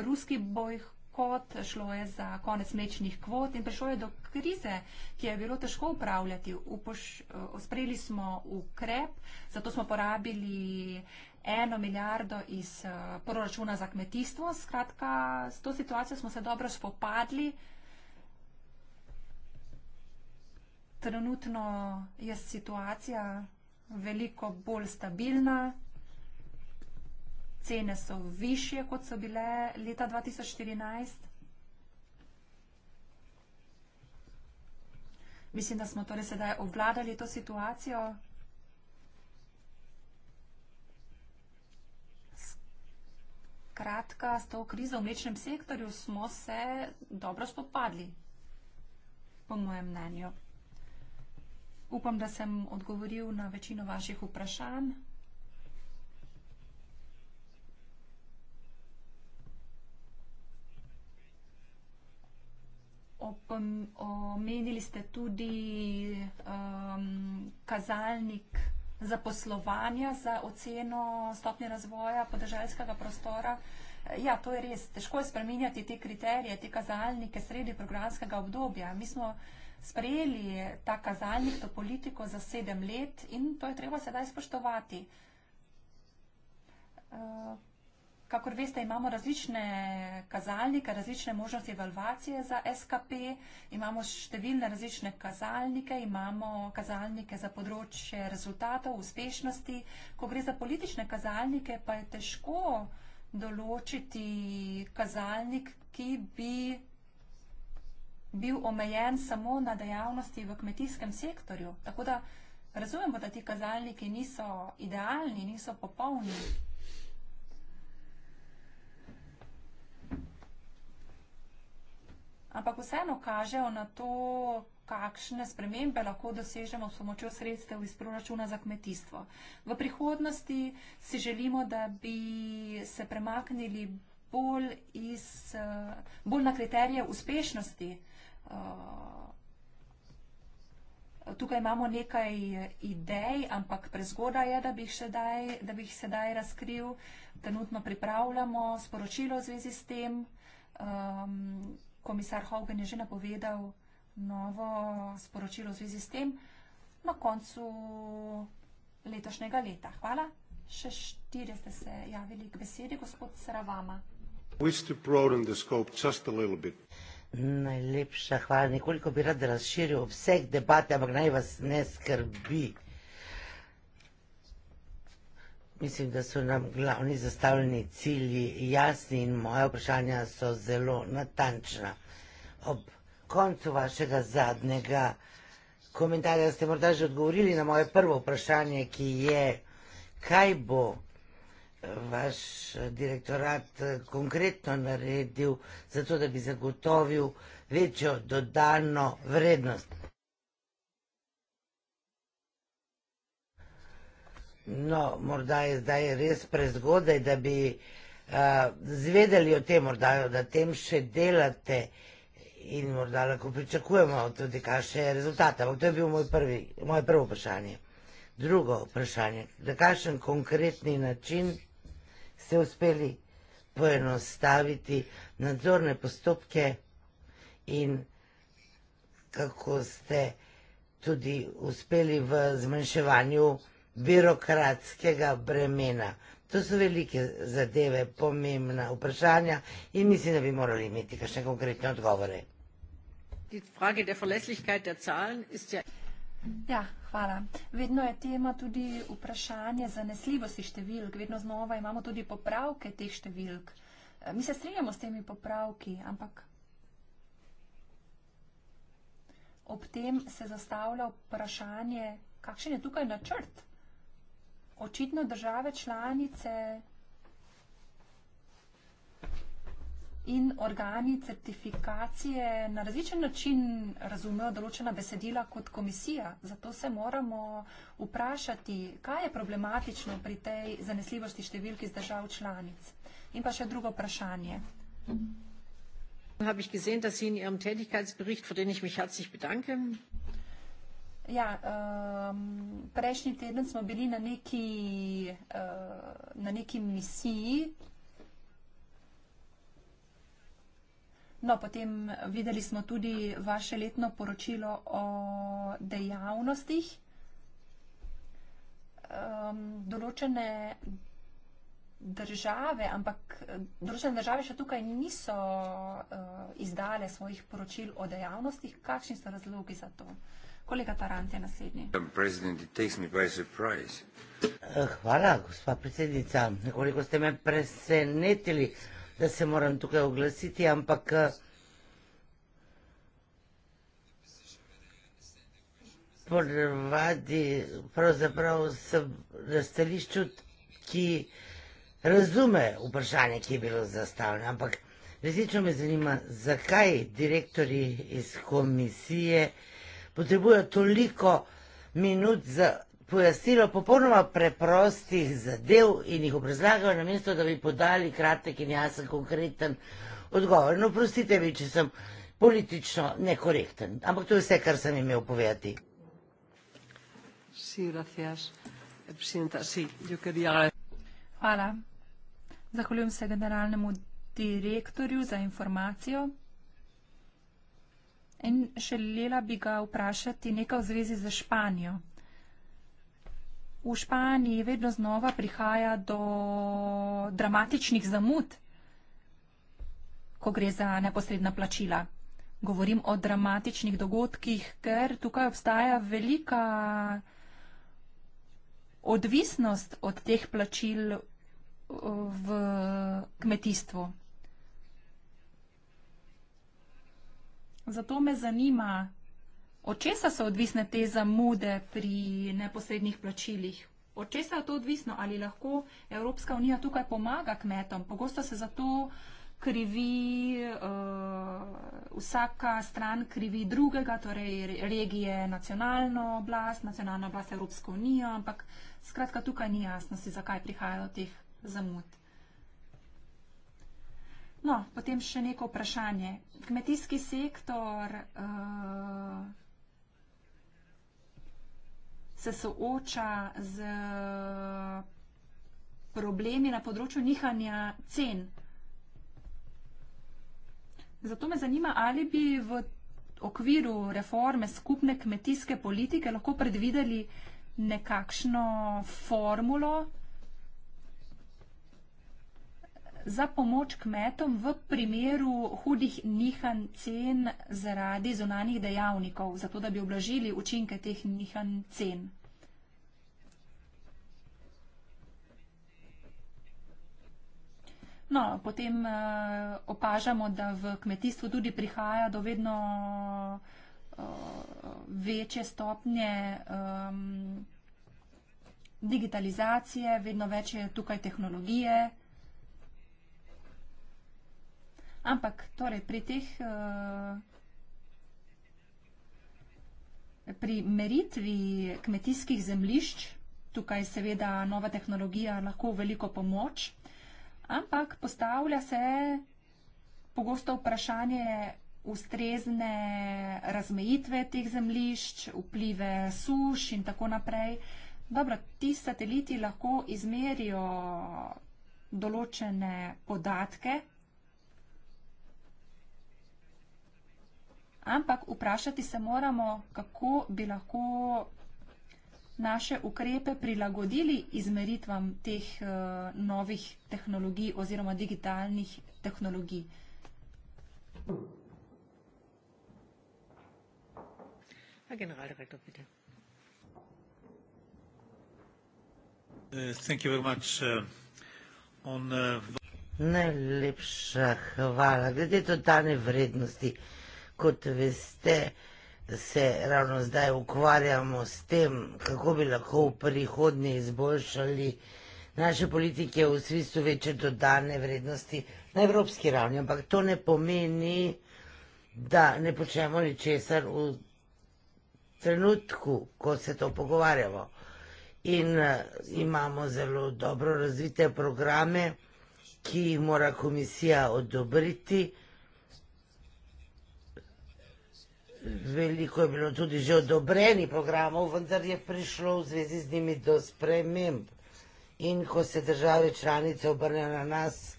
ruski boj kot šlo je za konec mlečnih kvot in prišlo je do krize, ki je bilo težko upravljati. Upoš, sprejeli smo ukrep, zato smo porabili eno milijardo iz proračuna za kmetijstvo. Skratka, s to situacijo smo se dobro spopadli. Trenutno je situacija veliko bolj stabilna, cene so višje, kot so bile leta 2014. Mislim, da smo torej sedaj obvladali to situacijo. Kratka, s to krizo v mlečnem sektorju smo se dobro spopadli, po mojem mnenju. Upam, da sem odgovoril na večino vaših vprašanj. Omenili ste tudi um, kazalnik zaposlovanja za oceno stopnje razvoja podeželjskega prostora. Ja, to je res. Težko je spreminjati te kriterije, te kazalnike sredi programskega obdobja. Mi smo uh, sprejeli ta kazalnik, to politiko za sedem let in to je treba sedaj spoštovati. Eh, kakor veste, imamo različne kazalnike, različne možnosti evalvacije za SKP, imamo številne različne kazalnike, imamo kazalnike za področje rezultatov, uspešnosti. Ko gre za politične kazalnike, pa je težko določiti kazalnik, ki bi bil omejen samo na dejavnosti v kmetijskem sektorju. Tako da razumemo, da ti kazalniki niso idealni, niso popolni. Ampak vseeno kažejo na to, kakšne spremembe lahko dosežemo s pomočjo sredstev iz proračuna za kmetijstvo. V prihodnosti si želimo, da bi se premaknili bolj, iz, eh, bolj na kriterije uspešnosti Eh, tukaj imamo nekaj eh, idej, ampak prezgoda je, da bi jih sedaj, da bi jih sedaj razkril. Trenutno pripravljamo sporočilo v zvezi s tem. Um, komisar Hogan je že napovedal novo sporočilo v zvezi s tem na koncu letošnjega leta. Hvala. Še štirje ste se javili k besedi, gospod Saravama. Najlepša hvala. Nekoliko bi rad razširil obseg debate, ampak naj vas ne skrbi. Mislim, da so nam glavni zastavljeni cilji jasni in moje vprašanja so zelo natančna. Ob koncu vašega zadnjega komentarja ste morda že odgovorili na moje prvo vprašanje, ki je, kaj bo vaš direktorat eh, konkretno naredil, zato da bi zagotovil večjo dodano vrednost? No, morda je zdaj res prezgodaj, da bi uh, zvedeli o tem, morda da tem še delate in morda lahko pričakujemo tudi kakšne rezultate. Ampak to je bilo moj moje prvo vprašanje. Drugo vprašanje, na kakšen konkretni način ste uspeli poenostaviti nadzorne postopke in kako ste tudi uspeli v zmanjševanju birokratskega bremena. To so velike zadeve, pomembna vprašanja in mislim, da bi morali imeti kakšne konkretne odgovore. Ja, hvala. Vedno je tema tudi vprašanje zanesljivosti številk. Vedno znova imamo tudi popravke teh številk. Eh, mi se strinjamo s temi popravki, ampak. Ob tem se zastavlja vprašanje, kakšen je tukaj načrt. Očitno države članice in organi certifikacije na različen način razumejo določena besedila kot komisija. Zato se moramo vprašati, kaj je problematično pri tej zanesljivosti številki z držav članic. In pa še drugo vprašanje. Habe ich gesehen, dass Sie in Ihrem Tätigkeitsbericht, für den ich mich herzlich bedanke. Ja, um, prejšnji teden smo bili na neki, uh, na neki misiji, No, potem videli smo tudi vaše letno poročilo o dejavnostih. Um, določene države, ampak določene države še tukaj niso uh, izdale svojih poročil o dejavnostih. Kakšni so razlogi za to? Kolega Tarant je naslednji. Eh, hvala, gospa predsednica. Nekoliko ste me presenetili da se moram tukaj oglasiti, ampak eh, porvadi pravzaprav sem na stališču, ki razume vprašanje, ki je bilo zastavljeno, ampak resnično me zanima, zakaj direktori iz komisije potrebujo toliko minut za pojasnilo popolnoma preprostih zadev in jih obrazlagal, namesto da bi podali kratek in jasen, konkreten odgovor. No, prosite mi, če sem politično nekorekten, ampak to je vse, kar sem imel povedati. Hvala. Zahvaljujem se generalnemu direktorju za informacijo. In želela bi ga vprašati nekaj v zvezi z Španijo v Španiji vedno znova prihaja do dramatičnih zamud, ko gre za neposredna plačila. Govorim o dramatičnih dogodkih, ker tukaj obstaja velika odvisnost od teh plačil uh, v kmetijstvu. Zato me zanima, Od česa so odvisne te zamude pri neposrednih plačilih? Od česa je to odvisno? Ali lahko Evropska unija tukaj pomaga kmetom? Pogosto se zato krivi uh, vsaka stran, krivi drugega, torej regije, nacionalno oblast, nacionalno oblast Evropsko unijo, ampak skratka tukaj ni jasno, si, zakaj prihajajo teh zamud. No, potem še neko vprašanje. Kmetijski sektor. Uh, se sooča z problemi na področju nihanja cen. Zato me zanima, ali bi v okviru reforme skupne kmetijske politike lahko predvideli nekakšno formulo za pomoč kmetom v primeru hudih nihanj cen zaradi zunanjih dejavnikov, zato da bi oblažili učinke teh nihanj cen? No, potem eh, opažamo, da v kmetijstvu tudi prihaja do vedno eh, večje stopnje ehm, digitalizacije, vedno več je tukaj tehnologije. Ampak torej, pri teh, eh, pri meritvi kmetijskih zemlišč, tukaj seveda nova tehnologija lahko veliko pomoč, ampak postavlja se pogosto vprašanje ustrezne razmejitve teh zemlišč, vplive suš in tako naprej. Dobro, ti sateliti lahko izmerijo določene podatke, Ampak vprašati se moramo, kako bi lahko naše ukrepe prilagodili izmeritvam teh uh, novih tehnologij oziroma digitalnih tehnologij. Uh, uh, uh, Najlepša hvala. Glede totalne vrednosti kot veste, se ravno zdaj ukvarjamo s tem, kako bi lahko v prihodnje izboljšali naše politike v svisu večje dodane vrednosti na evropski ravni. Ampak to ne pomeni, da ne počnemo ničesar v trenutku, ko se to pogovarjamo. In eh, imamo zelo dobro razvite programe, ki jih mora komisija odobriti. veliko je bilo tudi že odobreni programov, vendar je prišlo v zvezi z njimi do sprememb. In ko se države članice obrnejo na nas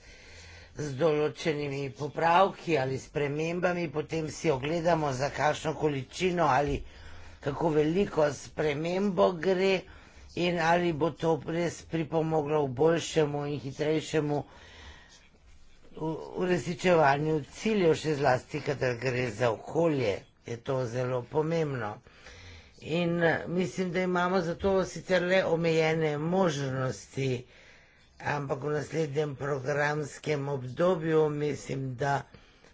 z določenimi popravki ali spremembami, potem si ogledamo, za kakšno količino ali kako veliko spremembo gre in ali bo to res pripomoglo v boljšemu in hitrejšemu uresničevanju ciljev, še zlasti, kadar gre za okolje je to zelo pomembno. In eh, mislim, da imamo zato sicer le omejene možnosti, ampak v naslednjem programskem obdobju mislim, da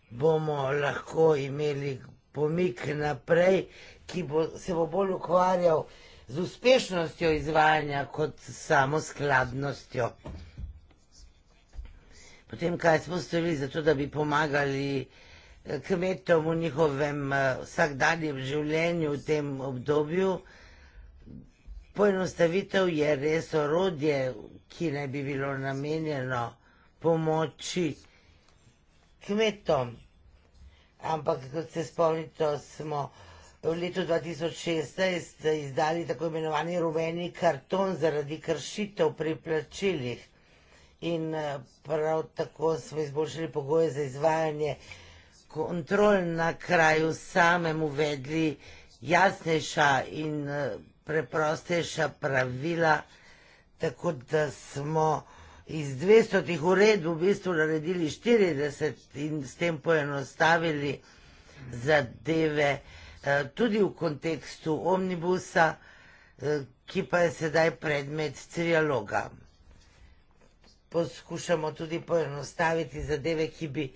bomo lahko imeli pomik naprej, ki bo, se bo bolj ukvarjal z uspešnostjo izvajanja kot samo skladnostjo. Potem, kaj smo storili za to, da bi pomagali kmetom v njihovem eh, vsakdanjem življenju v tem obdobju. Poenostavitev je res orodje, ki naj bi bilo namenjeno pomoči kmetom. Ampak, kot se spomnite, smo v letu 2016 izdali tako imenovani rumeni karton zaradi kršitev pri plačilih in eh, prav tako smo izboljšali pogoje za izvajanje uh, kontrol na kraju samem uvedli jasnejša in eh, preprostejša pravila, tako da smo iz 200 uredb v bistvu naredili 40 in s tem poenostavili zadeve eh, tudi v kontekstu omnibusa, eh, ki pa je sedaj predmet trialoga. Poskušamo tudi poenostaviti zadeve, ki bi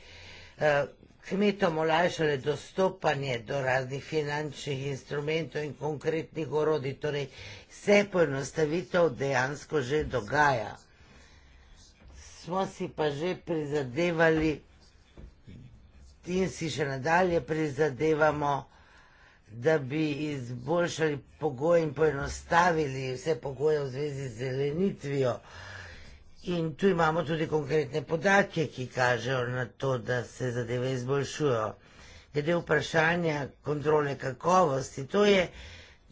kmetom olajšale dostopanje do raznih finančnih instrumentov in konkretnih orodij. Torej, vse poenostavitev dejansko že dogaja. Smo si pa že prizadevali in si še nadalje prizadevamo, da bi izboljšali pogoje in poenostavili vse pogoje v zvezi z zelenitvijo. Uh, In tu imamo tudi konkretne podatke, ki kažejo na to, da se zadeve izboljšujejo. Glede vprašanja kontrole kakovosti, to je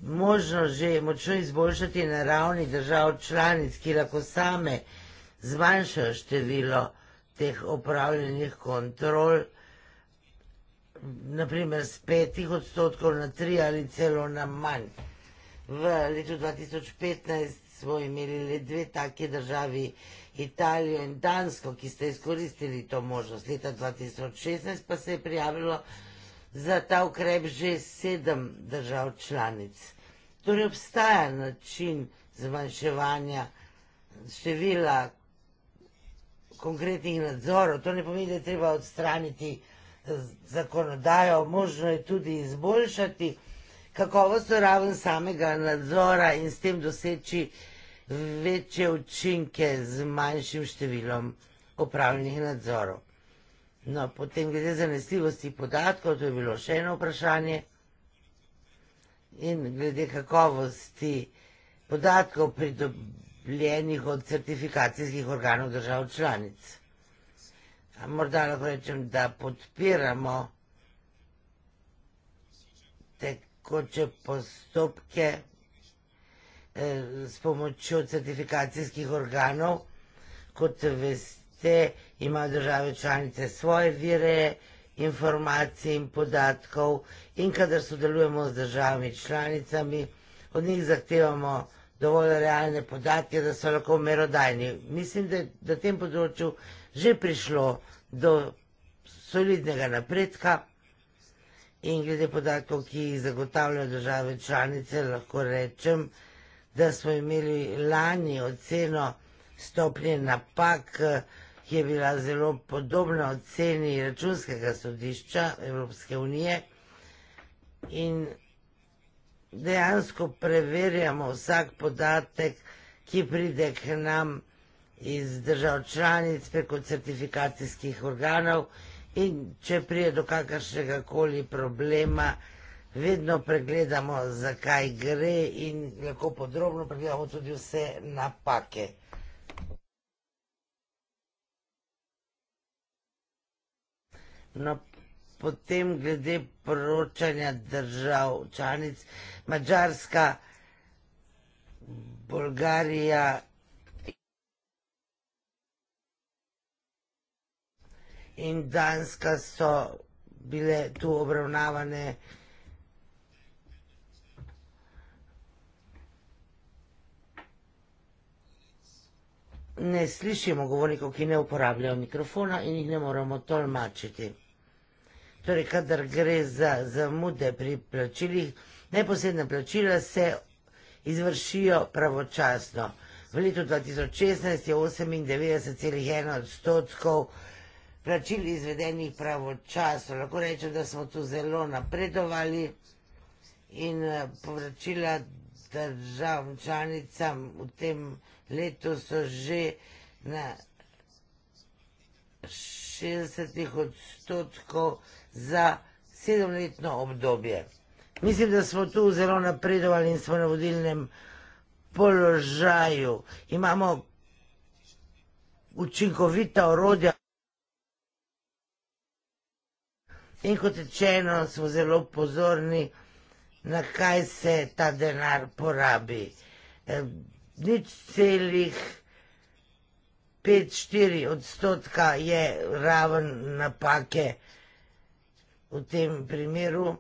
možno že močno izboljšati na ravni držav članic, ki lahko same zmanjšajo število teh opravljenih kontrol, naprimer z petih odstotkov na tri ali celo na manj. V letu 2015 smo imeli le dve take državi, Italijo in Dansko, ki ste izkoristili to možnost. Leta 2016 pa se je prijavilo za ta ukrep že sedem držav članic. Torej obstaja način zmanjševanja števila konkretnih nadzorov. To ne pomeni, da je treba odstraniti zakonodajo, možno je tudi izboljšati kakovost raven samega nadzora in s tem doseči večje učinke z manjšim številom opravljenih nadzorov. No, potem glede zanesljivosti podatkov, to je bilo še eno vprašanje, in glede kakovosti podatkov pridobljenih od certifikacijskih organov držav članic. Morda lahko rečem, da podpiramo tekoče postopke Eh, s pomočjo certifikacijskih organov. Kot veste, imajo države članice svoje vire informacij in podatkov in kadar sodelujemo z državami članicami, od njih zahtevamo dovolj realne podatke, da so lahko merodajni. Mislim, da je na tem področju že prišlo do solidnega napredka in glede podatkov, ki jih zagotavljajo države članice, lahko rečem, da smo imeli lani oceno stopnje napak, ki je bila zelo podobna oceni računskega sodišča Evropske unije. In dejansko preverjamo vsak podatek, ki pride k nam iz držav članic preko certifikacijskih organov in če prije do kakršnega koli problema, vedno pregledamo, zakaj gre in lahko podrobno pregledamo tudi vse napake. No, potem glede poročanja držav članic, Mačarska, Bolgarija in Danska so bile tu obravnavane. ne slišimo govornikov, ki ne uporabljajo mikrofona in jih ne moramo tolmačiti. Torej, kadar gre za zamude pri plačilih, neposredna plačila se izvršijo pravočasno. V letu 2016 je 98,1 odstotkov plačil izvedenih pravočasno. Lahko rečem, da smo tu zelo napredovali in eh, povračila državčanicam v tem času letos so že na 60 odstotkov za sedemletno obdobje. Mislim, da smo tu zelo napredovali in smo na vodilnem položaju. Imamo učinkovita orodja. In kot rečeno, smo zelo pozorni, na kaj se ta denar porabi. E, nič celih pet, štiri odstotka je raven napake v tem primeru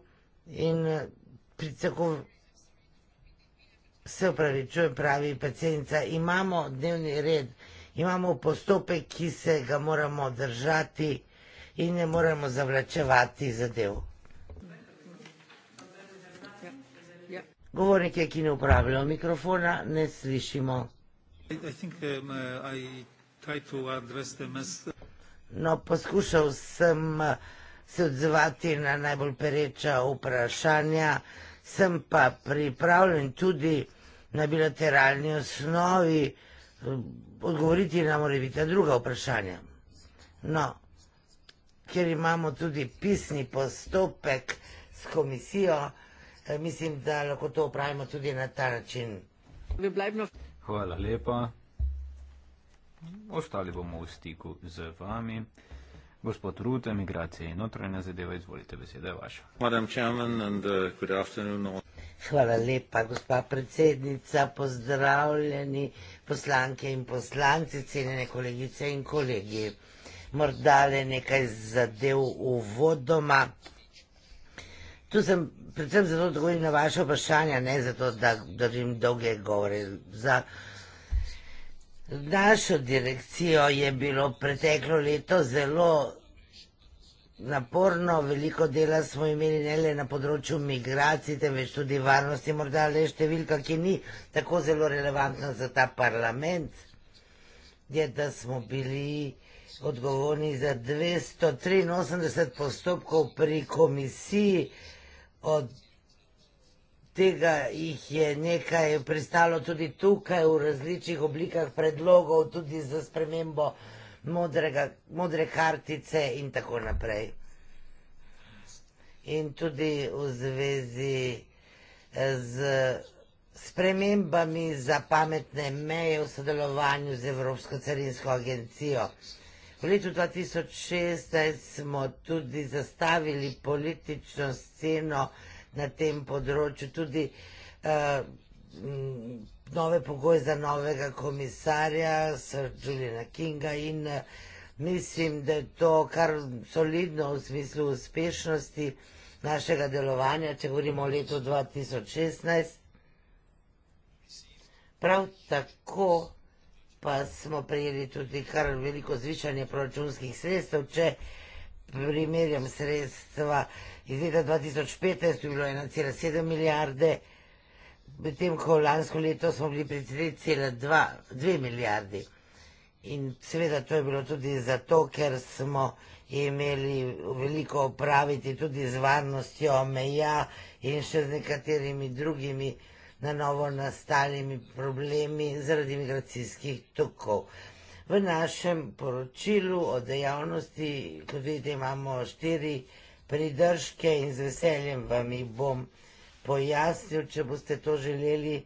in eh, pricakov se upravičujem pravi pacijenca. Imamo dnevni red, imamo postopek, ki se ga moramo držati in ne moremo zavlačevati zadev. Govornike, ki ne uporabljajo mikrofona, ne slišimo. Um, uh, no, poskušal sem uh, se odzvati na najbolj pereča vprašanja, sem pa pripravljen tudi na bilateralni osnovi uh, odgovoriti na morebitna druga vprašanja. No, ker imamo tudi pisni postopek s komisijo, Eh, mislim, da lahko to upravimo tudi na ta način. Hvala lepa. Ostali bomo v stiku z vami. Gospod Rute, migracije in notranja zadeva, izvolite, beseda je vaša. Uh, Hvala lepa, gospa predsednica, pozdravljeni poslanke in poslanci, cenjene kolegice in kolegi. Morda le nekaj zadev uvodoma. Tu sem predvsem zato odgovoril na vaše vprašanje, ne zato, da držim dolge govore. Za našo direkcijo je bilo preteklo leto zelo naporno, veliko dela smo imeli ne le na področju migracij, temveč tudi varnosti, morda le številka, ki ni tako zelo relevantna za ta parlament, je, da smo bili odgovorni za 283 postopkov pri komisiji, od tega jih je nekaj pristalo tudi tukaj v različnih oblikah predlogov, tudi za spremembo modrega, modre kartice in tako naprej. In tudi v zvezi eh, z spremembami za pametne meje v sodelovanju z Evropsko carinsko agencijo. V letu 2016 smo tudi zastavili politično sceno na tem področju, tudi uh, nove pogoje za novega komisarja, Sir Juliana Kinga in eh, mislim, da je to kar solidno v smislu uspešnosti našega delovanja, če govorimo o letu 2016. Prav tako pa smo prejeli tudi kar veliko zvišanje proračunskih sredstev. Če primerjam sredstva iz leta 2015, je bilo 1,7 milijarde, medtem ko lansko leto smo bili pri 3,2 milijardi. In seveda to je bilo tudi zato, ker smo imeli veliko opraviti tudi z varnostjo meja in še z nekaterimi drugimi na novo nastalimi problemi zaradi migracijskih tokov. V našem poročilu o dejavnosti, kot vidite, imamo štiri pridržke in z veseljem vam jih bom pojasnil, če boste to želeli.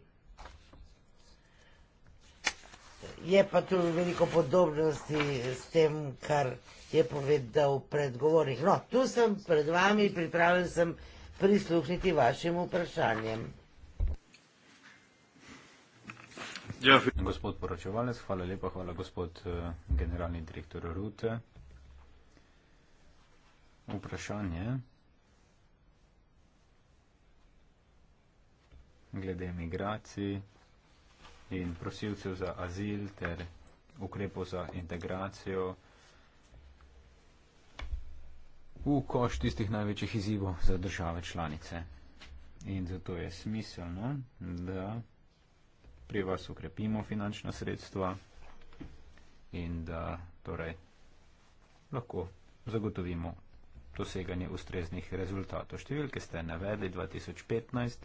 Je pa tu veliko podobnosti s tem, kar je povedal predgovornik. No, tu sem pred vami, pripravljen sem prisluhniti vašim vprašanjem. Ja. Gospod poročevalec, hvala lepa, hvala gospod eh, generalni direktor Rute. Vprašanje glede migracij in prosilcev za azil ter ukrepov za integracijo v koš tistih največjih izzivov za države članice. In zato je smiselno, da pri vas ukrepimo finančna sredstva in da torej lahko zagotovimo doseganje ustreznih rezultatov. Številke ste navedli 2015,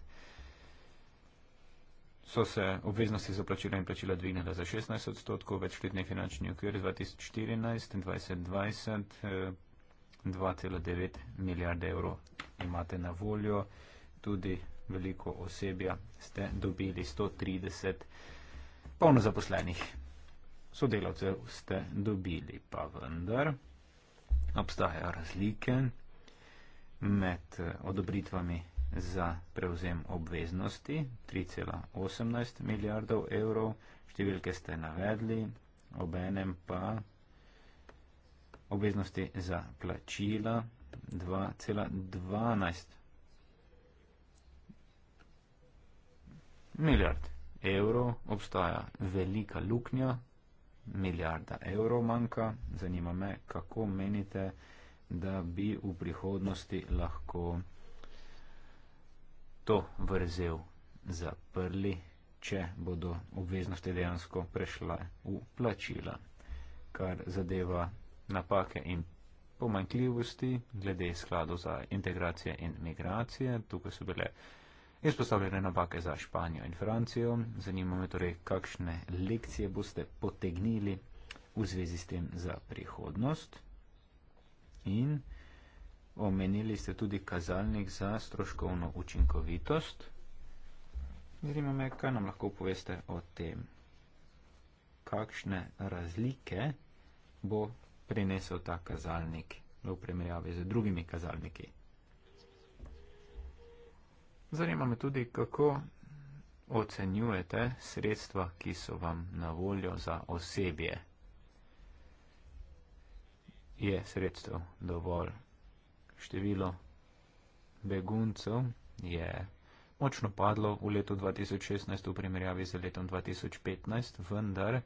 so se obveznosti za plačila in plačila dvignile za 16 odstotkov, večletni finančni okvir 2014 in 2020, 2,9 milijarde evrov imate na voljo, tudi veliko osebja, ste dobili 130 polno zaposlenih sodelavcev, ste dobili pa vendar. Obstajajo razlike med eh, odobritvami za prevzem obveznosti 3,18 milijardov evrov, številke ste navedli, ob enem pa obveznosti za plačila 2,12 milijardov. milijard evrov, obstaja velika luknja, milijarda evrov manjka. Zanima me, kako menite, da bi v prihodnosti lahko to vrzel zaprli, če bodo obveznosti dejansko prešle v plačila, kar zadeva napake in pomankljivosti glede skladov za integracije in migracije. Tukaj so bile izpostavljene napake za Španijo in Francijo. Zanima me torej, kakšne lekcije boste potegnili v zvezi s tem za prihodnost. In omenili ste tudi kazalnik za stroškovno učinkovitost. Zanima me, kaj nam lahko poveste o tem, kakšne razlike bo prinesel ta kazalnik v primerjavi z drugimi kazalniki. Zanima me tudi, kako ocenjujete sredstva, ki so vam na voljo za osebje. Je sredstev dovolj? Število beguncev je močno padlo v letu 2016 v primerjavi z letom 2015, vendar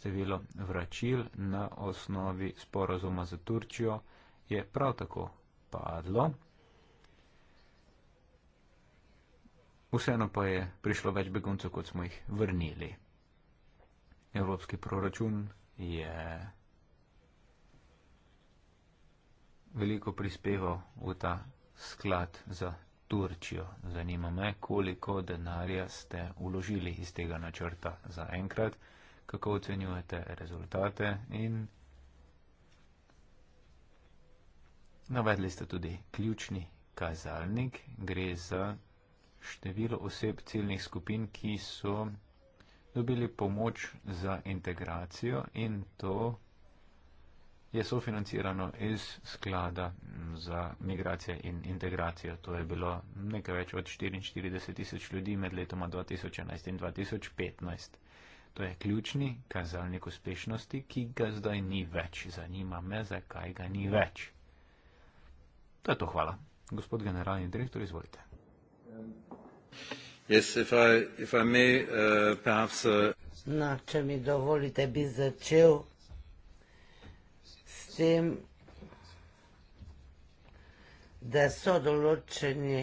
število vračil na osnovi sporozuma z Turčijo je prav tako padlo. Vseeno pa je prišlo več beguncev, kot smo jih vrnili. Evropski proračun je veliko prispeval v ta sklad za Turčijo. Zanima me, koliko denarja ste uložili iz tega načrta za enkrat, kako ocenjujete rezultate in navedli ste tudi ključni kazalnik, gre za število oseb ciljnih skupin, ki so dobili pomoč za integracijo in to je sofinancirano iz sklada za migracije in integracijo. To je bilo nekaj več od 44 tisoč ljudi med letoma 2011 in 2015. To je ključni kazalnik uspešnosti, ki ga zdaj ni več. Zanima me, zakaj ga ni več. To je to hvala. Gospod generalni direktor, izvolite. Yes, if I, if I may, uh, perhaps... Uh... No, če mi dovolite, bi začel s tem, da so določeni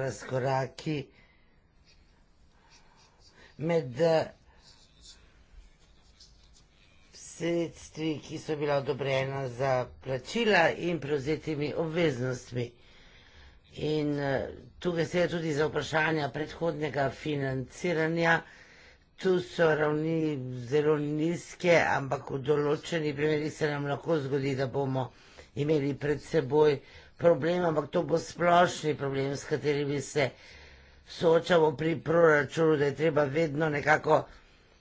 razkoraki med uh, sredstvi, ki so bila odobrena za plačila in prevzetimi obveznostmi. In eh, tu gre tudi za vprašanje predhodnega financiranja. Tu so ravni zelo nizke, ampak v določeni primeri se nam lahko zgodi, da bomo imeli pred seboj problem, ampak to bo splošni problem, s katerimi se soočamo pri proračunu, da je treba vedno nekako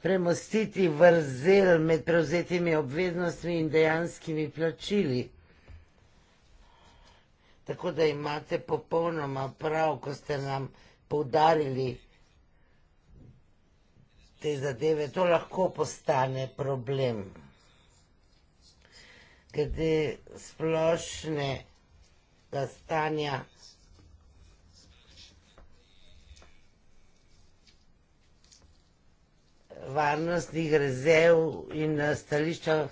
premostiti vrzel med prevzetimi obveznostmi in dejanskimi plačili. Tako da imate popolnoma prav, ko ste nam povdarili te zadeve. To lahko postane problem. Glede splošne stanja varnostnih rezev in stališčah,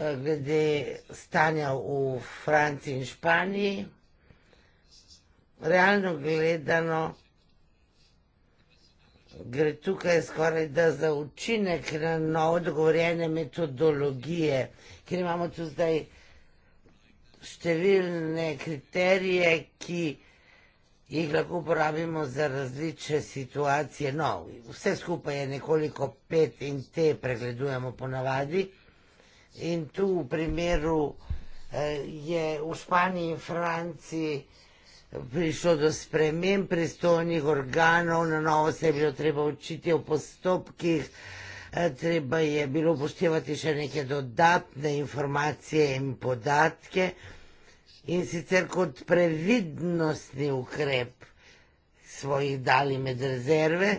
Eh, glede stanja v Franciji in Španiji. Realno gledano gre tukaj skoraj da za učinek na novo dogovorjene metodologije, ker imamo tu zdaj številne kriterije, ki jih lahko uporabimo za različne situacije. No, vse skupaj je nekoliko pet in te pregledujemo ponavadi. In tu v primeru eh, je v Španiji in Franciji prišlo do sprememb pristojnih organov, na novo se je bilo treba učiti o postopkih, eh, treba je bilo upoštevati še neke dodatne informacije in podatke. In sicer kot previdnostni ukrep svojih dali med rezerve,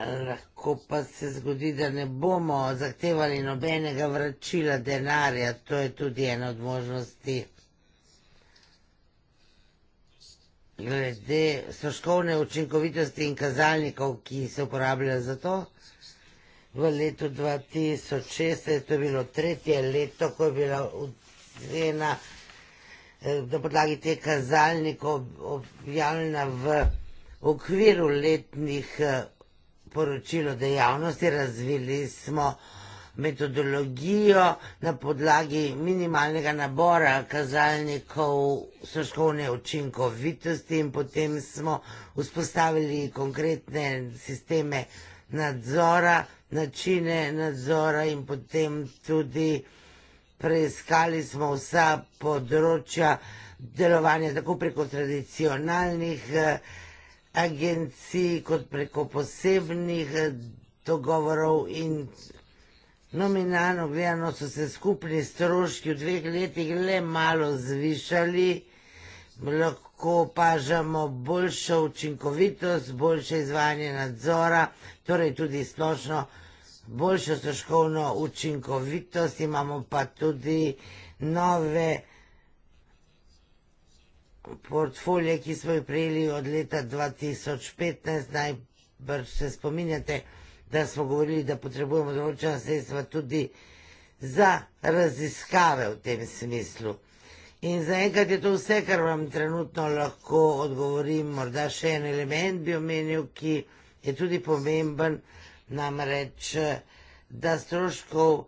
lahko pa se zgodi, da ne bomo zahtevali nobenega vračila denarja. To je tudi ena od možnosti. Glede stroškovne učinkovitosti in kazalnikov, ki se uporabljajo za to, v letu 2006 je bilo tretje leto, ko je bila ocena eh, na podlagi teh kazalnikov objavljena v okviru letnih eh, poročilo dejavnosti, razvili smo metodologijo na podlagi minimalnega nabora kazalnikov stroškovne učinkovitosti in potem smo vzpostavili konkretne sisteme nadzora, načine nadzora in potem tudi preiskali smo vsa področja delovanja tako preko tradicionalnih eh, agencij kot preko posebnih eh, dogovorov in nominalno gledano so se skupni stroški v dveh letih le malo zvišali, lahko opažamo boljšo učinkovitost, boljše izvajanje nadzora, torej tudi splošno boljšo stroškovno učinkovitost, imamo pa tudi nove portfolije, ki smo jih prejeli od leta 2015, najbrž se spominjate, da smo govorili, da potrebujemo določena sredstva tudi za raziskave v tem smislu. In zaenkrat je to vse, kar vam trenutno lahko odgovorim. Morda še en element bi omenil, ki je tudi pomemben, namreč, eh, da stroškov,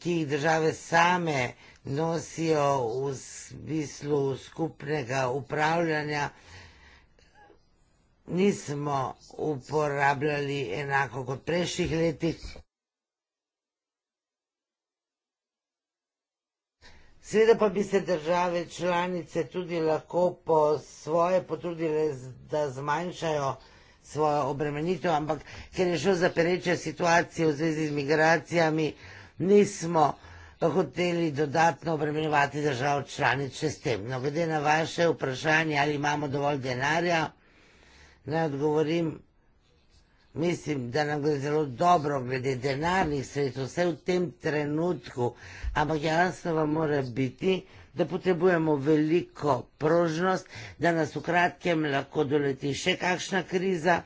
ki jih države same nosijo v smislu skupnega upravljanja, nismo uporabljali enako kot prejšnjih letih. Sveda pa bi se države članice tudi lahko po svoje potrudile, da zmanjšajo svojo obremenitev, ampak ker je šlo za pereče situacije v zvezi z migracijami, nismo pa hoteli dodatno obremenjevati držav članice s tem. No, glede na vaše vprašanje, ali imamo dovolj denarja, naj odgovorim, mislim, da nam gre zelo dobro glede denarnih sredstv, vse v tem trenutku, ampak jasno vam mora biti, da potrebujemo veliko prožnost, da nas v kratkem lahko doleti še kakšna kriza,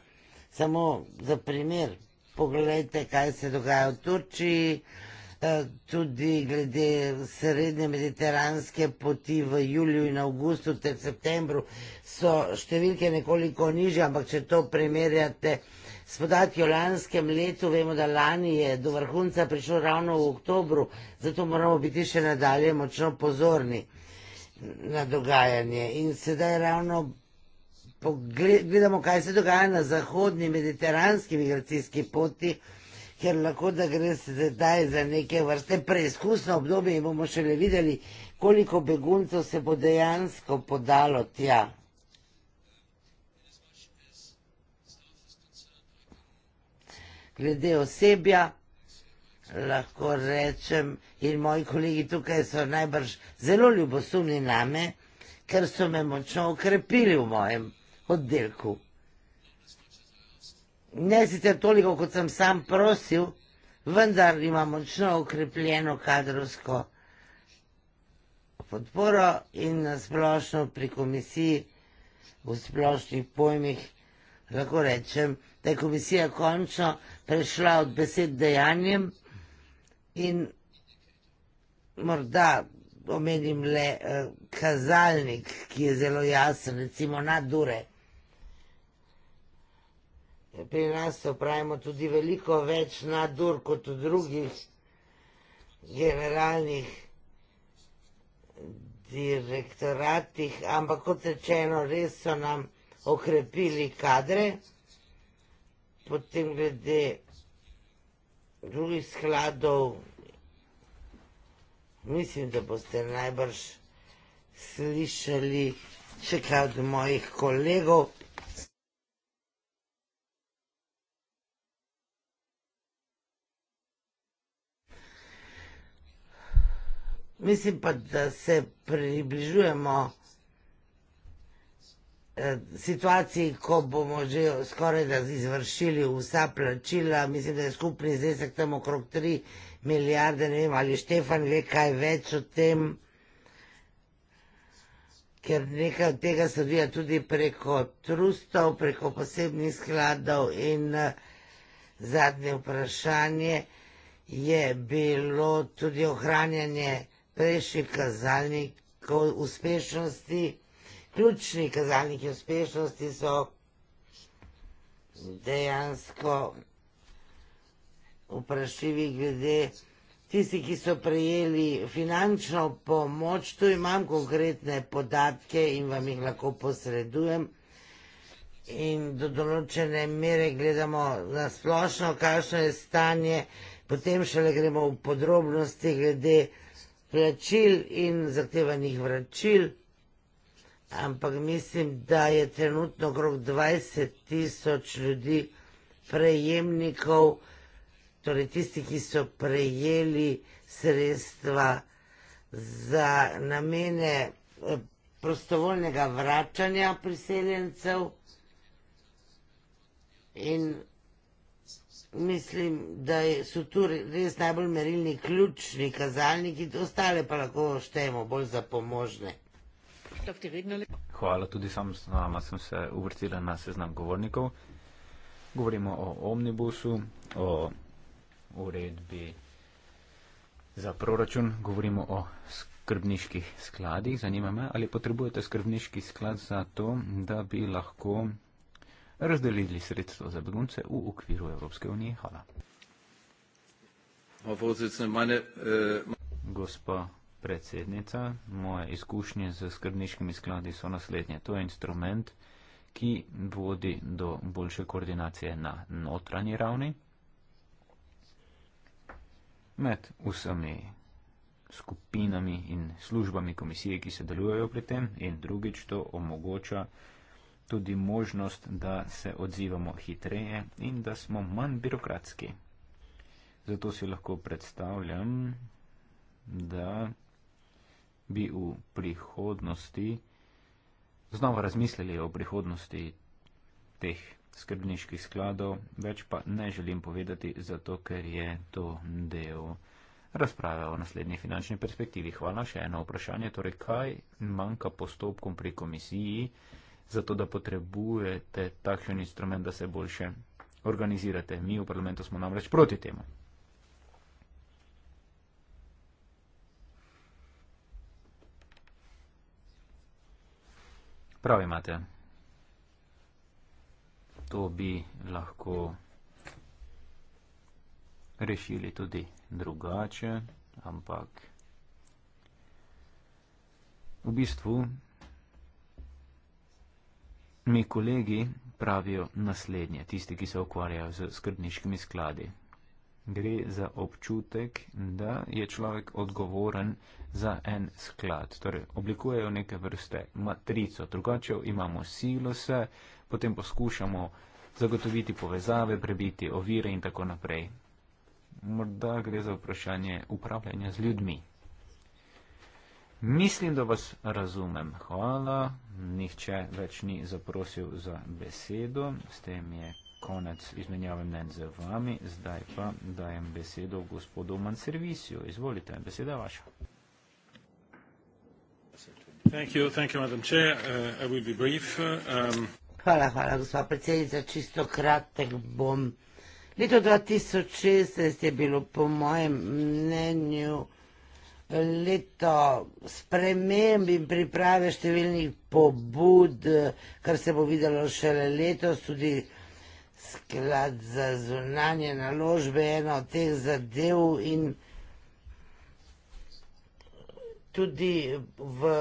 samo za primer, pogledajte, kaj se dogaja v Turčiji, Eh, tudi glede srednje mediteranske poti v juliju in avgustu ter septembru so številke nekoliko nižje, ampak če to primerjate s podatki o lanskem letu, vemo, da lani je do vrhunca prišlo ravno v oktobru, zato moramo biti še nadalje močno pozorni na dogajanje. In sedaj ravno pogledamo, kaj se dogaja na zahodni mediteranski migracijski poti ker lahko da gre sedaj za neke vrste preizkusno obdobje in bomo šele videli, koliko beguncov se bo dejansko podalo tja. Glede osebja, lahko rečem, in moji kolegi tukaj so najbrž zelo ljubosumni name, ker so me močno okrepili v mojem oddelku ne sicer toliko, kot sem sam prosil, vendar ima močno ukrepljeno kadrovsko podporo in nasplošno pri komisiji v splošnih pojmih lahko rečem, da je komisija končno prešla od besed dejanjem in morda omenim le eh, kazalnik, ki je zelo jasen, recimo na Dure pri nas opravimo tudi veliko več nadur kot v drugih generalnih direktoratih, ampak kot rečeno, res so nam okrepili kadre, potem glede drugih skladov, mislim, da boste najbrž slišali še kaj od mojih kolegov. Mislim pa, da se približujemo eh, situaciji, ko bomo že skoraj da izvršili vsa plačila. Mislim, da je skupni znesek tam okrog 3 milijarde, ne vem, ali Štefan ve kaj več o tem, ker nekaj od tega se odvija tudi preko trustov, preko posebnih skladov in eh, zadnje vprašanje je bilo tudi ohranjanje najprejši kazalnik uspešnosti, ključni kazalniki uspešnosti so dejansko vprašljivi glede tisti, ki so prejeli finančno pomoč. Tu imam konkretne podatke in vam jih lahko posredujem. In do določene mere gledamo na splošno, kakšno je stanje, potem šele gremo v podrobnosti glede plačil in zahtevanih vračil, ampak mislim, da je trenutno okrog 20 tisoč ljudi prejemnikov, torej tisti, ki so prejeli sredstva za namene eh, prostovoljnega vračanja priseljencev in mislim, da so tu res najbolj merilni ključni kazalniki, ostale pa lahko štejemo bolj za pomožne. Hvala, tudi sam s vama sem se uvrstila na seznam govornikov. Govorimo o omnibusu, o uredbi za proračun, govorimo o skrbniških skladih. Zanima me, ali potrebujete skrbniški sklad za to, da bi lahko razdelili sredstvo za begunce v okviru Evropske unije. Hvala. Äh, Gospa predsednica, moje izkušnje z skrbniškimi skladi so naslednje. To je instrument, ki vodi do boljše koordinacije na notranji ravni med vsemi skupinami in službami komisije, ki se delujejo pri tem in drugič to omogoča tudi možnost, da se odzivamo hitreje in da smo manj birokratski. Zato si lahko predstavljam, da bi v prihodnosti znova razmislili o prihodnosti teh skrbniških skladov, več pa ne želim povedati, zato ker je to del razprave o naslednji finančni perspektivi. Hvala, še eno vprašanje, torej kaj manjka postopkom pri komisiji, zato da potrebujete takšen instrument, da se boljše organizirate. Mi v parlamentu smo namreč proti temu. Prav imate. To bi lahko rešili tudi drugače, ampak v bistvu Mi kolegi pravijo naslednje, tisti, ki se ukvarjajo z skrbniškimi skladi. Gre za občutek, da je človek odgovoren za en sklad. Torej, oblikujejo neke vrste matrico, drugače imamo silose, potem poskušamo zagotoviti povezave, prebiti ovire in tako naprej. Morda gre za vprašanje upravljanja z ljudmi. Mislim, da vas razumem. Hvala. Nihče več ni zaprosil za besedo. S tem je konec izmenjave mnenj z vami. Zdaj pa dajem besedo gospodu Manservisiju. Izvolite, beseda vaša. Thank you, thank you, uh, uh, um... Hvala, hvala, gospod predsednica. Čisto kratek bom. Leto 2016 je bilo po mojem mnenju leto sprememb in priprave številnih pobud, kar se bo videlo šele letos, tudi sklad za zunanje naložbe, ena od teh zadev in tudi v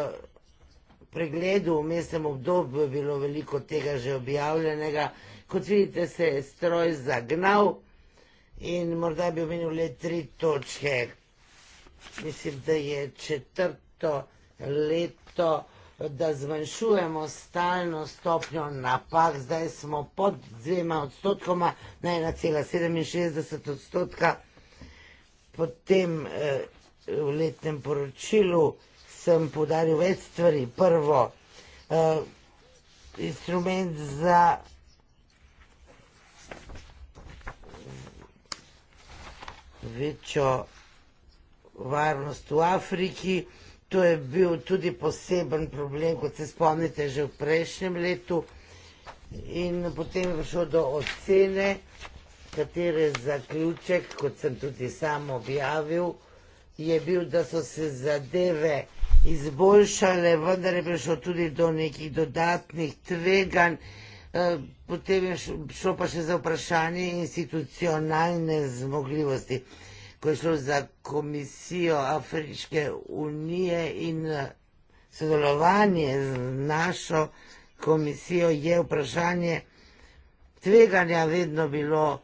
pregledu v mestnem obdobju je bilo veliko tega že objavljenega. Kot vidite, se je stroj zagnal in morda bi omenil le tri točke, mislim, da je četrto leto, da zmanjšujemo stalno stopnjo napak, zdaj smo pod dvema odstotkoma, na 1,67 odstotka, potem eh, v letnem poročilu sem podaril več stvari. Prvo, eh, instrument za večjo varnost v Afriki. To je bil tudi poseben problem, kot se spomnite, že v prejšnjem letu. In potem je prišlo do ocene, katere zaključek, kot sem tudi sam objavil, je bil, da so se zadeve izboljšale, vendar je prišlo tudi do nekih dodatnih tveganj. Eh, potem je šlo pa še za vprašanje institucionalne zmogljivosti ko je šlo za komisijo Afriške unije in eh, sodelovanje z našo komisijo, je vprašanje tveganja vedno bilo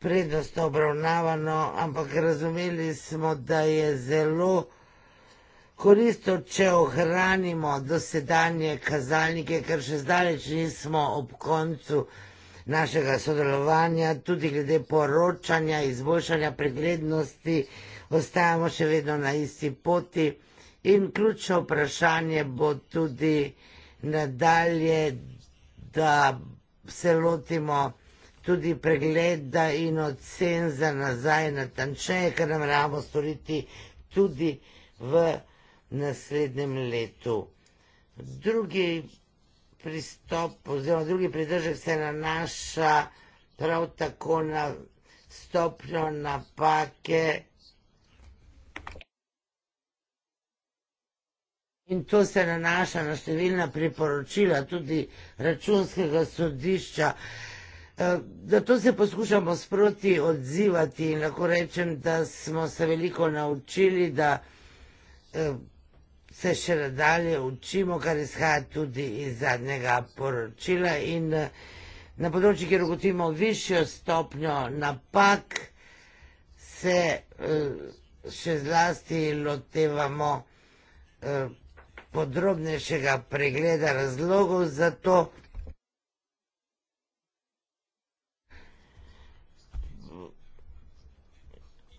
prednostno obravnavano, ampak razumeli smo, da je zelo koristo, če ohranimo dosedanje kazalnike, ker še zdaleč nismo ob koncu našega sodelovanja, tudi glede poročanja, izboljšanja preglednosti, ostajamo še vedno na isti poti. In ključno vprašanje bo tudi nadalje, da se lotimo tudi pregleda in ocen za nazaj natančneje, kar nam ramo storiti tudi v naslednjem letu. Drugi pristop oziroma drugi pridržek se nanaša prav tako na stopnjo napake. In to se nanaša na številna priporočila tudi računskega sodišča. Eh, zato se poskušamo sproti odzivati in lahko rečem, da smo se veliko naučili, da eh, se še nadalje učimo, kar izhaja tudi iz zadnjega poročila in eh, na področju, kjer ugotovimo višjo stopnjo napak, se eh, še zlasti lotevamo eh, podrobnejšega pregleda razlogov za to.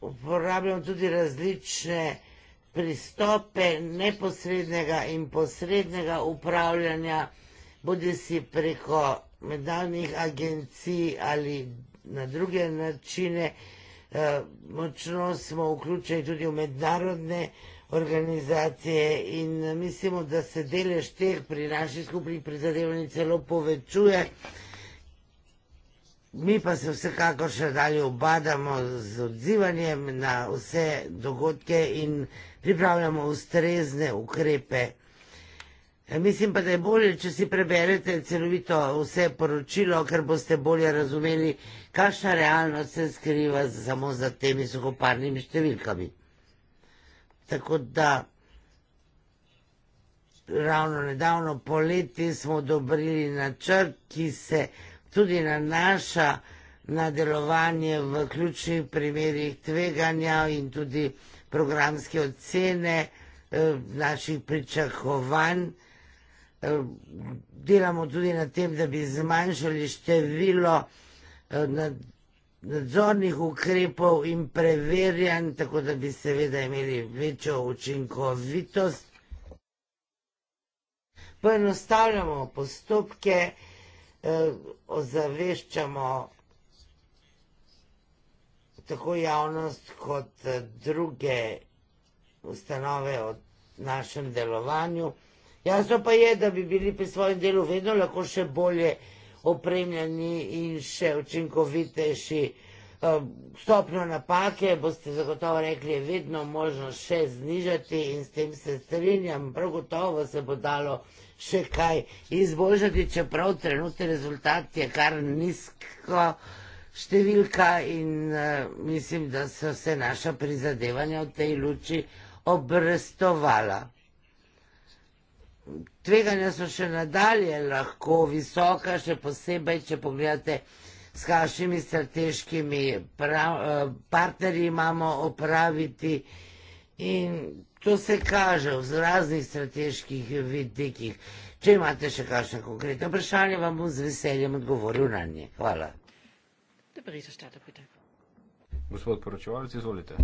Uporabljamo tudi različne pristope neposrednega in posrednega upravljanja, bodi si preko mednarodnih agencij ali na druge načine. Eh, močno smo vključeni tudi v mednarodne organizacije in mislimo, da se delež teh pri naši skupni prizadevanji celo povečuje. Mi pa se vsekakor še dalje obadamo z odzivanjem na vse dogodke in pripravljamo ustrezne ukrepe. E, mislim pa, da je bolje, če si preberete celovito vse poročilo, ker boste bolje razumeli, kakšna realnost se skriva samo za temi suhoparnimi številkami. Tako da ravno nedavno poleti smo odobrili načrt, ki se tudi nanaša na delovanje v ključnih primerih tveganja in tudi programske ocene eh, naših pričakovanj. Eh, delamo tudi na tem, da bi zmanjšali število eh, nadzornih ukrepov in preverjanj, tako da bi seveda imeli večjo učinkovitost. Poenostavljamo postopke, ozaveščamo tako javnost kot eh, druge ustanove o našem delovanju. Jasno pa je, da bi bili pri svojem delu vedno lahko še bolje opremljeni in še učinkovitejši. Eh, stopnjo napake boste zagotovo rekli, je vedno možno še znižati in s tem se strinjam. Prav gotovo se bo dalo še kaj izboljšati, čeprav trenutni rezultat je kar nizko številka in uh, mislim, da so se naša prizadevanja v tej luči obrestovala. Tveganja so še nadalje lahko visoka, še posebej, če pogledate, s kakšnimi strateškimi prav, uh, partnerji imamo opraviti. In To se kaže v raznih strateških vidikih. Če imate še kakšne konkretne vprašanja, vam bom z veseljem odgovoril na nje. Hvala. Gospod poročevalec, izvolite.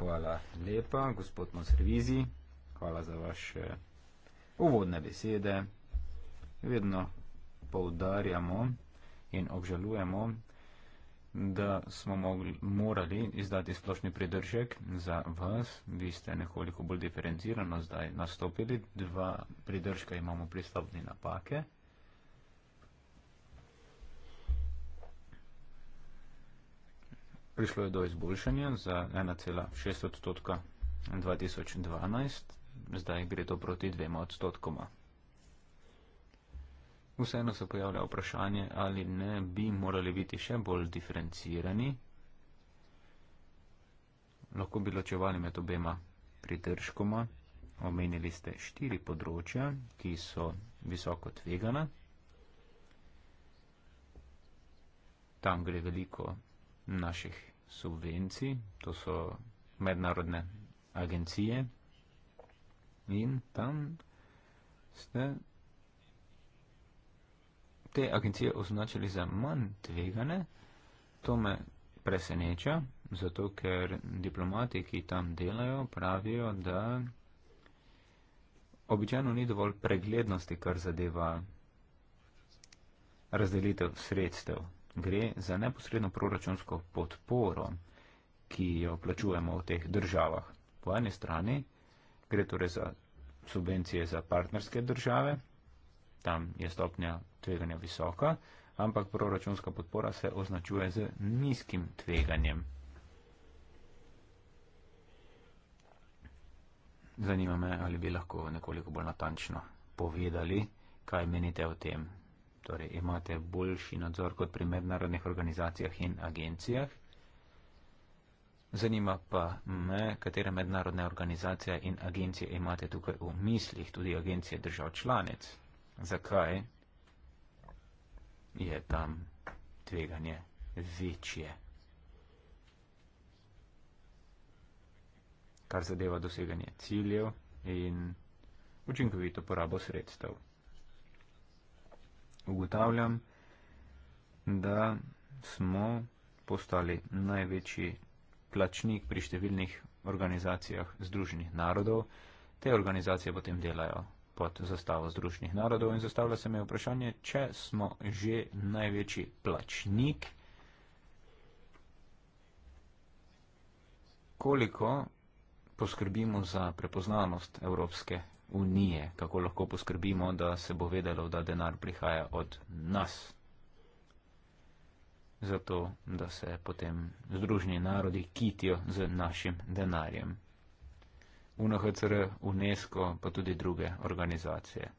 Hvala lepa, gospod Monservizi. Hvala za vaše uvodne besede. Vedno poudarjamo in obžalujemo, da smo mogli, morali izdati splošni pridržek za vas. Vi ste nekoliko bolj diferencirano zdaj nastopili. Dva pridržka imamo pri stavbni napake. Prišlo je do izboljšanja za 1,6 odstotka 2012, zdaj gre to proti dvema odstotkoma. Vseeno se pojavlja vprašanje, ali ne bi morali biti še bolj diferencirani, lahko bi ločevali med obema pridržkoma. Omenili ste štiri področja, ki so visoko tvegana. Tam gre veliko naših subvencij, to so mednarodne agencije. In tam ste te agencije označili za manj tvegane, to me preseneča, zato ker diplomati, ki tam delajo, pravijo, da običajno ni dovolj preglednosti, kar zadeva razdelitev sredstev. Gre za neposredno proračunsko podporo, ki jo plačujemo v teh državah. Po eni strani gre torej za subvencije za partnerske države, tam je stopnja tveganja visoka, ampak proračunska podpora se označuje z nizkim tveganjem. Zanima me, ali bi lahko nekoliko bolj natančno povedali, kaj menite o tem. Torej, imate boljši nadzor kot pri mednarodnih organizacijah in agencijah. Zanima pa me, katere mednarodne organizacije in agencije imate tukaj v mislih, tudi agencije držav članic. Zakaj je tam tveganje večje. Kar zadeva doseganje ciljev in učinkovito porabo sredstev. Ugotavljam, da smo postali največji plačnik pri številnih organizacijah Združenih narodov. Te organizacije potem delajo pod zastavo Združenih narodov in zastavlja se mi vprašanje, če smo že največji plačnik, koliko poskrbimo za prepoznanost Evropske unije, kako lahko poskrbimo, da se bo vedelo, da denar prihaja od nas. Zato, da se potem združni narodi kitijo z našim denarjem. UNHCR, UNESCO, pa tudi druge organizacije.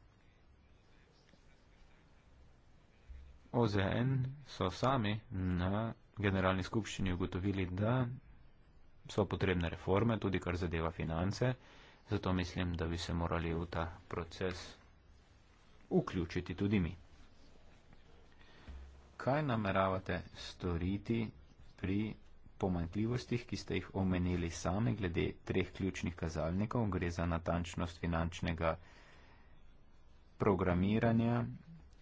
OZN so sami na generalni skupščini ugotovili, da so potrebne reforme, tudi kar zadeva finance, zato mislim, da bi se morali v ta proces vključiti tudi mi. Kaj nameravate storiti pri pomanjkljivostih, ki ste jih omenili sami glede treh ključnih kazalnikov, gre za natančnost finančnega programiranja,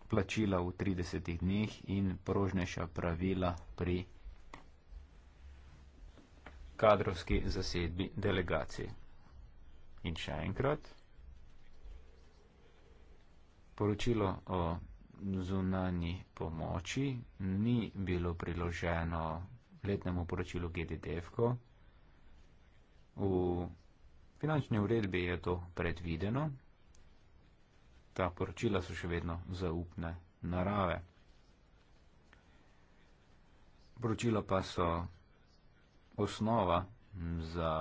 plačila v 30 dneh in prožnejša pravila pri kadrovski zasedbi delegacije. In še enkrat, poročilo o zunanji pomoči ni bilo priloženo letnemu poročilu GDDF-ko. V finančni uredbi je to predvideno. Ta poročila so še vedno zaupne narave. Poročila pa so osnova za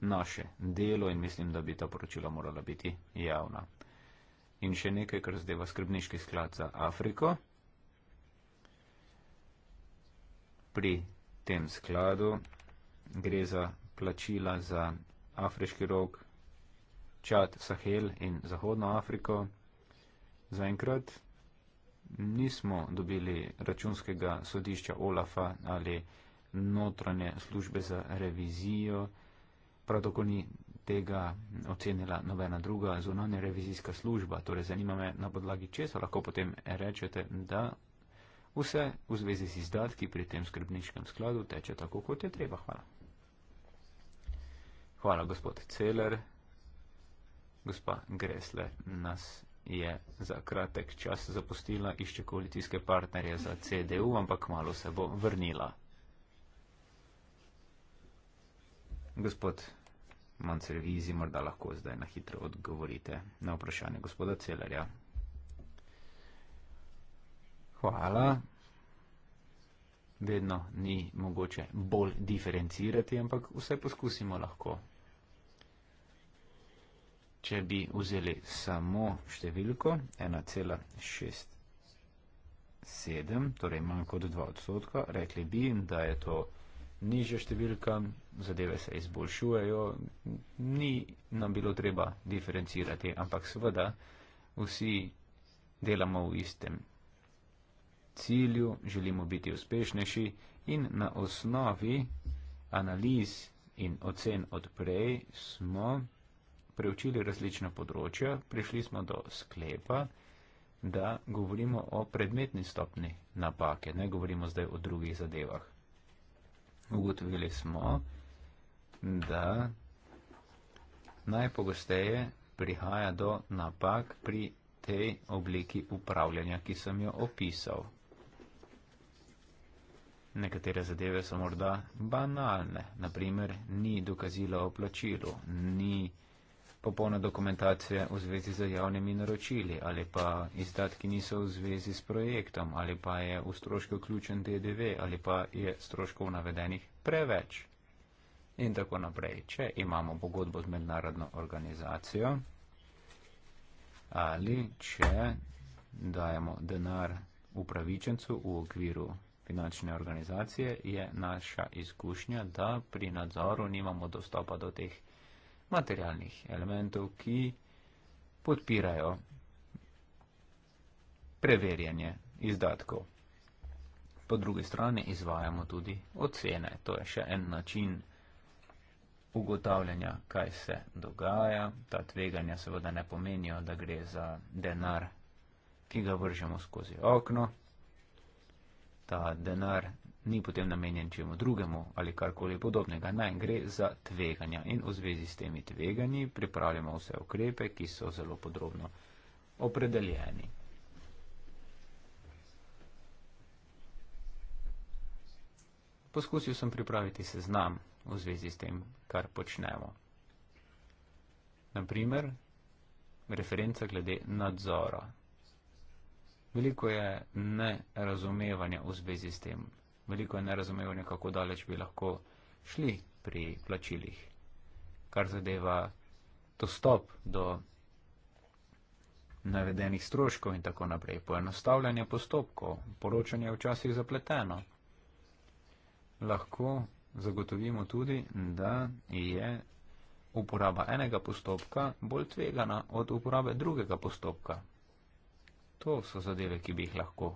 naše delo in mislim, da bi ta poročila morala biti javna. In še nekaj, kar zdaj v skrbniški sklad za Afriko. pri tem skladu. Gre za plačila za afriški rok, čad, sahel in zahodno Afriko. Zaenkrat nismo dobili računskega sodišča Olafa ali notranje službe za revizijo, prav tako ni tega ocenila nobena druga zunanja revizijska služba. Torej, zanima me, na podlagi česa lahko potem rečete, da Vse v zvezi z izdatki pri tem skrbniškem skladu teče tako, kot je treba. Hvala. Hvala, gospod Celer. Gospa Gresle nas je za kratek čas zapustila, išče koalicijske partnerje za CDU, ampak malo se bo vrnila. Gospod Mancervizi, morda lahko zdaj na hitro odgovorite na vprašanje gospoda Celerja. Hvala. Vedno ni mogoče bolj diferencirati, ampak vse poskusimo lahko. Če bi vzeli samo številko 1,67, torej manj kot 2 odstotka, rekli bi, da je to nižja številka, zadeve se izboljšujejo, ni nam bilo treba diferencirati, ampak seveda vsi delamo v istem cilju, želimo biti uspešnejši in na osnovi analiz in ocen odprej smo preučili različna področja, prišli smo do sklepa, da govorimo o predmetni stopni napake, ne govorimo zdaj o drugih zadevah. Ugotovili smo, da najpogosteje prihaja do napak pri tej obliki upravljanja, ki sem jo opisal. Nekatere zadeve so morda banalne, naprimer ni dokazila o plačilu, ni popolna dokumentacija v zvezi z javnimi naročili ali pa izdatki niso v zvezi s projektom ali pa je v stroške vključen DDV ali pa je stroškov navedenih preveč. In tako naprej. Če imamo pogodbo z mednarodno organizacijo ali če dajemo denar upravičencu v okviru finančne organizacije, je naša izkušnja, da pri nadzoru nimamo dostopa do teh materialnih elementov, ki podpirajo preverjanje izdatkov. Po drugi strani izvajamo tudi ocene. To je še en način ugotavljanja, kaj se dogaja. Ta tveganja seveda ne pomenijo, da gre za denar, ki ga vržemo skozi okno ta denar ni potem namenjen čemu drugemu ali karkoli podobnega. Naj gre za tveganja in v zvezi s temi tveganji pripravljamo vse ukrepe, ki so zelo podrobno opredeljeni. Poskusil sem pripraviti seznam v zvezi s tem, kar počnemo. Naprimer, referenca glede nadzora, Veliko je nerazumevanja v zvezi s tem. Veliko je nerazumevanja, kako daleč bi lahko šli pri plačilih, kar zadeva dostop do navedenih stroškov in tako naprej. Poenostavljanje postopkov, poročanje je včasih zapleteno. Lahko zagotovimo tudi, da je uporaba enega postopka bolj tvegana od uporabe drugega postopka, To so zadeve, ki bi jih lahko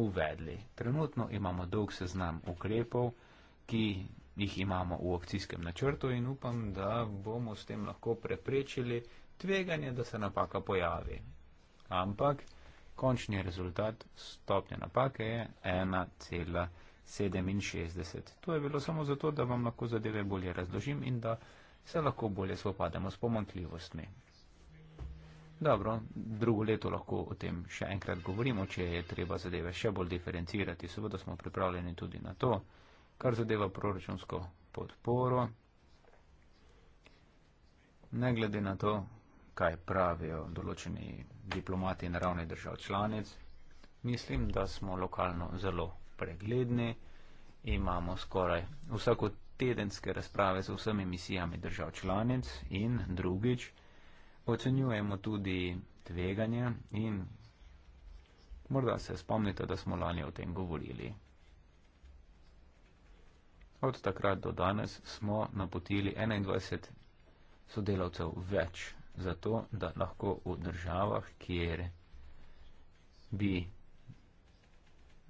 uvedli. Trenutno imamo dolg seznam ukrepov, ki jih imamo v akcijskem načrtu in upam, da bomo s tem lahko preprečili tveganje, da se napaka pojavi. Ampak končni rezultat stopnje napake je 1,67. To je bilo samo zato, da vam lahko zadeve bolje razložim in da se lahko bolje spopademo s pomankljivostmi. Dobro, drugo leto lahko o tem še enkrat govorimo, če je treba zadeve še bolj diferencirati. Seveda smo pripravljeni tudi na to, kar zadeva proračunsko podporo. Ne glede na to, kaj pravijo določeni diplomati na ravni držav članic, mislim, da smo lokalno zelo pregledni. Imamo skoraj vsakotedenske razprave z vsemi misijami držav članic in drugič ocenjujemo tudi tveganje in morda se spomnite, da smo lani o tem govorili. Od takrat do danes smo napotili 21 sodelavcev več za to, da lahko v državah, kjer bi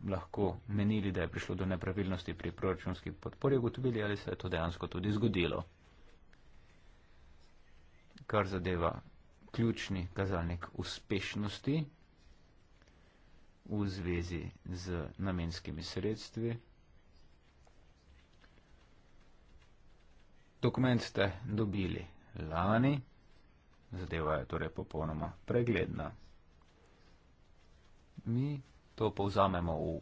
lahko menili, da je prišlo do nepravilnosti pri proračunski podpori, ugotovili, ali se je to dejansko tudi zgodilo kar zadeva ključni kazalnik uspešnosti v zvezi z namenskimi sredstvi. Dokument ste dobili lani, zadeva je torej popolnoma pregledna. Mi to povzamemo v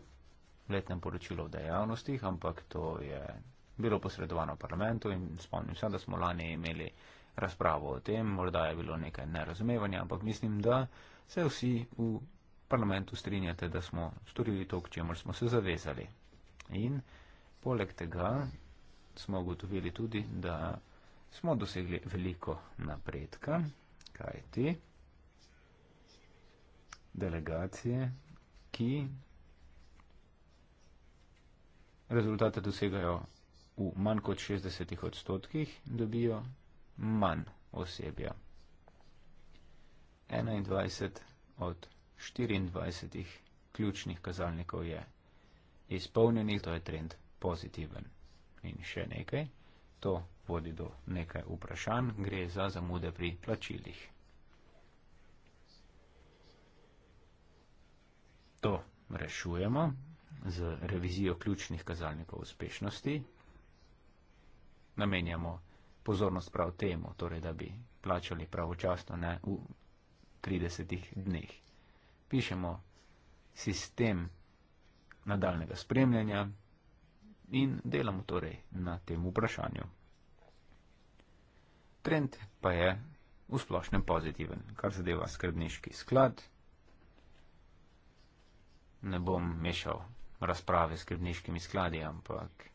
letnem poročilu o dejavnostih, ampak to je bilo posredovano parlamentu in spomnim se, da smo lani imeli nekaj, razpravo o tem, morda je bilo nekaj nerazumevanja, ampak mislim, da se vsi v parlamentu strinjate, da smo storili to, k čemu smo se zavezali. In poleg tega smo ugotovili tudi, da smo dosegli veliko napredka, kajti delegacije, ki rezultate dosegajo v manj kot 60 odstotkih, dobijo manj osebja. 21 od 24 ključnih kazalnikov je izpolnjenih, to je trend pozitiven. In še nekaj, to vodi do nekaj vprašanj, gre za zamude pri plačilih. To rešujemo z revizijo ključnih kazalnikov uspešnosti. Namenjamo pozornost prav temu, torej da bi plačali pravočasno ne, v 30 dneh. Pišemo sistem nadaljnega spremljanja in delamo torej na tem vprašanju. Trend pa je v splošnem pozitiven, kar zadeva skrbniški sklad. Ne bom mešal razprave s skrbniškimi skladi, ampak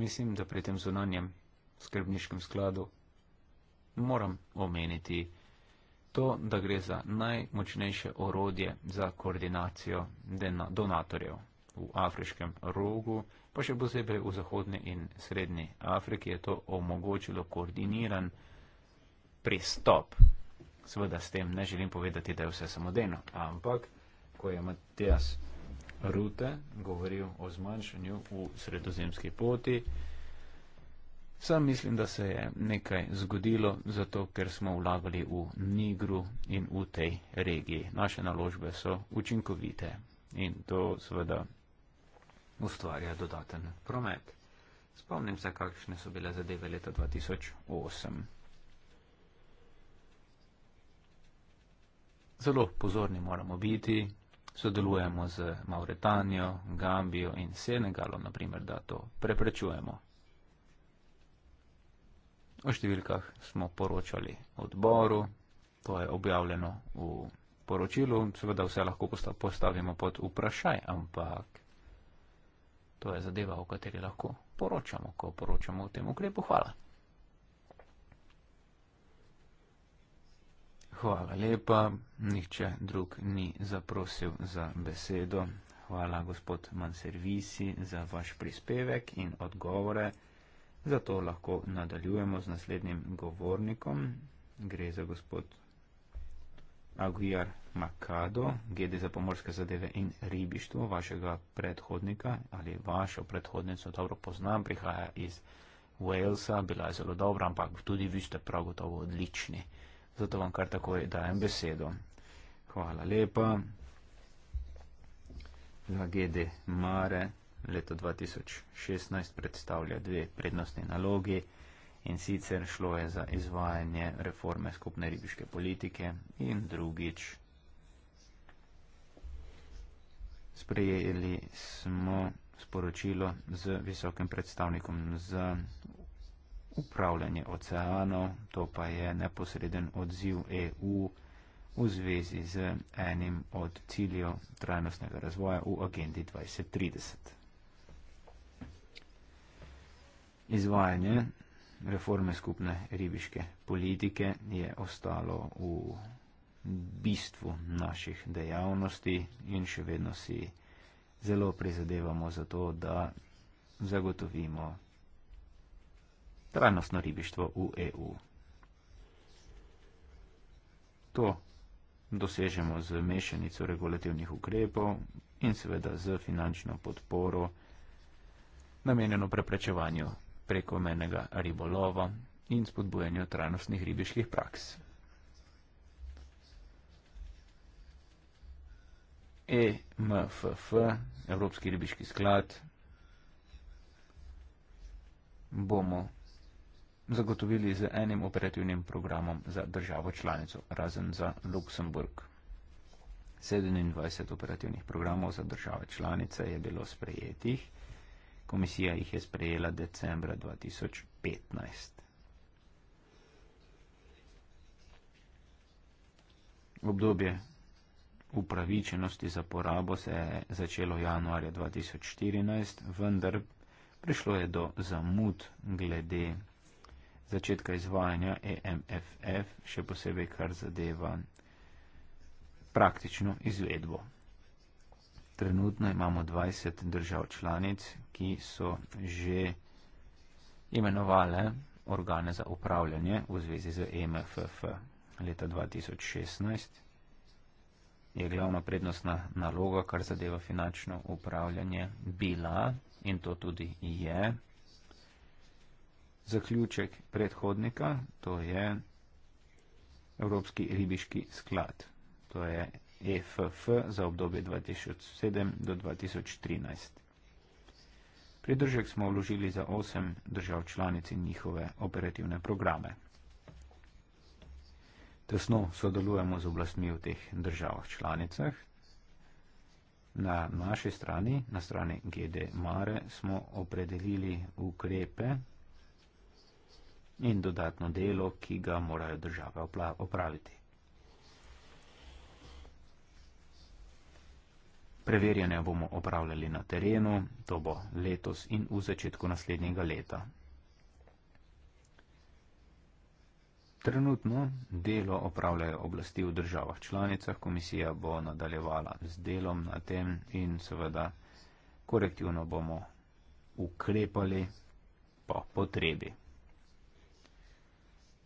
Mislim, da pri tem zunanjem skrbniškem skladu moram omeniti to, da gre za najmočnejše orodje za koordinacijo donatorjev v afriškem rogu, pa še posebej v zahodni in srednji Afriki je to omogočilo koordiniran pristop. Seveda s tem ne želim povedati, da je vse samodejno, ampak ko je Matijas rute, govoril o zmanjšanju v sredozemski poti. Sam mislim, da se je nekaj zgodilo, zato ker smo vlagali v Nigru in v tej regiji. Naše naložbe so učinkovite in to seveda ustvarja dodaten promet. Spomnim se, kakšne so bile zadeve leta 2008. Zelo pozorni moramo biti, sodelujemo z Mauretanijo, Gambijo in Senegalom, naprimer, da to preprečujemo. O številkah smo poročali odboru, to je objavljeno v poročilu, seveda vse lahko postavimo pod vprašaj, ampak to je zadeva, o kateri lahko poročamo, ko poročamo o tem ukrepu. Hvala. Hvala lepa. Nihče drug ni zaprosil za besedo. Hvala, gospod Manservisi, za vaš prispevek in odgovore. Zato lahko nadaljujemo z naslednjim govornikom. Gre za gospod Aguijar Makado, gede za pomorske zadeve in ribištvo vašega predhodnika ali vašo predhodnico dobro poznam, prihaja iz Walesa, bila je zelo dobra, ampak tudi vi ste prav gotovo odlični zato vam kar takoj dajem besedo. Hvala lepa. GD Mare leto 2016 predstavlja dve prednostne nalogi in sicer šlo je za izvajanje reforme skupne ribiške politike in drugič. Sprejeli smo sporočilo z visokim predstavnikom za upravljanje oceanov, to pa je neposreden odziv EU v zvezi z enim od ciljev trajnostnega razvoja v agendi 2030. Izvajanje reforme skupne ribiške politike je ostalo v bistvu naših dejavnosti in še vedno si zelo prizadevamo za to, da zagotovimo trajnostno ribištvo v EU. To dosežemo z mešanico regulativnih ukrepov in seveda z finančno podporo namenjeno preprečevanju prekomenega ribolova in spodbujanju trajnostnih ribiških praks. EMFF, Evropski ribiški sklad, bomo zagotovili z enim operativnim programom za državo članico, razen za Luksemburg. 27 operativnih programov za države članice je bilo sprejetih. Komisija jih je sprejela decembra 2015. Obdobje upravičenosti za porabo se je začelo januarja 2014, vendar prišlo je do zamud glede začetka izvajanja EMFF, še posebej kar zadeva praktično izvedbo. Trenutno imamo 20 držav članic, ki so že imenovale organe za upravljanje v zvezi z EMFF leta 2016. Je glavna prednostna naloga, kar zadeva finančno upravljanje, bila in to tudi je, zaključek predhodnika, to je Evropski ribiški sklad, to je EFF za obdobje 2007 do 2013. Pridržek smo vložili za osem držav članic in njihove operativne programe. Tesno sodelujemo z oblastmi v teh državah članicah. Na naši strani, na strani GD Mare, smo opredelili ukrepe, in dodatno delo, ki ga morajo države opraviti. Preverjanje bomo opravljali na terenu, to bo letos in v začetku naslednjega leta. Trenutno delo opravljajo oblasti v državah članicah, komisija bo nadaljevala z delom na tem in seveda korektivno bomo ukrepali po potrebi.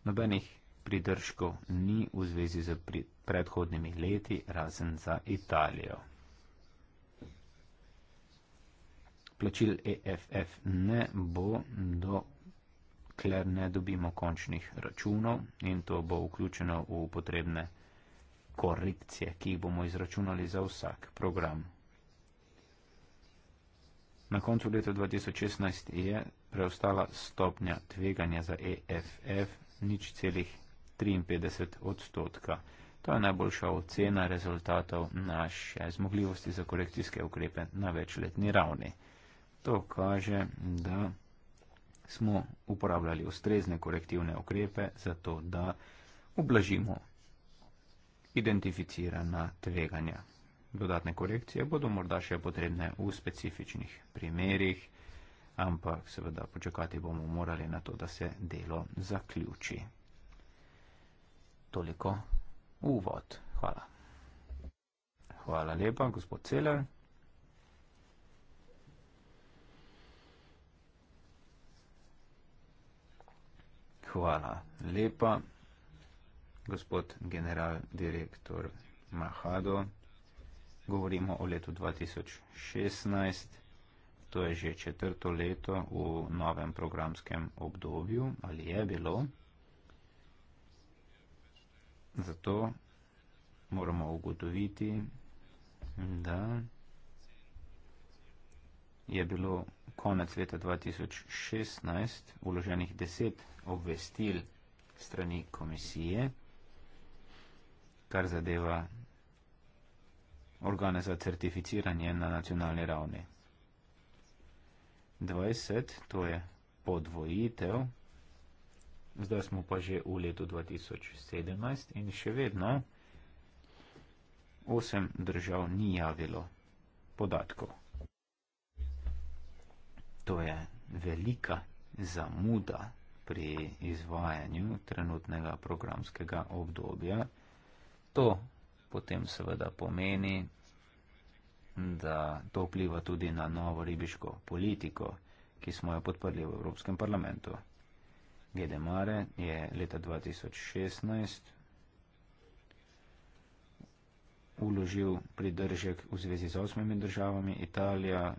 Nobenih pridržkov ni v zvezi z predhodnimi leti, razen za Italijo. Plačil EFF ne bo, dokler ne dobimo končnih računov in to bo vključeno v potrebne korekcije, ki jih bomo izračunali za vsak program. Na koncu leta 2016 je preostala stopnja tveganja za EFF nič celih 53 odstotka. To je najboljša ocena rezultatov naše zmogljivosti za korekcijske ukrepe na večletni ravni. To kaže, da smo uporabljali ustrezne korektivne ukrepe za to, da oblažimo identificirana tveganja. Dodatne korekcije bodo morda še potrebne v specifičnih primerjih ampak seveda počakati bomo morali na to, da se delo zaključi. Toliko uvod. Hvala. Hvala lepa, gospod Celer. Hvala lepa, gospod general direktor Mahado. Govorimo o letu 2016 to je že četrto leto v novem programskem obdobju, ali je bilo. Zato moramo ugotoviti, da je bilo konec leta 2016 uloženih deset obvestil strani komisije, kar zadeva organe za certificiranje na nacionalni ravni. 2020, to je podvojitev. Zdaj smo pa že v letu 2017 in še vedno osem držav ni javilo podatkov. To je velika zamuda pri izvajanju trenutnega programskega obdobja. To potem seveda pomeni, da to vpliva tudi na novo ribiško politiko, ki smo jo podprli v Evropskem parlamentu. GD Mare je leta 2016 uložil pridržek v zvezi z osmimi državami, Italija,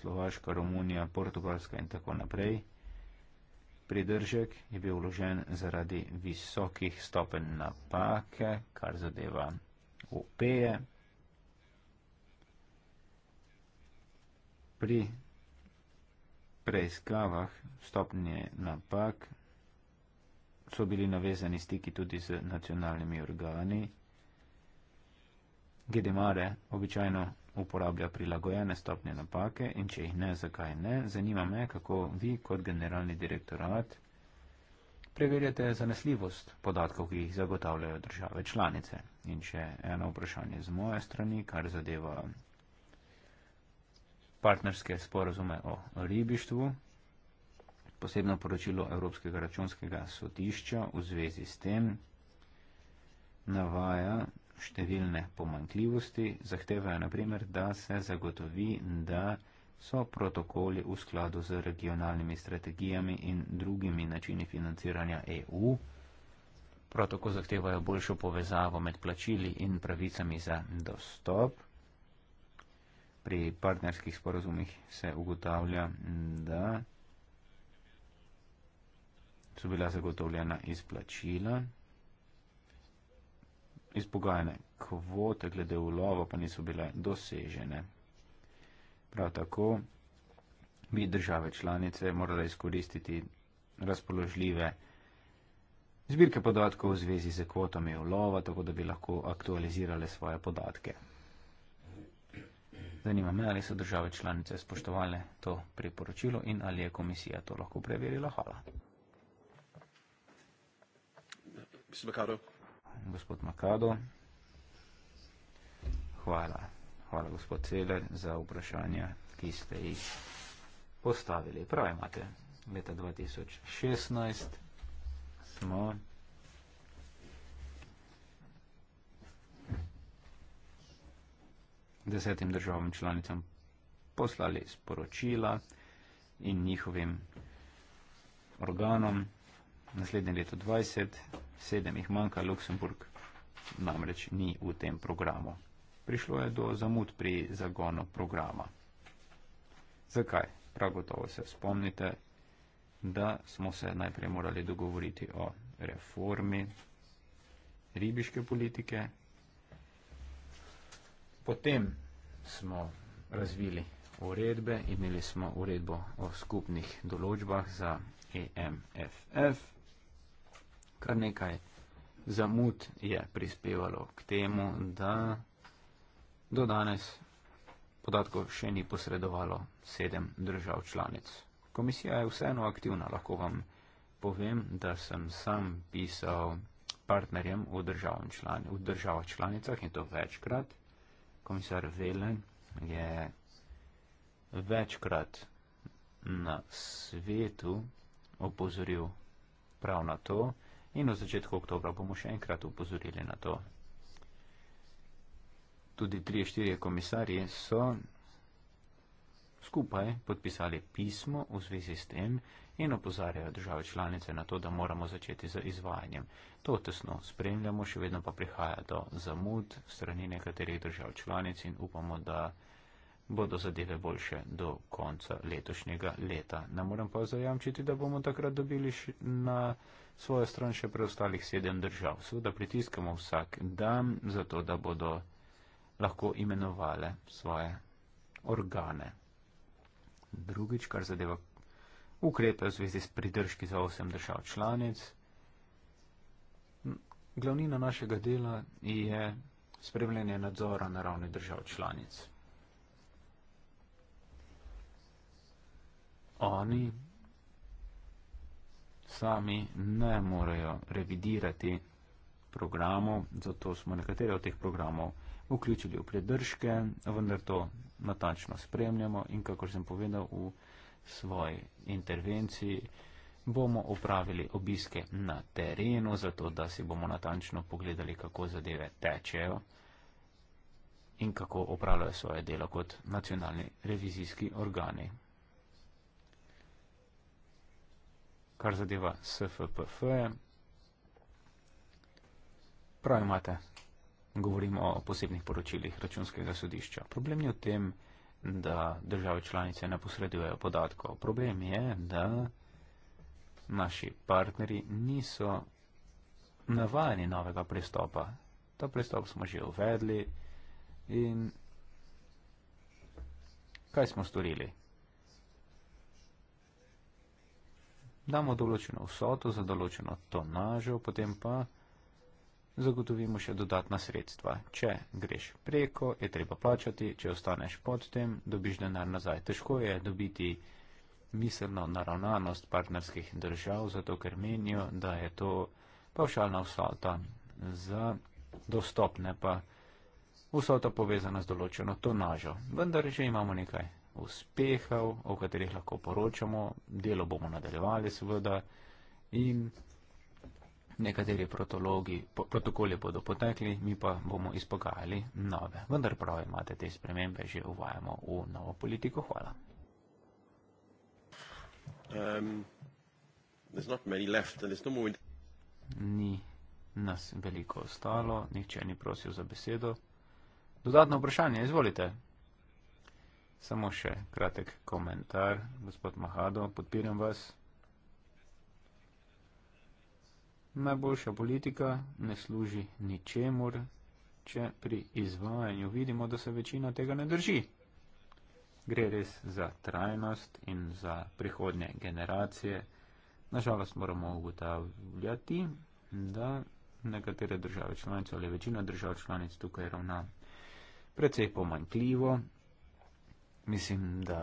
Slovaška, Romunija, Portugalska in tako naprej. Pridržek je bil uložen zaradi visokih stopenj napake, kar zadeva OP-je. pri preiskavah stopnje napak so bili navezani stiki tudi z nacionalnimi organi. Gedemare običajno uporablja prilagojene stopnje napake in če jih ne, zakaj ne, zanima me, kako vi kot generalni direktorat preverjate zanesljivost podatkov, ki jih zagotavljajo države članice. In še eno vprašanje z moje strani, kar zadeva partnerske sporozume o ribištvu, posebno poročilo Evropskega računskega sodišča v zvezi s tem navaja številne pomankljivosti, zahtevajo naprimer, da se zagotovi, da so protokoli v skladu z regionalnimi strategijami in drugimi načini financiranja EU. Prav tako zahtevajo boljšo povezavo med plačili in pravicami za dostop pri partnerskih sporozumih se ugotavlja, da so bila zagotovljena izplačila, izpogajane kvote glede ulova pa niso bile dosežene. Prav tako bi države članice morale izkoristiti razpoložljive zbirke podatkov v zvezi z kvotami ulova, tako da bi lahko aktualizirale svoje podatke. Zanima me, ali so države članice spoštovale to priporočilo in ali je komisija to lahko preverila. Hvala. Mislim, Makado. Gospod Makado. Hvala. Hvala, gospod Celer, za vprašanja, ki ste jih postavili. Prav imate. Leta 2016 smo. desetim državam članicam poslali sporočila in njihovim organom. Naslednje leto 20, sedem jih manjka, Luksemburg namreč ni v tem programu. Prišlo je do zamud pri zagonu programa. Zakaj? Prav gotovo se spomnite, da smo se najprej morali dogovoriti o reformi ribiške politike, potem smo razvili uredbe, imeli smo uredbo o skupnih določbah za EMFF. Kar nekaj zamud je prispevalo k temu, da do danes podatkov še ni posredovalo sedem držav članic. Komisija je vseeno aktivna, lahko vam povem, da sem sam pisal partnerjem v državah članicah in to večkrat komisar Velen je večkrat na svetu opozoril prav na to in v začetku oktobra bomo še enkrat opozorili na to. Tudi 3-4 komisarji so skupaj podpisali pismo v zvezi s tem, in opozarjajo države članice na to, da moramo začeti z izvajanjem. To tesno spremljamo, še vedno pa prihaja do zamud strani nekaterih držav članic in upamo, da bodo zadeve boljše do konca letošnjega leta. Ne moram pa zajamčiti, da bomo takrat dobili na svojo stran še preostalih sedem držav. Seveda pritiskamo vsak dan za to, da bodo lahko imenovale svoje organe. Drugič, kar zadeva ukrepe v zvezi s pridržki za osem držav članic. Glavnina našega dela je spremljanje nadzora na ravni držav članic. Oni sami ne morejo revidirati programov, zato smo nekatere od teh programov vključili v predržke, vendar to natančno spremljamo in, kako sem povedal, v predržke svoji intervenciji bomo upravili obiske na terenu, zato da si bomo natančno pogledali, kako zadeve tečejo in kako upravljajo svoje delo kot nacionalni revizijski organi. Kar zadeva SFPF, prav imate, govorimo o posebnih poročilih računskega sodišča. Problem je v tem, da da države članice ne posredujejo podatkov. Problem je, da naši partnerji niso navajeni novega pristopa. Ta pristop smo že uvedli in kaj smo storili? Damo določeno vsoto za določeno tonažo, potem pa zagotovimo še dodatna sredstva. Če greš preko, je treba plačati, če ostaneš pod tem, dobiš denar nazaj. Težko je dobiti miselno naravnanost partnerskih držav, zato ker menijo, da je to pavšalna vsota za dostop, ne pa vsota povezana z določeno tonažo. Vendar že imamo nekaj uspehov, o katerih lahko poročamo, delo bomo nadaljevali seveda in nekateri protologi, po, protokoli bodo potekli, mi pa bomo izpogajali nove. Vendar prav imate te spremembe, že uvajamo v novo politiko. Hvala. Um, no ni nas veliko ostalo, nihče ni prosil za besedo. Dodatno vprašanje, izvolite. Samo še kratek komentar, gospod Mahado, podpiram vas. Najboljša politika ne služi ničemur, če pri izvajanju vidimo, da se večina tega ne drži. Gre res za trajnost in za prihodnje generacije. Nažalost moramo ugotavljati, da nekatere države članice ali večina držav članic tukaj ravna precej pomankljivo. Mislim, da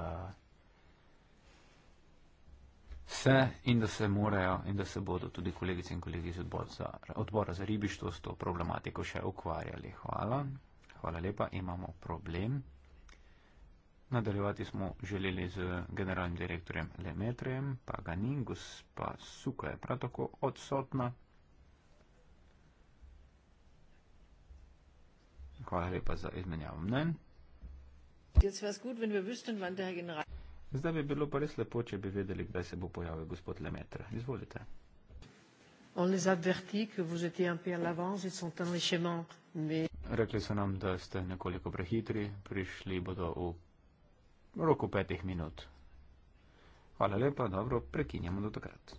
vse in da se morajo in da se bodo tudi kolegice in kolegi iz odbora, odbora za ribištvo s to problematiko še ukvarjali. Hvala. Hvala lepa, imamo problem. Nadaljevati smo želeli z generalnim direktorjem Lemetrem, pa ga ni, gospa Suka je prav tako odsotna. Hvala lepa za izmenjavo mnen. Zdaj bi bilo pa res lepo, če bi vedeli, kdaj se bo pojavil gospod Lemetra. Izvolite. Rekli so nam, da ste nekoliko prehitri, prišli bodo v roku petih minut. Hvala lepa, dobro, prekinjamo do takrat.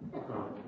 Thank you.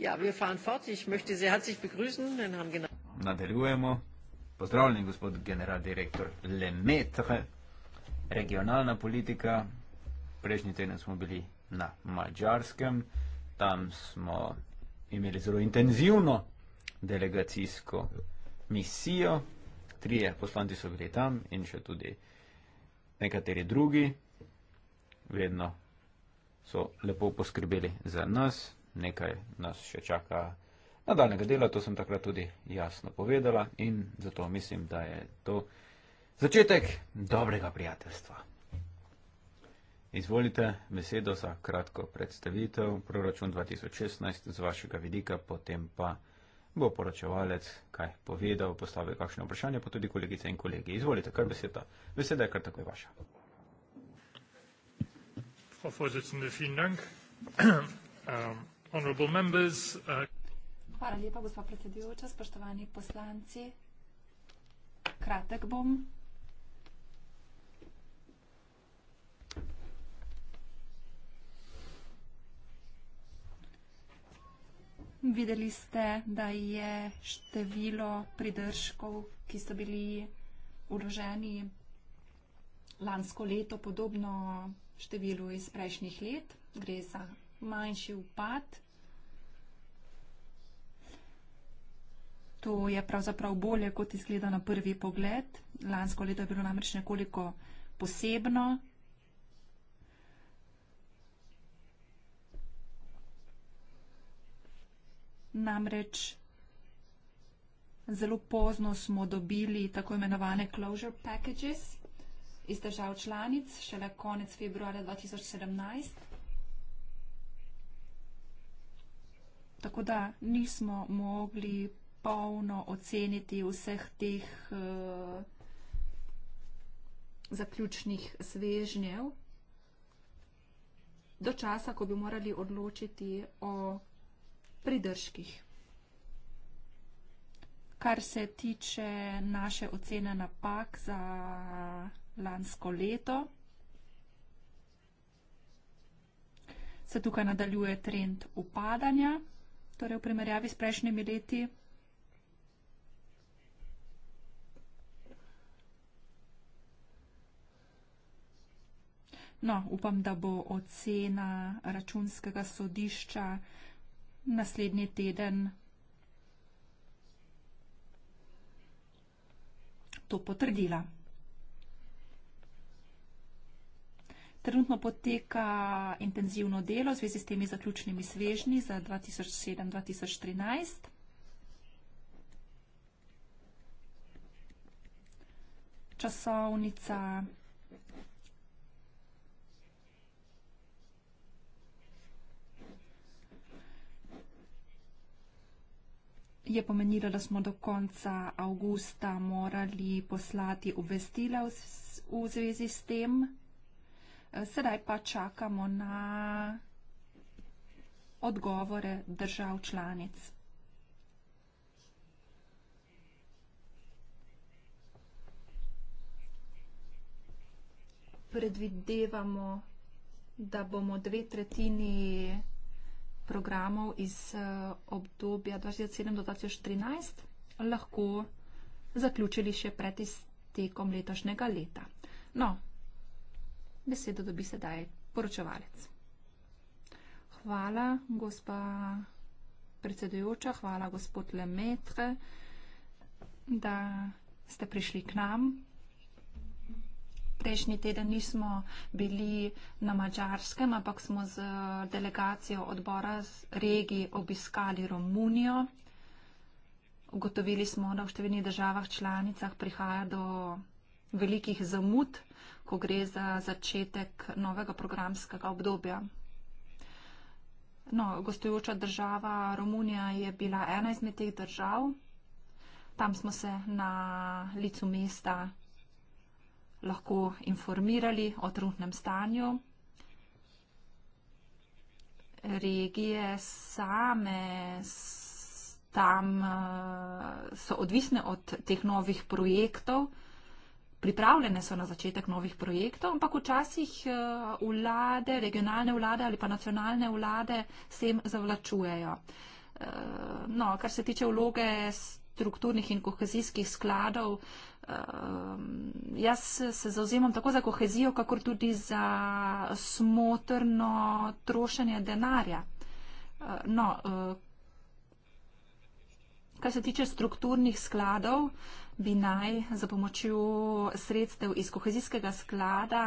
Ja, wir fahren fort. Ich möchte Sie herzlich begrüßen. Nadaljujemo. Pozdravljeni, gospod generaldirektor Lemaitre. Regionalna politika. Prejšnji teden smo bili na Mačarskem. Tam smo imeli zelo intenzivno delegacijsko misijo. Trije poslanci so bili tam in še tudi nekateri drugi. Vedno so lepo poskrbeli za nas nekaj nas še čaka nadaljnega dela, to sem takrat tudi jasno povedala in zato mislim, da je to začetek dobrega prijateljstva. Izvolite besedo za kratko predstavitev proračun 2016 z vašega vidika, potem pa bo poročevalec kaj povedal, postavil kakšno vprašanje, pa tudi kolegice in kolegi. Izvolite, kar beseda. Beseda je kar takoj vaša. Frau Vorsitzende, vielen Dank. Ähm, Uh, Hvala lepa, gospod predsedujoča, spoštovani poslanci. Kratek bom. Videli ste, da je število pridržkov, ki so bili uloženi lansko leto, podobno številu iz prejšnjih let. Gre za manjši upad. To je pravzaprav bolje, kot izgleda na prvi pogled. Lansko leto je bilo namreč nekoliko posebno. Namreč zelo pozno smo dobili tako imenovane closure packages iz držav članic, šele konec februarja 2017. Tako da nismo mogli polno oceniti vseh teh uh, zaključnih svežnjev do časa, ko bi morali odločiti o pridržkih. Kar se tiče naše ocene napak za lansko leto, se tukaj nadaljuje trend upadanja torej v primerjavi s prejšnjimi leti? No, upam, da bo ocena računskega sodišča naslednji teden to potrdila. Trenutno poteka intenzivno delo v zvezi s temi zaključnimi svežnji za 2007-2013. Časovnica je pomenila, da smo do konca avgusta morali poslati obvestila v zvezi s tem. Eh, sedaj pa čakamo na odgovore držav članic. Predvidevamo, da bomo dve tretjini programov iz eh, obdobja 2007-2013 lahko zaključili še pred iztekom letošnjega leta. No, besedo dobi sedaj poročevalec. Hvala, gospa predsedujoča, hvala, gospod Lemetre, da ste prišli k nam. Prejšnji teden nismo bili na Mačarskem, ampak smo z delegacijo odbora z regiji obiskali Romunijo. Ugotovili smo, da v številnih državah članicah prihaja do velikih zamud, ko gre za začetek novega programskega obdobja. No, gostujoča država Romunija je bila ena izmed teh držav. Tam smo se na licu mesta lahko informirali o trenutnem stanju. Regije same tam eh, so odvisne od teh novih projektov pripravljene so na začetek novih projektov, ampak včasih eh, vlade, regionalne vlade ali pa nacionalne vlade s tem zavlačujejo. Eh, no, kar se tiče vloge strukturnih in kohezijskih skladov, eh, jaz se zauzemam tako za kohezijo, kakor tudi za smotrno trošenje denarja. No, kar se tiče strukturnih skladov, bi naj za pomočjo sredstev iz kohezijskega sklada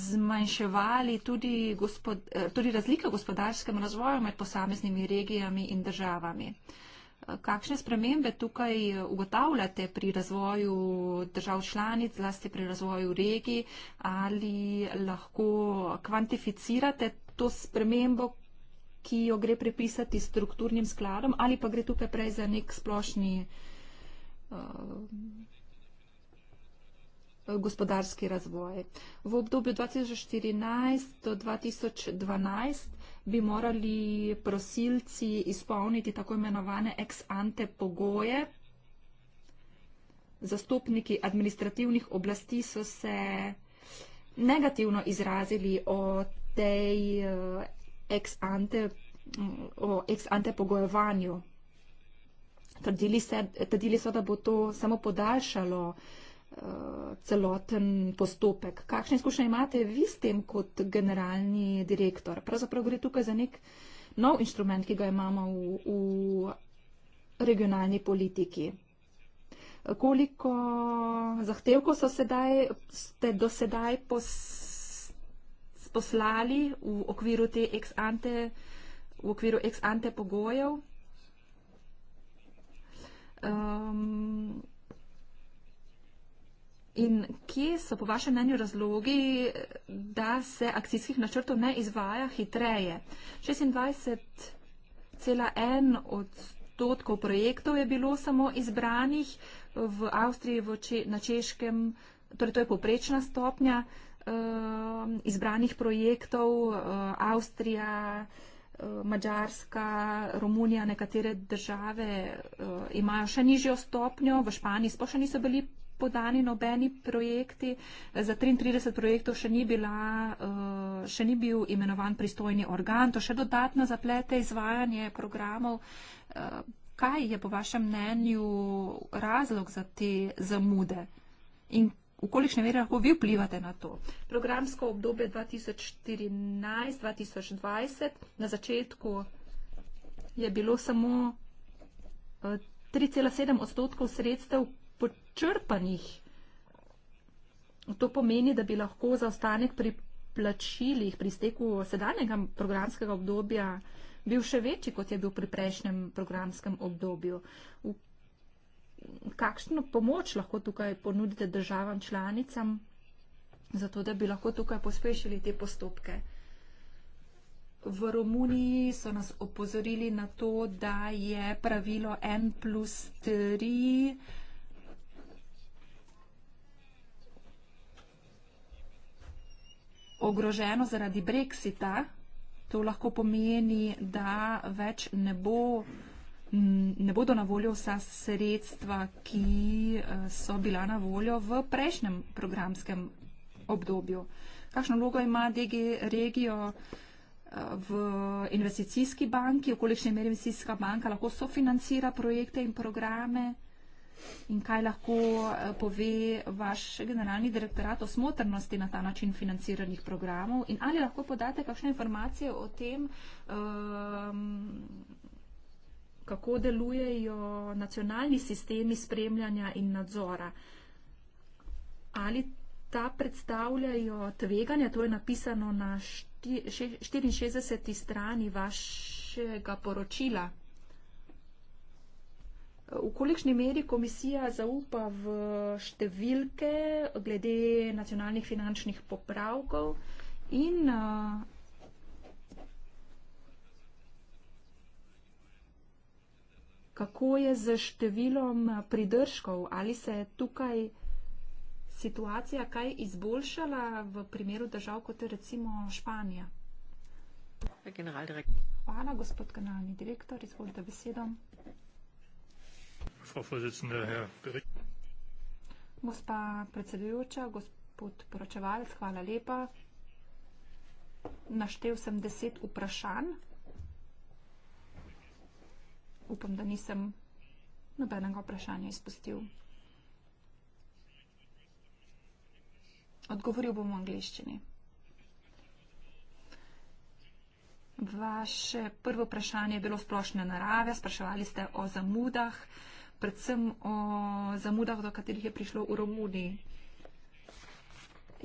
zmanjševali tudi, gospod, eh, tudi razlike v gospodarskem razvoju med posameznimi regijami in državami. Kakšne spremembe tukaj ugotavljate pri razvoju držav članic, zlasti pri razvoju regij, ali lahko kvantificirate to spremembo, ki jo gre prepisati strukturnim skladom, ali pa gre tukaj prej za nek splošni uh, Eh, gospodarski razvoj. V obdobju 2014 do 2012 bi morali prosilci izpolniti tako imenovane ex ante pogoje. Zastopniki administrativnih oblasti so se negativno izrazili o tej eh, ex ante, o ex ante pogojevanju. Trdili, se, trdili so, da bo to samo podaljšalo uh, celoten postopek. Kakšne izkušnje imate vi s tem kot generalni direktor? Pravzaprav gre tukaj za nek nov inštrument, ki ga imamo v, v regionalni politiki. Koliko zahtevkov sedaj, ste do sedaj pos, poslali v okviru te ex ante, v okviru ex ante pogojev? Um, in kje so po vašem mnenju razlogi, da se akcijskih načrtov ne izvaja hitreje? 26,1 odstotkov projektov je bilo samo izbranih v Avstriji, v če, na Češkem, torej to je poprečna stopnja uh, izbranih projektov, uh, Avstrija, uh, Mačarska, Romunija, nekatere države eh, imajo še nižjo stopnjo, v Španiji sploh še niso bili podani nobeni projekti, za 33 projektov še ni, bila, eh, še ni bil imenovan pristojni organ, to še dodatno zaplete izvajanje programov. Eh, kaj je po vašem mnenju razlog za te zamude in v kolikšni meri lahko vi vplivate na to. Programsko obdobje 2014-2020 na začetku je bilo samo 3,7 eh, odstotkov sredstev počrpanih. To pomeni, da bi lahko zaostanek pri plačilih pri steku sedanjega programskega obdobja bil še večji, kot je bil pri prejšnjem programskem obdobju. V kakšno pomoč lahko tukaj ponudite državam članicam, zato da bi lahko tukaj pospešili te postopke? V Romuniji so nas opozorili na to, da je pravilo N plus 3. Ogroženo zaradi Brexita, to lahko pomeni, da več ne bo uh, ne bodo na voljo vsa sredstva, ki eh, so bila na voljo v prejšnjem programskem obdobju. Kakšno vlogo ima DG regijo eh, v investicijski banki, v kolikšni meri investicijska banka lahko sofinancira projekte in programe in kaj lahko eh, pove vaš generalni direktorat o smotrnosti na ta način financiranih programov in ali lahko podate kakšne informacije o tem, um, kako delujejo nacionalni sistemi spremljanja in nadzora. Ali ta predstavljajo tveganja, to je napisano na 64. strani vašega poročila. V kolikšni meri komisija zaupa v številke glede nacionalnih finančnih popravkov in uh, kako je z številom pridržkov, ali se je tukaj situacija kaj izboljšala v primeru držav, kot je recimo Španija. Hvala, gospod kanalni direktor, izvolite besedo. Gospa predsedujoča, gospod poročevalec, hvala lepa. Naštel sem deset vprašanj upam, da nisem nobenega vprašanja izpustil. Odgovoril bom v angliščini. Vaše prvo vprašanje je bilo splošne narave. Spraševali ste o zamudah, predvsem o zamudah, do katerih je prišlo v Romuniji.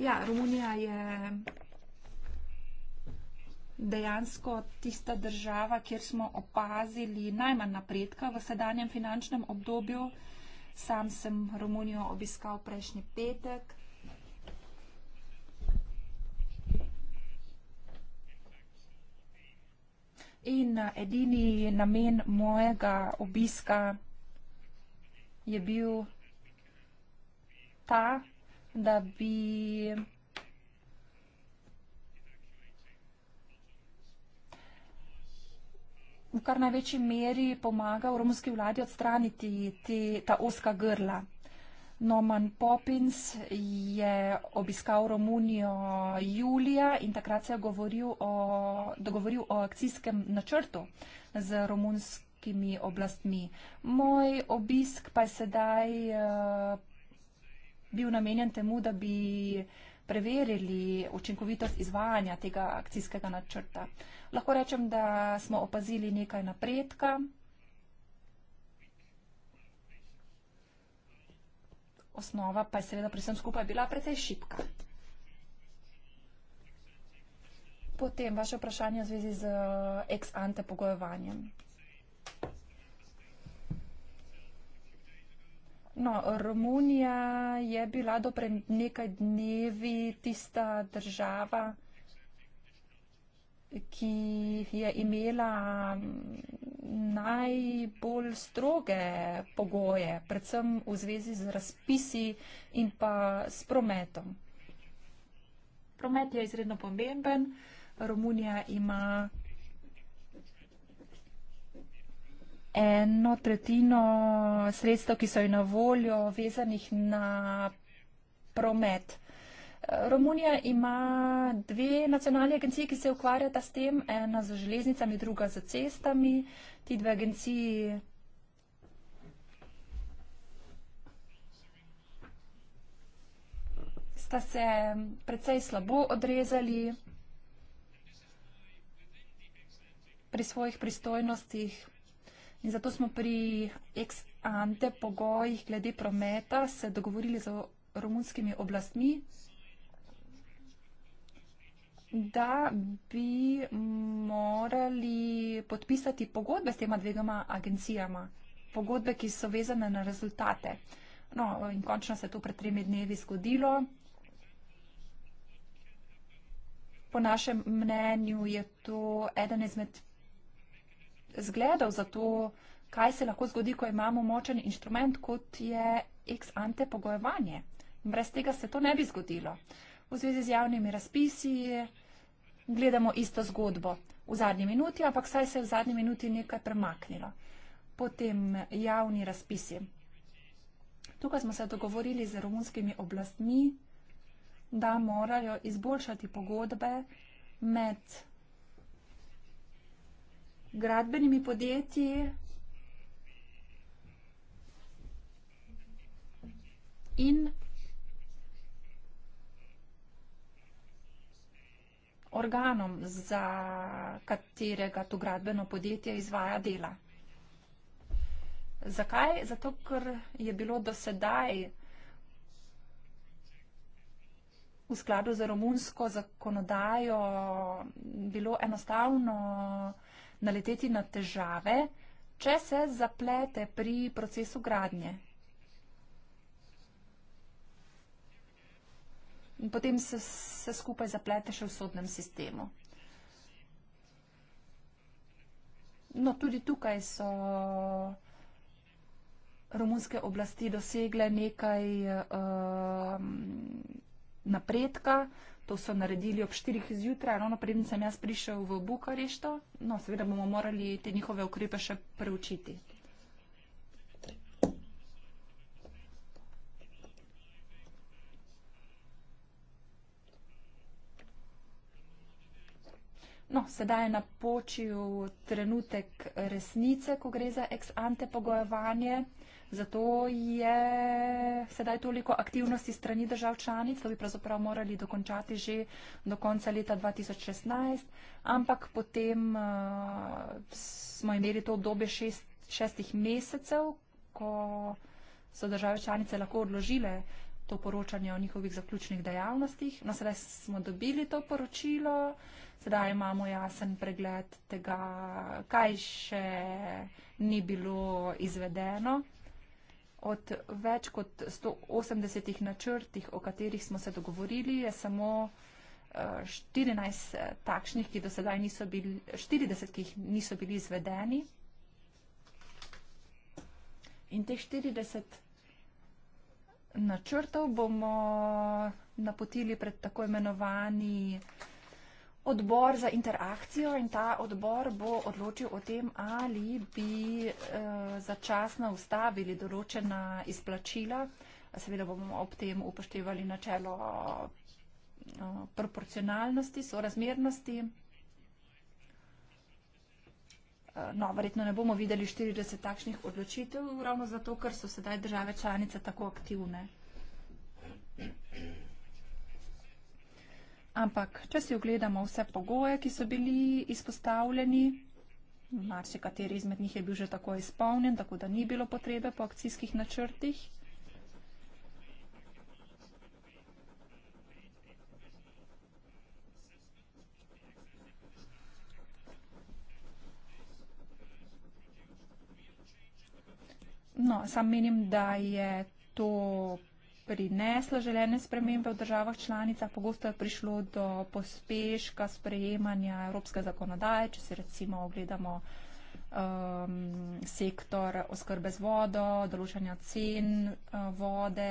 Ja, Romunija je dejansko tista država, kjer smo opazili najmanj napredka v sedanjem finančnem obdobju. Sam sem Romunijo obiskal prejšnji petek. In eh, edini namen mojega obiska je bil ta, da bi v kar največji meri pomagal romski vladi odstraniti te, ta oska grla. Norman Poppins je obiskal Romunijo julija in takrat se je govoril o, dogovoril o akcijskem načrtu z romunskimi oblastmi. Moj obisk pa je sedaj uh, bil namenjen temu, da bi uh, preverili učinkovitost izvajanja tega akcijskega načrta. Lahko rečem, da smo opazili nekaj napredka. Osnova pa je seveda pri vsem skupaj bila precej šipka. Potem vaše vprašanje v zvezi z ex ante pogojevanjem. No, Romunija je bila do pred nekaj dnevi tista država, ki je imela mm, najbolj stroge pogoje, predvsem v zvezi z razpisi in pa s prometom. Promet je izredno pomemben. Romunija ima eno tretjino sredstev, ki so jih na voljo, vezanih na promet. Romunija ima dve nacionalni agenciji, ki se ukvarjata s tem, ena za železnicami, druga za cestami. Ti dve agenciji. sta se precej slabo odrezali pri svojih pristojnostih. In zato smo pri ex ante pogojih glede prometa se dogovorili z romunskimi oblastmi, da bi morali podpisati pogodbe s tema dvegama agencijama, pogodbe, ki so vezane na rezultate. No, in končno se je to pred tremi dnevi zgodilo. Po našem mnenju je to eden izmed zgledov za to, kaj se lahko zgodi, ko imamo močen inštrument, kot je ex ante pogojevanje. In brez tega se to ne bi zgodilo. V zvezi z javnimi razpisi gledamo isto zgodbo v zadnji minuti, ampak saj se je v zadnji minuti nekaj premaknilo. Potem javni razpisi. Tukaj smo se dogovorili z romunskimi oblastmi, da morajo izboljšati pogodbe med gradbenimi podjetji. In organom, za katerega to gradbeno podjetje izvaja dela. Zakaj? Zato, ker je bilo do sedaj v skladu z romunsko zakonodajo bilo enostavno naleteti na težave, če se zaplete pri procesu gradnje. In potem se, se skupaj zaplete še v sodnem sistemu. No, tudi tukaj so romunske oblasti dosegle nekaj uh, napredka. To so naredili ob 4 zjutraj, ravno preden sem jaz prišel v Bukarešto. No, seveda bomo morali te njihove ukrepe še preučiti. No, sedaj je napočil trenutek resnice, ko gre za ex ante pogojevanje. Zato je sedaj toliko aktivnosti strani držav članic, to bi pravzaprav morali dokončati že do konca leta 2016, ampak potem uh, smo imeli to obdobje šest, šestih mesecev, ko so države članice lahko odložile to poročanje o njihovih zaključnih dejavnostih. No, sedaj smo dobili to poročilo, sedaj imamo jasen pregled tega, kaj še ni bilo izvedeno. Od več kot 180 načrtih, o katerih smo se dogovorili, je samo 14 eh, eh, takšnih, ki do sedaj niso bili, 40, ki niso bili izvedeni. In teh 40 načrtov bomo napotili pred tako imenovanimi odbor za interakcijo in ta odbor bo odločil o tem, ali bi eh, začasno ustavili določena izplačila. Seveda bomo ob tem upoštevali načelo eh, proporcionalnosti, sorazmernosti. Eh, no, verjetno ne bomo videli 40 takšnih odločitev, ravno zato, ker so sedaj države članice tako aktivne. Ampak, če si ogledamo vse pogoje, ki so bili izpostavljeni, marsikateri izmed njih je bil že tako izpolnjen, tako da ni bilo potrebe po akcijskih načrtih. No, sam menim, da je to prinesla želene spremembe v državah članicah, pogosto je prišlo do pospeška sprejemanja evropske zakonodaje, če se recimo ogledamo um, sektor oskrbe z vodo, določanja cen uh, vode,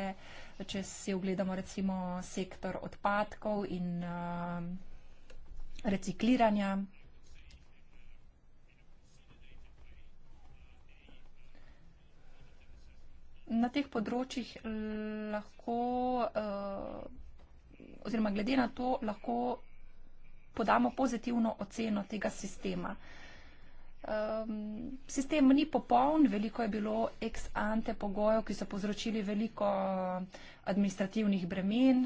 če si ogledamo recimo sektor odpadkov in uh, recikliranja. na teh področjih eh, lahko, eh, oziroma glede na to, lahko podamo pozitivno oceno tega sistema. Sistem ni popoln, veliko je bilo ex ante pogojev, ki so povzročili veliko administrativnih bremen,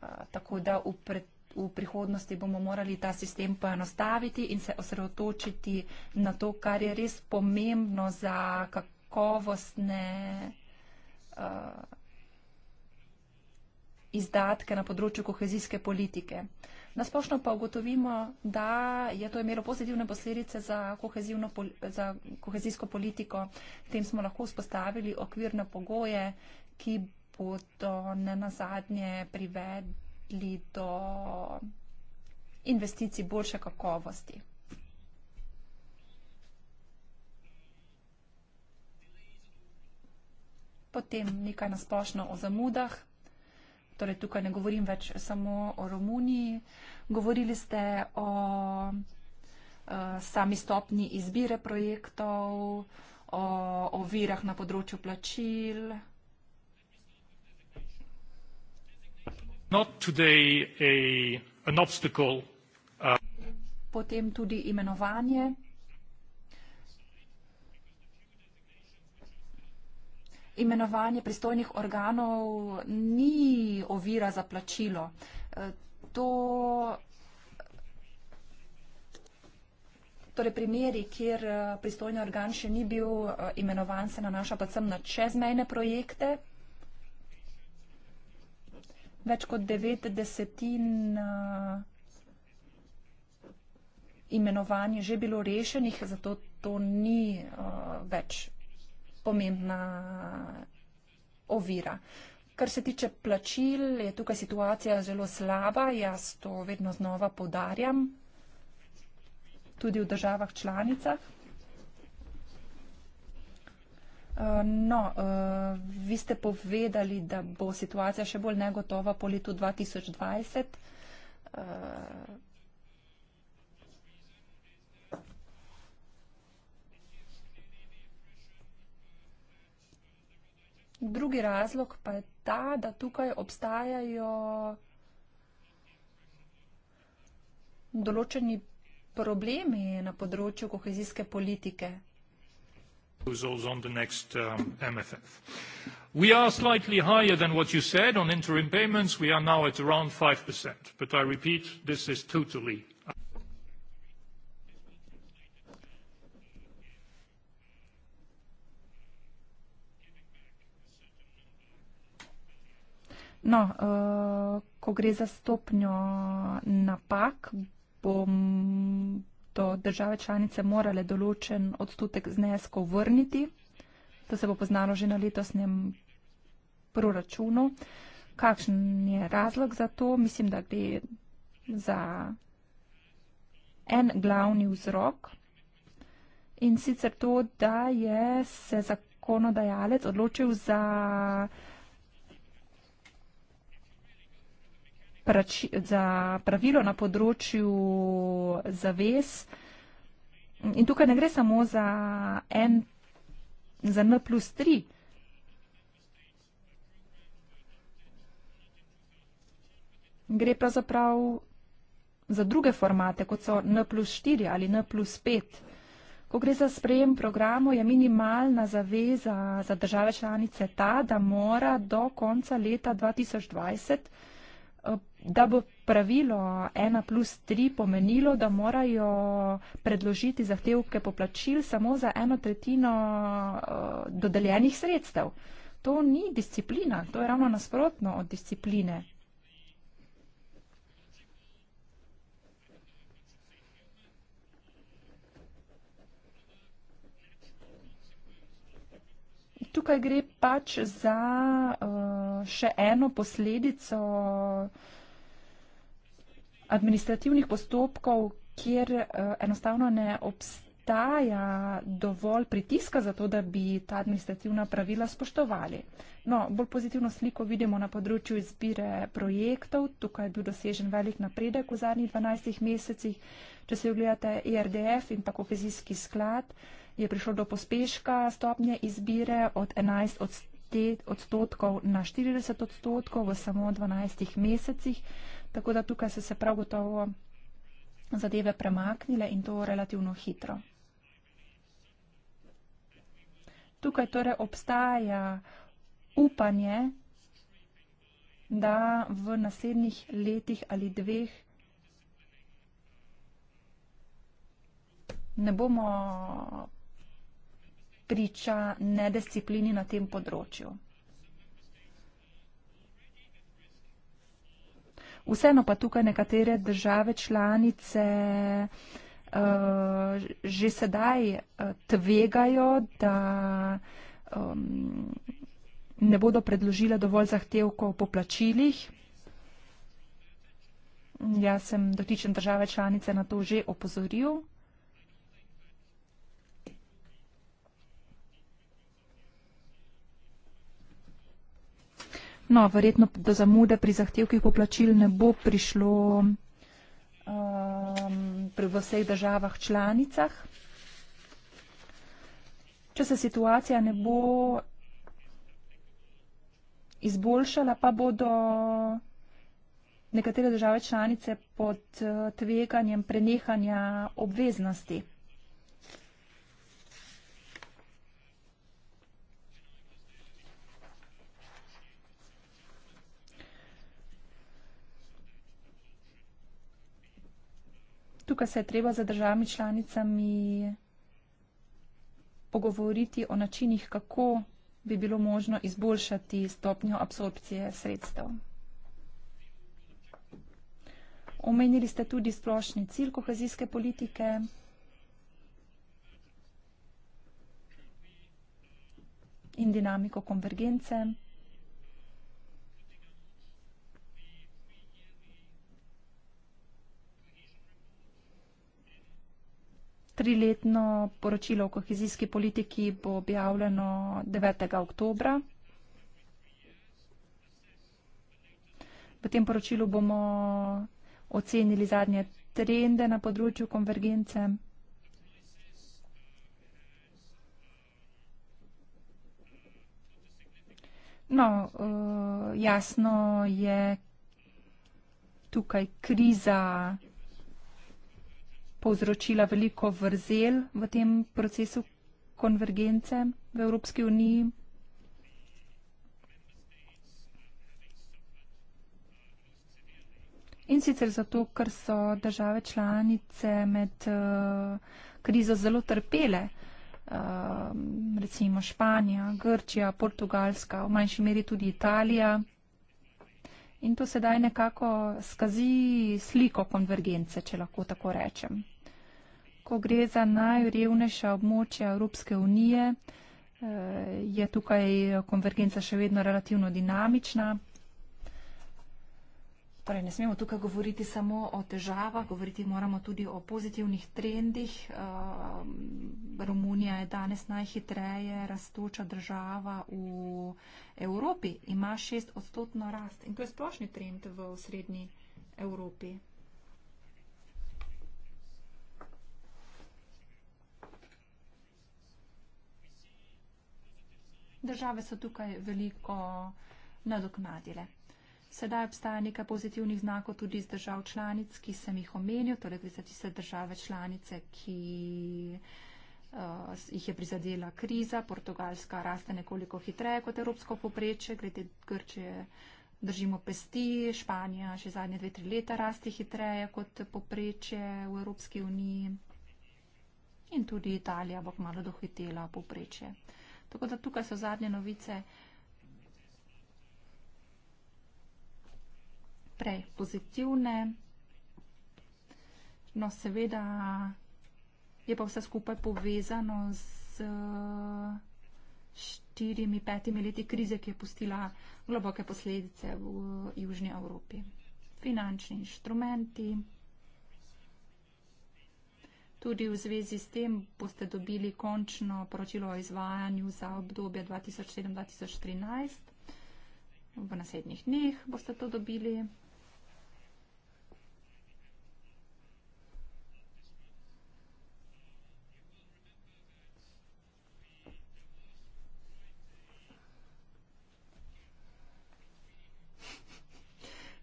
eh, tako da v, pre, v prihodnosti bomo morali ta sistem poenostaviti in se osredotočiti na to, kar je res pomembno za kakovost kakovostne uh, izdatke na področju kohezijske politike. Nasplošno pa ugotovimo, da je to imelo pozitivne posledice za, za kohezijsko politiko. Tem smo lahko vzpostavili okvirne pogoje, ki bodo ne nazadnje privedli do investicij boljše kakovosti. Potem nekaj nasplošno o zamudah. Torej, tukaj ne govorim več samo o Romuniji. Govorili ste o uh, sami stopni izbire projektov, o ovirah na področju plačil. A, an uh. Potem tudi imenovanje. imenovanje pristojnih organov ni ovira za plačilo. E, to, torej primeri, kjer e, pristojni organ še ni bil e, imenovan, se nanaša predvsem na čezmejne projekte. Več kot devet desetin imenovanje že bilo rešenih, zato to ni uh, več pomembna ovira. Kar se tiče plačil, je tukaj situacija zelo slaba, jaz to vedno znova podarjam, tudi v državah članicah. Eh, no, eh, vi ste povedali, da bo situacija še bolj negotova po letu 2020. Drugi razlog pa je ta, da tukaj obstajajo določeni problemi na področju kohezijske politike. Um, We are slightly higher than what you said on interim payments. We are now at around 5%. But I repeat, this is totally No, uh, ko gre za stopnjo napak, bom do države članice morale določen odstotek zneskov vrniti. To se bo poznalo že na letosnem proračunu. Kakšen je razlog za to? Mislim, da gre za en glavni vzrok. In sicer to, da je se zakonodajalec odločil za prači, za pravilo na področju zaves. In tukaj ne gre samo za N, za N plus 3. Gre pravzaprav za druge formate, kot so N plus 4 ali N plus 5. Ko gre za sprejem programov, je minimalna zaveza za države članice ta, da mora do konca leta 2020 da bo pravilo 1 plus 3 pomenilo, da morajo predložiti zahtevke poplačil samo za eno tretjino uh, dodeljenih sredstev. To ni disciplina, to je ravno nasprotno od discipline. Tukaj gre pač za uh, še eno posledico uh, administrativnih postopkov, kjer eh, enostavno ne obstaja dovolj pritiska za to, da bi ta administrativna pravila spoštovali. No, bolj pozitivno sliko vidimo na področju izbire projektov. Tukaj je bil dosežen velik napredek v zadnjih 12 mesecih. Če se ogledate ERDF in pa kohezijski sklad, je prišlo do pospeška stopnje izbire od 11 odstotkov odstotkov na 40 odstotkov v samo 12 mesecih. Tako da tukaj so se prav gotovo zadeve premaknile in to relativno hitro. Tukaj torej obstaja upanje, da v naslednjih letih ali dveh ne bomo priča nedisciplini na tem področju. Vseeno pa tukaj nekatere države članice uh, že sedaj eh, tvegajo, da um, ne bodo predložile dovolj zahtevkov po plačilih. Jaz sem dotičen države članice na to že opozoril. No, verjetno do zamude pri zahtevkih poplačil ne bo prišlo um, pri vseh državah članicah. Če se situacija ne bo izboljšala, pa bodo nekatere države članice pod uh, tveganjem prenehanja obveznosti. tukaj se je treba za državami članicami pogovoriti o načinih, kako bi bilo možno izboljšati stopnjo absorpcije sredstev. Omenili ste tudi splošni cilj kohezijske politike. in dinamiko konvergence. triletno poročilo o kohezijski politiki bo objavljeno 9. oktobra. V tem poročilu bomo ocenili zadnje trende na področju konvergence. No, eh, jasno je tukaj kriza povzročila veliko vrzel v tem procesu konvergence v Evropski uniji? In sicer zato, ker so države članice med uh, krizo zelo trpele, uh, recimo Španija, Grčija, Portugalska, v manjši meri tudi Italija. In to sedaj nekako skazi sliko konvergence, če lahko tako rečem ko gre za najrevnejša območja Evropske unije, eh, je tukaj konvergenca še vedno relativno dinamična. Torej, ne smemo tukaj govoriti samo o težavah, govoriti moramo tudi o pozitivnih trendih. Eh, Romunija je danes najhitreje rastoča država v Evropi, ima šest odstotno rast in to je splošni trend v srednji Evropi. države so tukaj veliko nadoknadile. Sedaj obstaja nekaj pozitivnih znakov tudi iz držav članic, ki sem jih omenil, torej gre za tiste države članice, ki uh, jih je prizadela kriza. Portugalska raste nekoliko hitreje kot evropsko poprečje, glede Grčije držimo pesti, Španija še zadnje dve, tri leta raste hitreje kot poprečje v Evropski uniji in tudi Italija bo kmalo dohitela poprečje. Uh, Tako da tukaj so zadnje novice. Prej pozitivne. No, seveda je pa vse skupaj povezano z eh, štirimi, petimi leti krize, ki je pustila globoke posledice v Južni Evropi. Finančni inštrumenti. Tudi v zvezi s tem boste dobili končno poročilo o izvajanju za obdobje 2007-2013. V naslednjih dneh boste to dobili.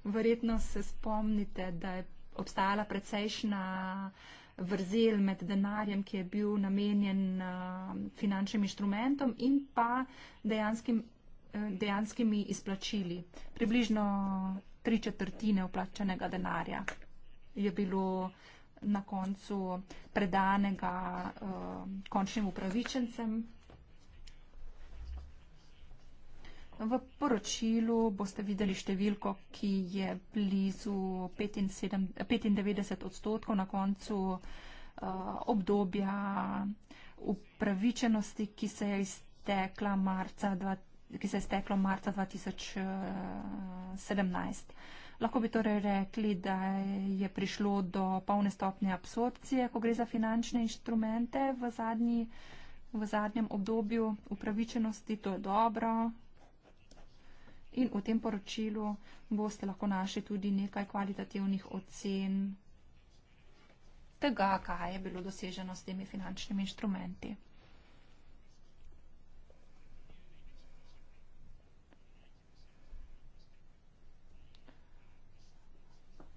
Verjetno se spomnite, da je obstajala precejšna vrzel med denarjem, ki je bil namenjen eh, finančnim inštrumentom in pa dejanskim, eh, dejanskimi izplačili. Približno tri četrtine uplačenega denarja je bilo na koncu predanega eh, končnim upravičencem, V poročilu boste videli številko, ki je blizu 95 odstotkov na koncu eh, obdobja upravičenosti, ki se je iztekla marca 2020 ki se je steklo marca 2017. Eh, Lahko bi torej rekli, da je prišlo do polne stopnje absorpcije, ko gre za finančne inštrumente v, zadnji, v zadnjem obdobju upravičenosti. To je dobro, In v tem poročilu boste lahko našli tudi nekaj kvalitativnih ocen tega, kaj je bilo doseženo s temi finančnimi inštrumenti.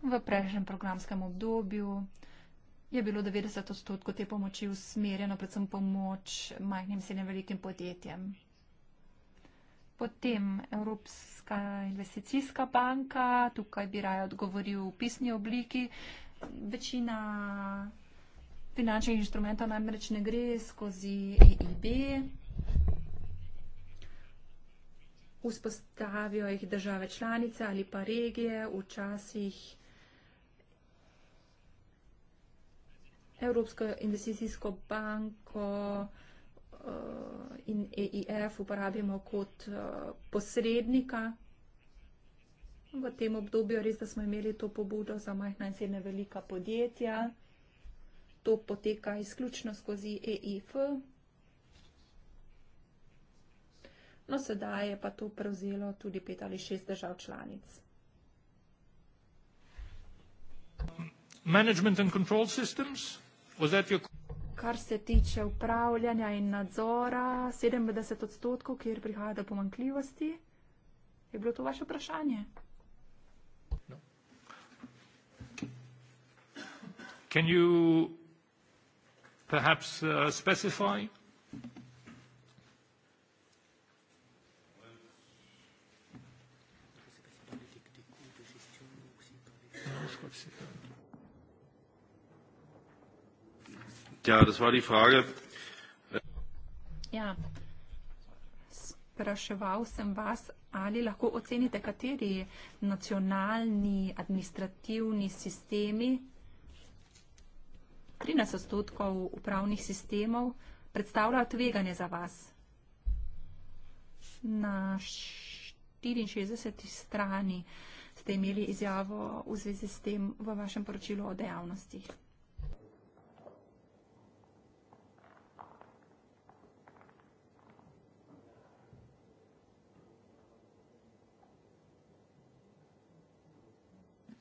V prejšnjem programskem obdobju je bilo 90 odstotkov te pomoči usmerjeno predvsem pomoč majhnim srednjim velikim podjetjem. Potem Evropska investicijska banka, tukaj bi raje odgovoril v pisni obliki. Večina finančnih inštrumentov namreč ne gre skozi EIB. Vzpostavijo jih države članice ali pa regije, včasih Evropsko investicijsko banko. Eh, in EIF uporabimo kot eh, posrednika. V tem obdobju res, da smo imeli to pobudo za majhna in srednja velika podjetja. To poteka izključno skozi EIF. No, sedaj je pa to prevzelo tudi pet ali šest držav članic. Management and control systems, was that your question? kar se tiče upravljanja in nadzora, 70 odstotkov, kjer prihaja do pomankljivosti. Je bilo to vaše vprašanje? No. Can you perhaps uh, specify? Ja, das war die Frage. Ja, spraševal sem vas, ali lahko ocenite, kateri nacionalni administrativni sistemi, 13 odstotkov upravnih sistemov, predstavljajo tveganje za vas. Na 64. strani ste imeli izjavo v zvezi s tem v vašem poročilu o dejavnostih.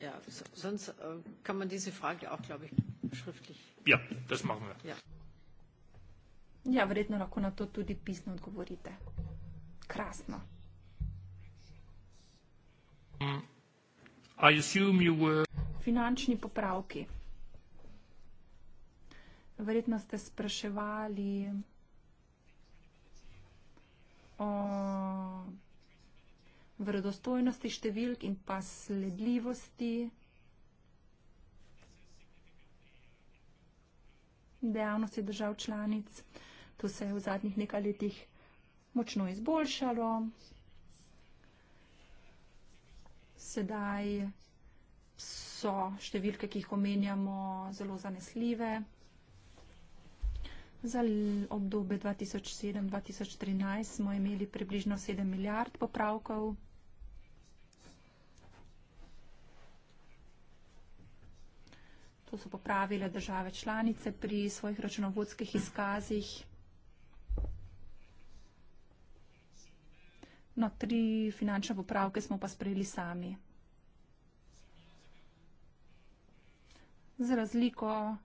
Ja, sonst äh, kann man diese Frage auch, glaube ich, schriftlich. Ja, das machen wir. Ja. Ja, verjetno lahko na to tudi pisno odgovorite. Krasno. Mm. Were... Finančni popravki. Verjetno ste spraševali o verodostojnosti številk in pa sledljivosti dejavnosti držav članic. To se je v zadnjih nekaj letih močno izboljšalo. Sedaj so številke, ki jih omenjamo, zelo zanesljive. Za obdobje 2007-2013 smo imeli približno 7 milijard popravkov. To so popravile države članice pri svojih računovodskih izkazih. No, tri finančne popravke smo pa sprejeli sami. Z razliko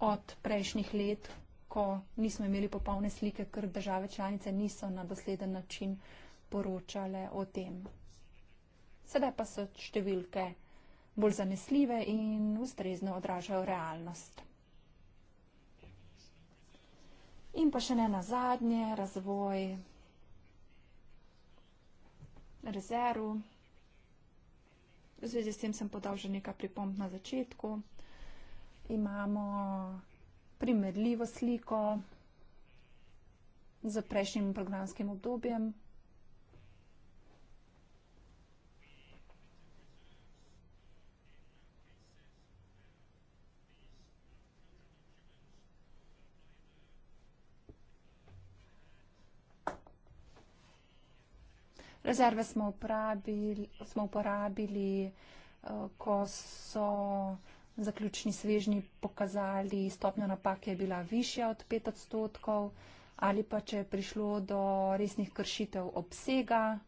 od prejšnjih let, ko nismo imeli popolne slike, ker države članice niso na dosleden način poročale o tem. Sedaj pa so številke bolj zanesljive in ustrezno odražajo realnost. In pa še ne na zadnje, razvoj rezerv. V zvezi s tem sem podal že nekaj pripomb na začetku imamo primerljivo sliko z prejšnjim programskim obdobjem. Rezerve smo uporabili, smo uporabili eh, ko so zaključni svežnji pokazali, stopnja napake je bila višja od 5 odstotkov ali pa če je prišlo do resnih kršitev obsega,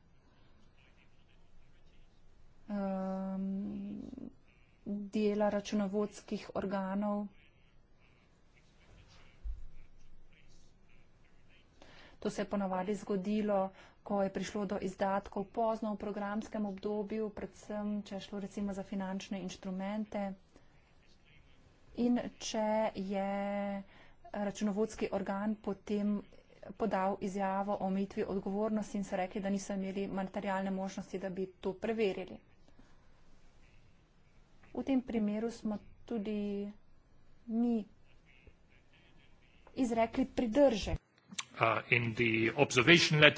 um, dela računovodskih organov. To se je ponovadi zgodilo, ko je prišlo do izdatkov pozno v programskem obdobju, predvsem če je šlo recimo za finančne inštrumente in če je eh, računovodski organ potem podal izjavo o omejitvi odgovornosti in so rekli, da niso imeli materialne možnosti, da bi to preverili. V tem primeru smo tudi mi izrekli pridržek. Uh, uh,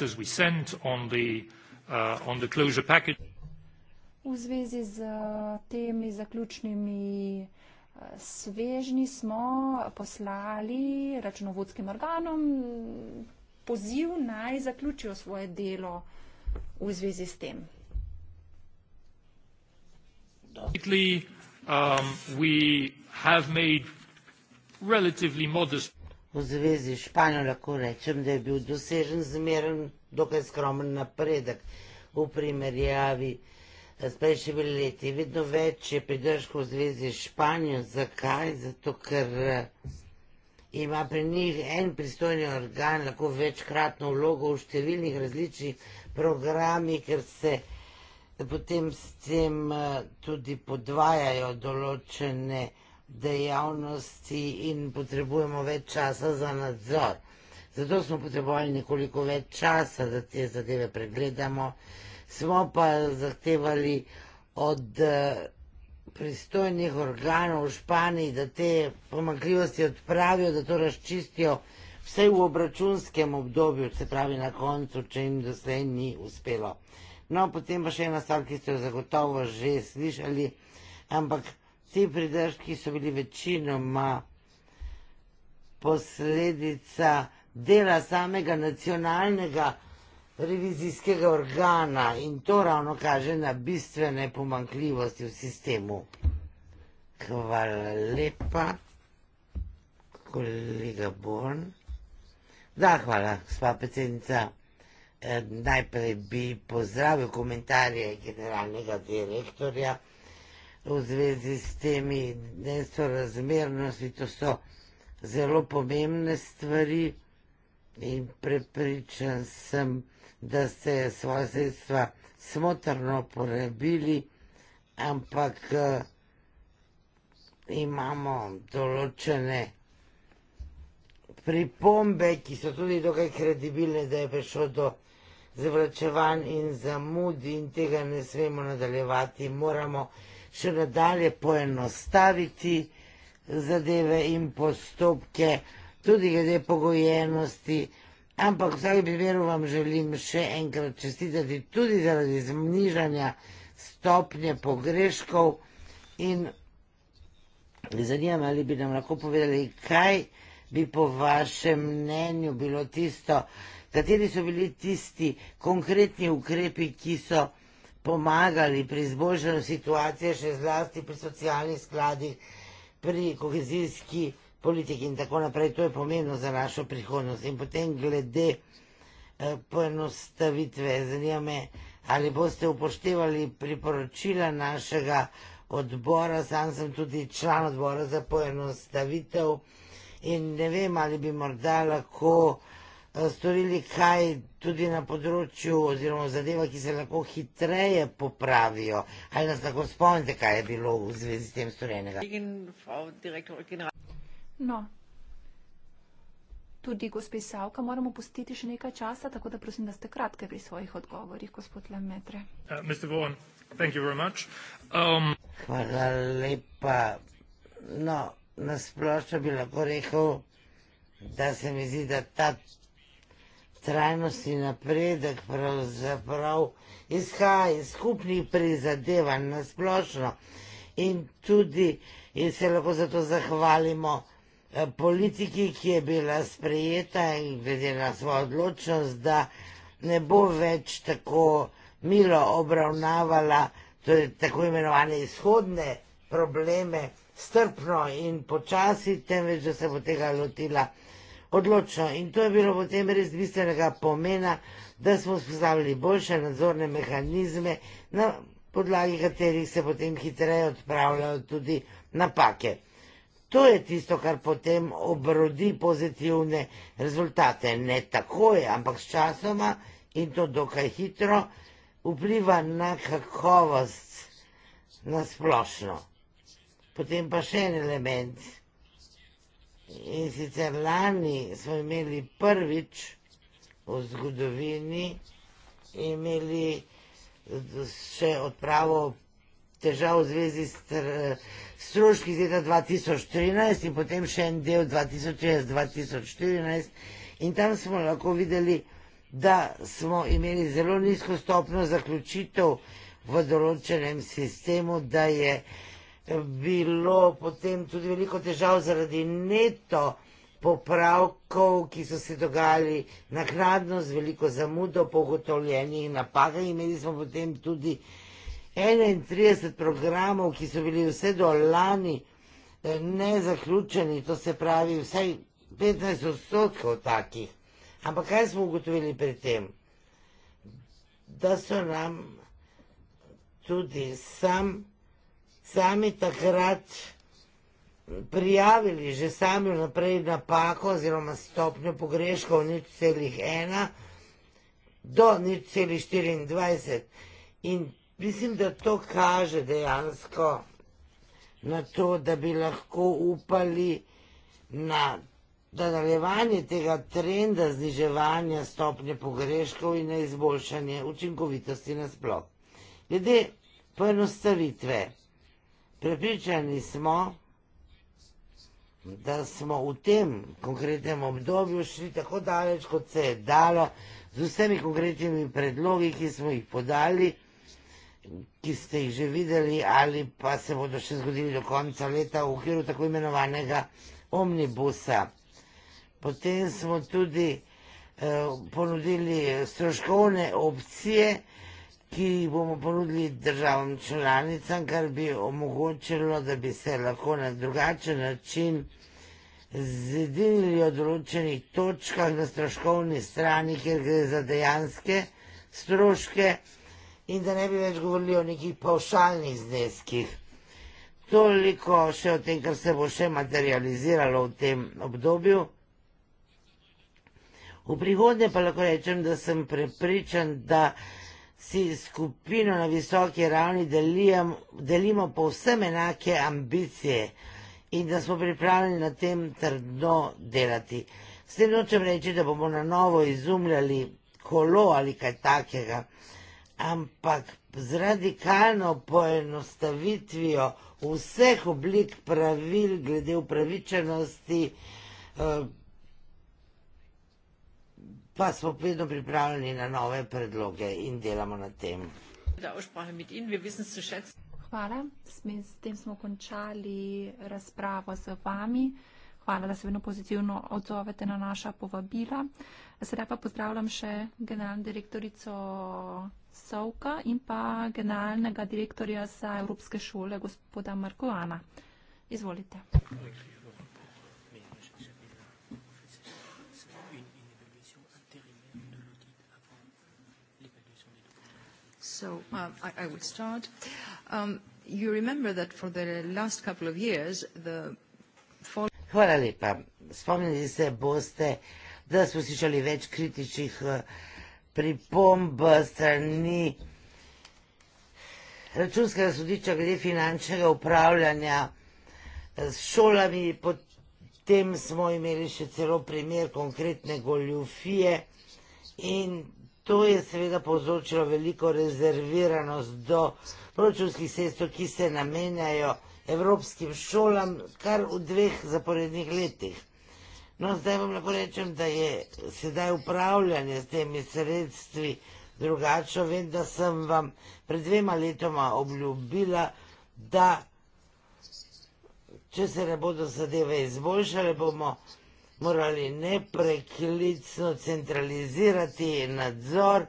v zvezi z uh, temi zaključnimi Svežni smo poslali računovodskim organom poziv naj zaključijo svoje delo v zvezi s tem. Um, v zvezi s Španijo lahko rečem, da je bil dosežen zmeren, dokaj skromen napredek v primerjavi uh, Zdaj še bili leti, vedno več je pridržkov v zvezi s Španijo. Zakaj? Zato, ker eh, ima pri njih en pristojni organ, lahko večkratno vlogo v številnih različnih programih, ker se potem s tem eh, tudi podvajajo določene dejavnosti in potrebujemo več časa za nadzor. Zato smo potrebovali nekoliko več časa, da te zadeve pregledamo smo pa zahtevali od eh, pristojnih organov v Španiji, da te pomankljivosti odpravijo, da to razčistijo vse v obračunskem obdobju, se pravi na koncu, če jim doslej ni uspelo. No, potem pa še ena stvar, ki ste jo zagotovo že slišali, ampak ti pridržki so bili večinoma posledica dela samega nacionalnega revizijskega organa in to ravno kaže na bistvene pomankljivosti v sistemu. Hvala lepa, kolega Born. Da, hvala, gospa predsednica. E, najprej bi pozdravil komentarje generalnega direktorja v zvezi s temi nesorazmernostmi. To so zelo pomembne stvari in prepričan sem, da ste svoje sredstva smotrno porabili, ampak eh, imamo določene pripombe, ki so tudi dokaj kredibilne, da je prišlo do zavračevanj in zamud in tega ne smemo nadaljevati. Moramo še nadalje poenostaviti zadeve in postopke, tudi glede pogojenosti. Ampak zdaj bi veru vam želim še enkrat čestitati tudi zaradi znižanja stopnje pogreškov in zanimalo, ali bi nam lahko povedali, kaj bi po vašem mnenju bilo tisto, kateri so bili tisti konkretni ukrepi, ki so pomagali pri izboljšanju situacije, še zlasti pri socialnih skladih, pri kohezijskih politiki in tako naprej, to je pomembno za našo prihodnost. In potem glede eh, poenostavitve, zanima me, ali boste upoštevali priporočila našega odbora, sam sem tudi član odbora za poenostavitev in ne vem, ali bi morda lahko eh, storili kaj tudi na področju oziroma zadeva, ki se lahko hitreje popravijo. Ali nas lahko spomnite, kaj je bilo v zvezi s tem storjenega? No. Tudi gospisavka moramo pustiti še nekaj časa, tako da prosim, da ste kratke pri svojih odgovorih, gospod Lemetre. Uh, um... Hvala lepa. No, nasplošno bi lahko rekel, da se mi zdi, da ta trajnostni napredek pravzaprav izhaja iz skupnih prizadevanj nasplošno in tudi in se lahko zato zahvalimo politiki, ki je bila sprejeta in glede na svojo odločnost, da ne bo več tako milo obravnavala torej, tako imenovane izhodne probleme strpno in počasi, temveč, da se bo tega lotila odločno. In to je bilo potem res bistvenega pomena, da smo spostavili boljše nadzorne mehanizme, na podlagi katerih se potem hitreje odpravljajo tudi napake. To je tisto, kar potem obrodi pozitivne rezultate. Ne takoj, ampak s časoma in to dokaj hitro vpliva na kakovost na splošno. Potem pa še en element. In sicer lani smo imeli prvič v zgodovini imeli še odpravo težav v zvezi s stroški z leta 2013 in potem še en del 2013-2014 in tam smo lahko videli, da smo imeli zelo nizko stopno zaključitev v določenem sistemu, da je eh, bilo potem tudi veliko težav zaradi neto popravkov, ki so se dogajali nakladno z veliko zamudo, pogotovljenih napaka in imeli smo potem tudi 31 programov, ki so bili vse do lani eh, nezaključeni, to se pravi vsaj 15 odstotkov takih. Ampak kaj smo ugotovili pri tem? Da so nam tudi sam, sami takrat prijavili že sami naprej napako oziroma stopnjo pogreškov nič celih ena do nič celih 24 in Mislim, da to kaže dejansko na to, da bi lahko upali na nadaljevanje tega trenda zniževanja stopnje pogreškov in na izboljšanje učinkovitosti nasploh. Glede poenostavitve, prepričani smo, da smo v tem konkretnem obdobju šli tako daleč, kot se je dalo, z vsemi konkretnimi predlogi, ki smo jih podali ki ste jih že videli ali pa se bodo še zgodili do konca leta v okviru tako imenovanega omnibusa. Potem smo tudi eh, ponudili stroškovne opcije, ki jih bomo ponudili državam članicam, kar bi omogočilo, da bi se lahko na drugačen način zedinili o določenih točkah na stroškovni strani, kjer gre za dejanske stroške in da ne bi več govorili o nekih pavšalnih zneskih. Toliko še o tem, kar se bo še materializiralo v tem obdobju. V prihodnje pa lahko rečem, da sem prepričan, da si skupino na visoki ravni delijem, delimo povsem enake ambicije in da smo pripravljeni na tem trdno delati. S tem nočem reči, da bomo na novo izumljali kolo ali kaj takega ampak z radikalno poenostavitvijo vseh oblik pravil glede upravičenosti, eh, pa smo vedno pripravljeni na nove predloge in delamo na tem. Hvala, s tem smo končali razpravo z vami. Hvala, da se vedno pozitivno odzovete na naša povabila. Sedaj pa pozdravljam še generalno direktorico Sovka in pa generalnega direktorja za Evropske šole, gospoda Markoana. Izvolite. So, uh, I, I would start. Um, you remember that for the last couple of years, the following... Hvala lepa. Spomnili se boste, da smo slišali več kritičnih eh, pripomb strani računskega sodišča glede finančnega upravljanja eh, s šolami. Potem smo imeli še celo primer konkretne goljufije in to je seveda povzročilo veliko rezerviranost do proračunskih sredstev, ki se namenjajo evropskim šolam kar v dveh zaporednih letih. No, zdaj vam lahko rečem, da je sedaj upravljanje s temi sredstvi drugačno. Vem, da sem vam pred dvema letoma obljubila, da če se ne bodo zadeve izboljšale, bomo morali nepreklicno centralizirati nadzor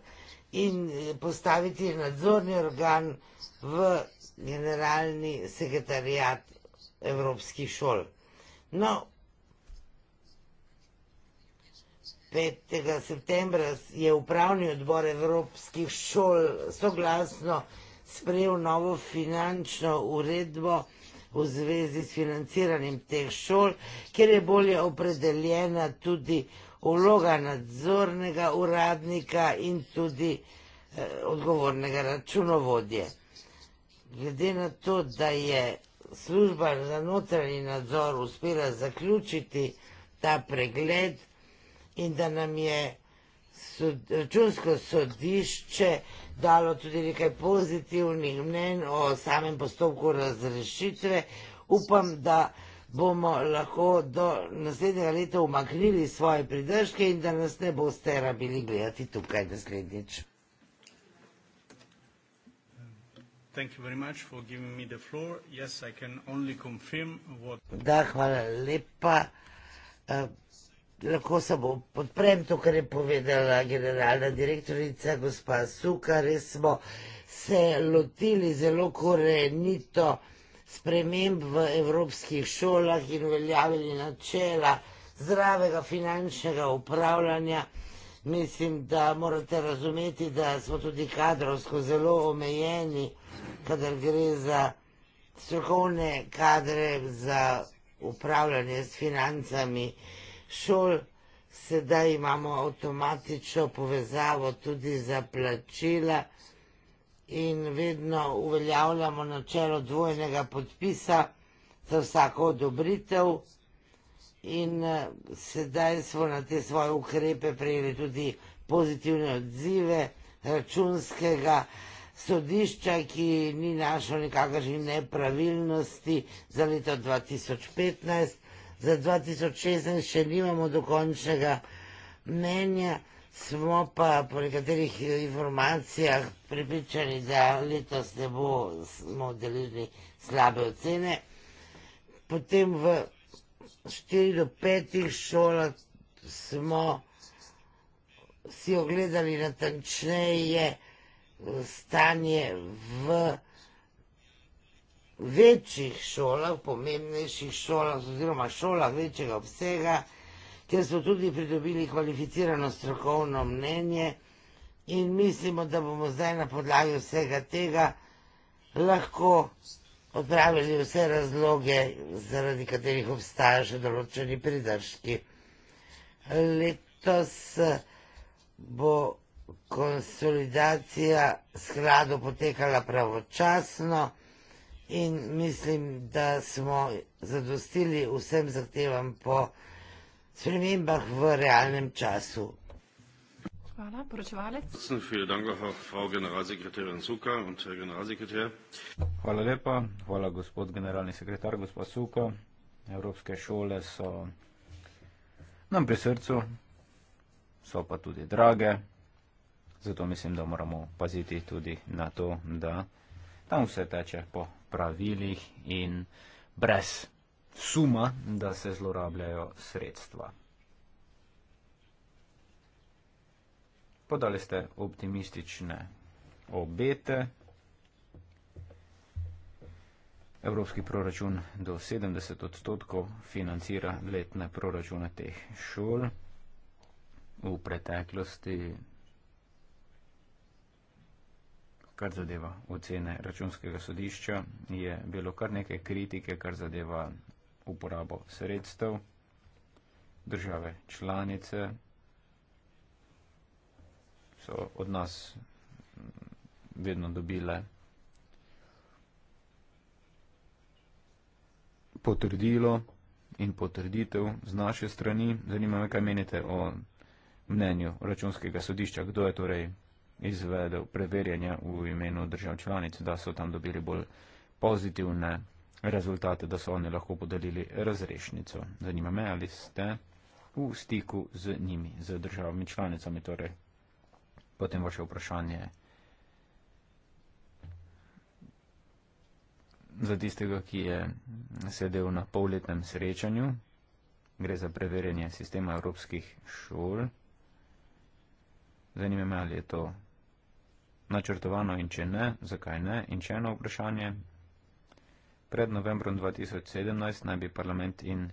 in postaviti nadzorni organ v generalni sekretarijat evropskih šol. No, 5. septembra je upravni odbor evropskih šol soglasno sprejel novo finančno uredbo v zvezi s financiranjem teh šol, kjer je bolje opredeljena tudi vloga nadzornega uradnika in tudi eh, odgovornega računovodje. Glede na to, da je služba za notranji nadzor uspela zaključiti ta pregled in da nam je sod, računsko sodišče dalo tudi nekaj pozitivnih mnen o samem postopku razrešitve, upam, da bomo lahko do naslednjega leta umaknili svoje pridržke in da nas ne boste rabili gledati tukaj naslednjič. Thank you very much for giving me the floor. Yes, I can only confirm what... Da, hvala lepa. Uh, lahko samo podprem to, kar je povedala generalna direktorica, gospa Suka. Res smo se lotili zelo korenito sprememb v evropskih šolah in uveljavili načela zdravega finančnega upravljanja. Mislim, da morate razumeti, da smo tudi kadrovsko zelo omejeni, kadar gre za strokovne kadre za upravljanje s financami šol. Sedaj imamo avtomatično povezavo tudi za plačila in vedno uveljavljamo načelo dvojnega podpisa za vsako odobritev in eh, sedaj smo na te svoje ukrepe prejeli tudi pozitivne odzive računskega sodišča, ki ni našlo nekakšnih nepravilnosti za leto 2015. Za 2016 še nimamo dokončnega mnenja, smo pa po nekaterih informacijah pripričani, da letos ne bomo deležni slabe ocene. Potem v štiri do petih šolah smo si ogledali natančneje stanje v večjih šolah, pomembnejših šolah oziroma šolah večjega obsega, kjer smo tudi pridobili kvalificirano strokovno mnenje in mislimo, da bomo zdaj na podlagi vsega tega lahko odpravili vse razloge, zaradi katerih obstajajo še določeni pridržki. Letos bo konsolidacija skladov potekala pravočasno in mislim, da smo zadostili vsem zahtevam po spremembah v realnem času. Hvala, poročevalec. Hvala lepa, hvala gospod generalni sekretar, gospod Suko. Evropske šole so nam pri srcu, so pa tudi drage, zato mislim, da moramo paziti tudi na to, da tam vse teče po pravilih in brez suma, da se zlorabljajo sredstva. podali ste optimistične obete. Evropski proračun do 70 odstotkov financira letne proračune teh šol. V preteklosti, kar zadeva ocene računskega sodišča, je bilo kar nekaj kritike, kar zadeva uporabo sredstev države članice so od nas vedno dobile potrdilo in potrditev z naše strani. Zanima me, kaj menite o mnenju računskega sodišča, kdo je torej izvedel preverjanja v imenu držav članic, da so tam dobili bolj pozitivne rezultate, da so oni lahko podelili razrešnico. Zanima me, ali ste v stiku z njimi, z državami članicami torej. Potem bo še vprašanje za tistega, ki je sedel na polletnem srečanju. Gre za preverjanje sistema evropskih šol. Zanima me, ali je to načrtovano in če ne, zakaj ne. In če eno vprašanje. Pred novembrom 2017 naj bi parlament in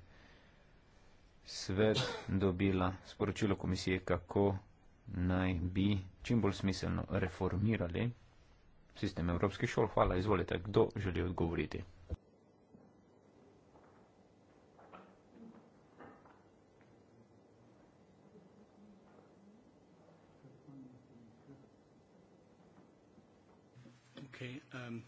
svet dobila sporočilo komisije, kako naj bi čim bolj smiselno reformirali sistem evropskih šol. Hvala, izvolite, kdo želi odgovoriti. Um,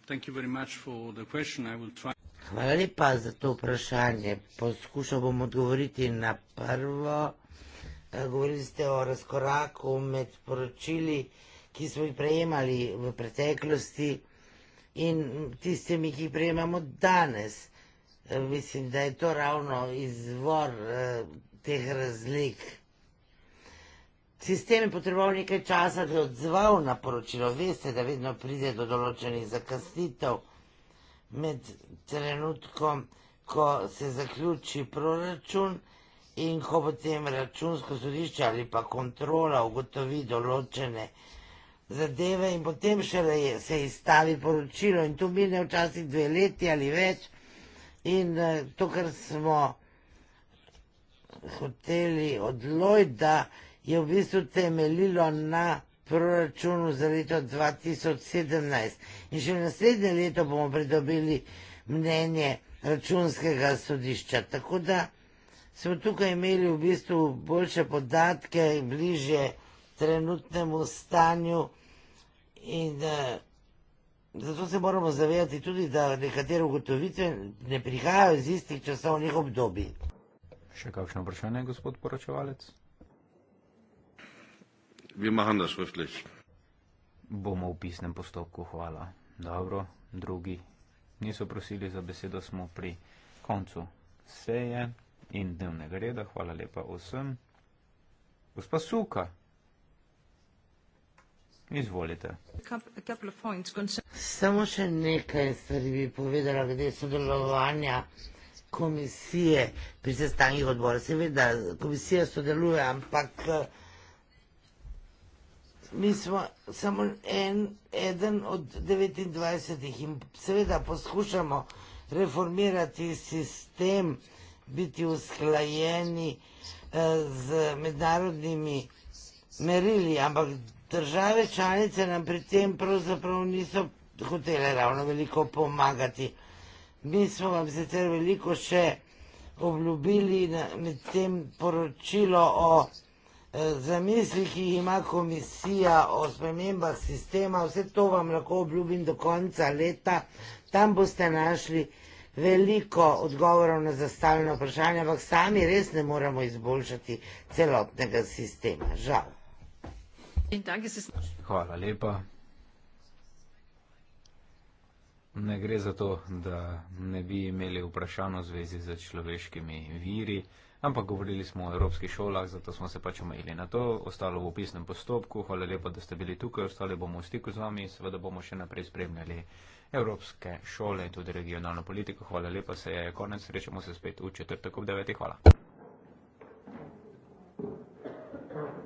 Hvala lepa za to vprašanje. Poskušal bom odgovoriti na prvo. Eh, govorili ste o razkoraku med poročili, ki smo jih prejemali v preteklosti in tistimi, ki jih prejemamo danes. Eh, mislim, da je to ravno izvor eh, teh razlik. Sistem je potreboval nekaj časa, da je odzval na poročilo. Veste, da vedno pride do določenih zakasnitev med trenutkom, ko se zaključi proračun in ko potem računsko sodišče ali pa kontrola ugotovi določene zadeve in potem šele se izstavi poročilo in tu mine včasih dve leti ali več in eh, to, kar smo hoteli od Lojda, je v bistvu temeljilo na proračunu za leto 2017 in še v naslednje leto bomo pridobili mnenje računskega sodišča. Tako da smo tukaj imeli v bistvu boljše podatke, bliže trenutnemu stanju in eh, zato se moramo zavedati tudi, da nekatere ugotovitve ne prihajajo iz istih časovnih obdobij. Še kakšno vprašanje, gospod poročevalec? Vi imate na švrtlič. Bomo v pisnem postopku, hvala. Dobro, drugi niso prosili za besedo, smo pri koncu seje in dnevnega reda. Hvala lepa vsem. Gospa Suka, izvolite. Samo še nekaj stvari bi povedala, glede sodelovanja komisije pri sestankih odbora. Seveda, komisija sodeluje, ampak eh, mi smo samo en, eden od 29 in seveda poskušamo reformirati sistem biti usklajeni eh, z mednarodnimi merili, ampak države članice nam pri tem pravzaprav niso hotele ravno veliko pomagati. Mi smo vam sicer veliko še obljubili med tem poročilo o eh, zamislih, ki jih ima komisija o spremembah sistema. Vse to vam lahko obljubim do konca leta. Tam boste našli veliko odgovorov na zastavljeno vprašanje, ampak sami res ne moremo izboljšati celotnega sistema. Žal. Hvala lepa. Ne gre za to, da ne bi imeli vprašanj v zvezi z človeškimi viri, ampak govorili smo o evropskih šolah, zato smo se pač omejili na to. Ostalo v opisnem postopku. Hvala lepa, da ste bili tukaj. Ostali bomo v stiku z vami. Seveda bomo še naprej spremljali evropske šole in tudi regionalno politiko. Hvala lepa, se je konec, srečamo se spet v četrtek ob 9. Hvala. Thank you.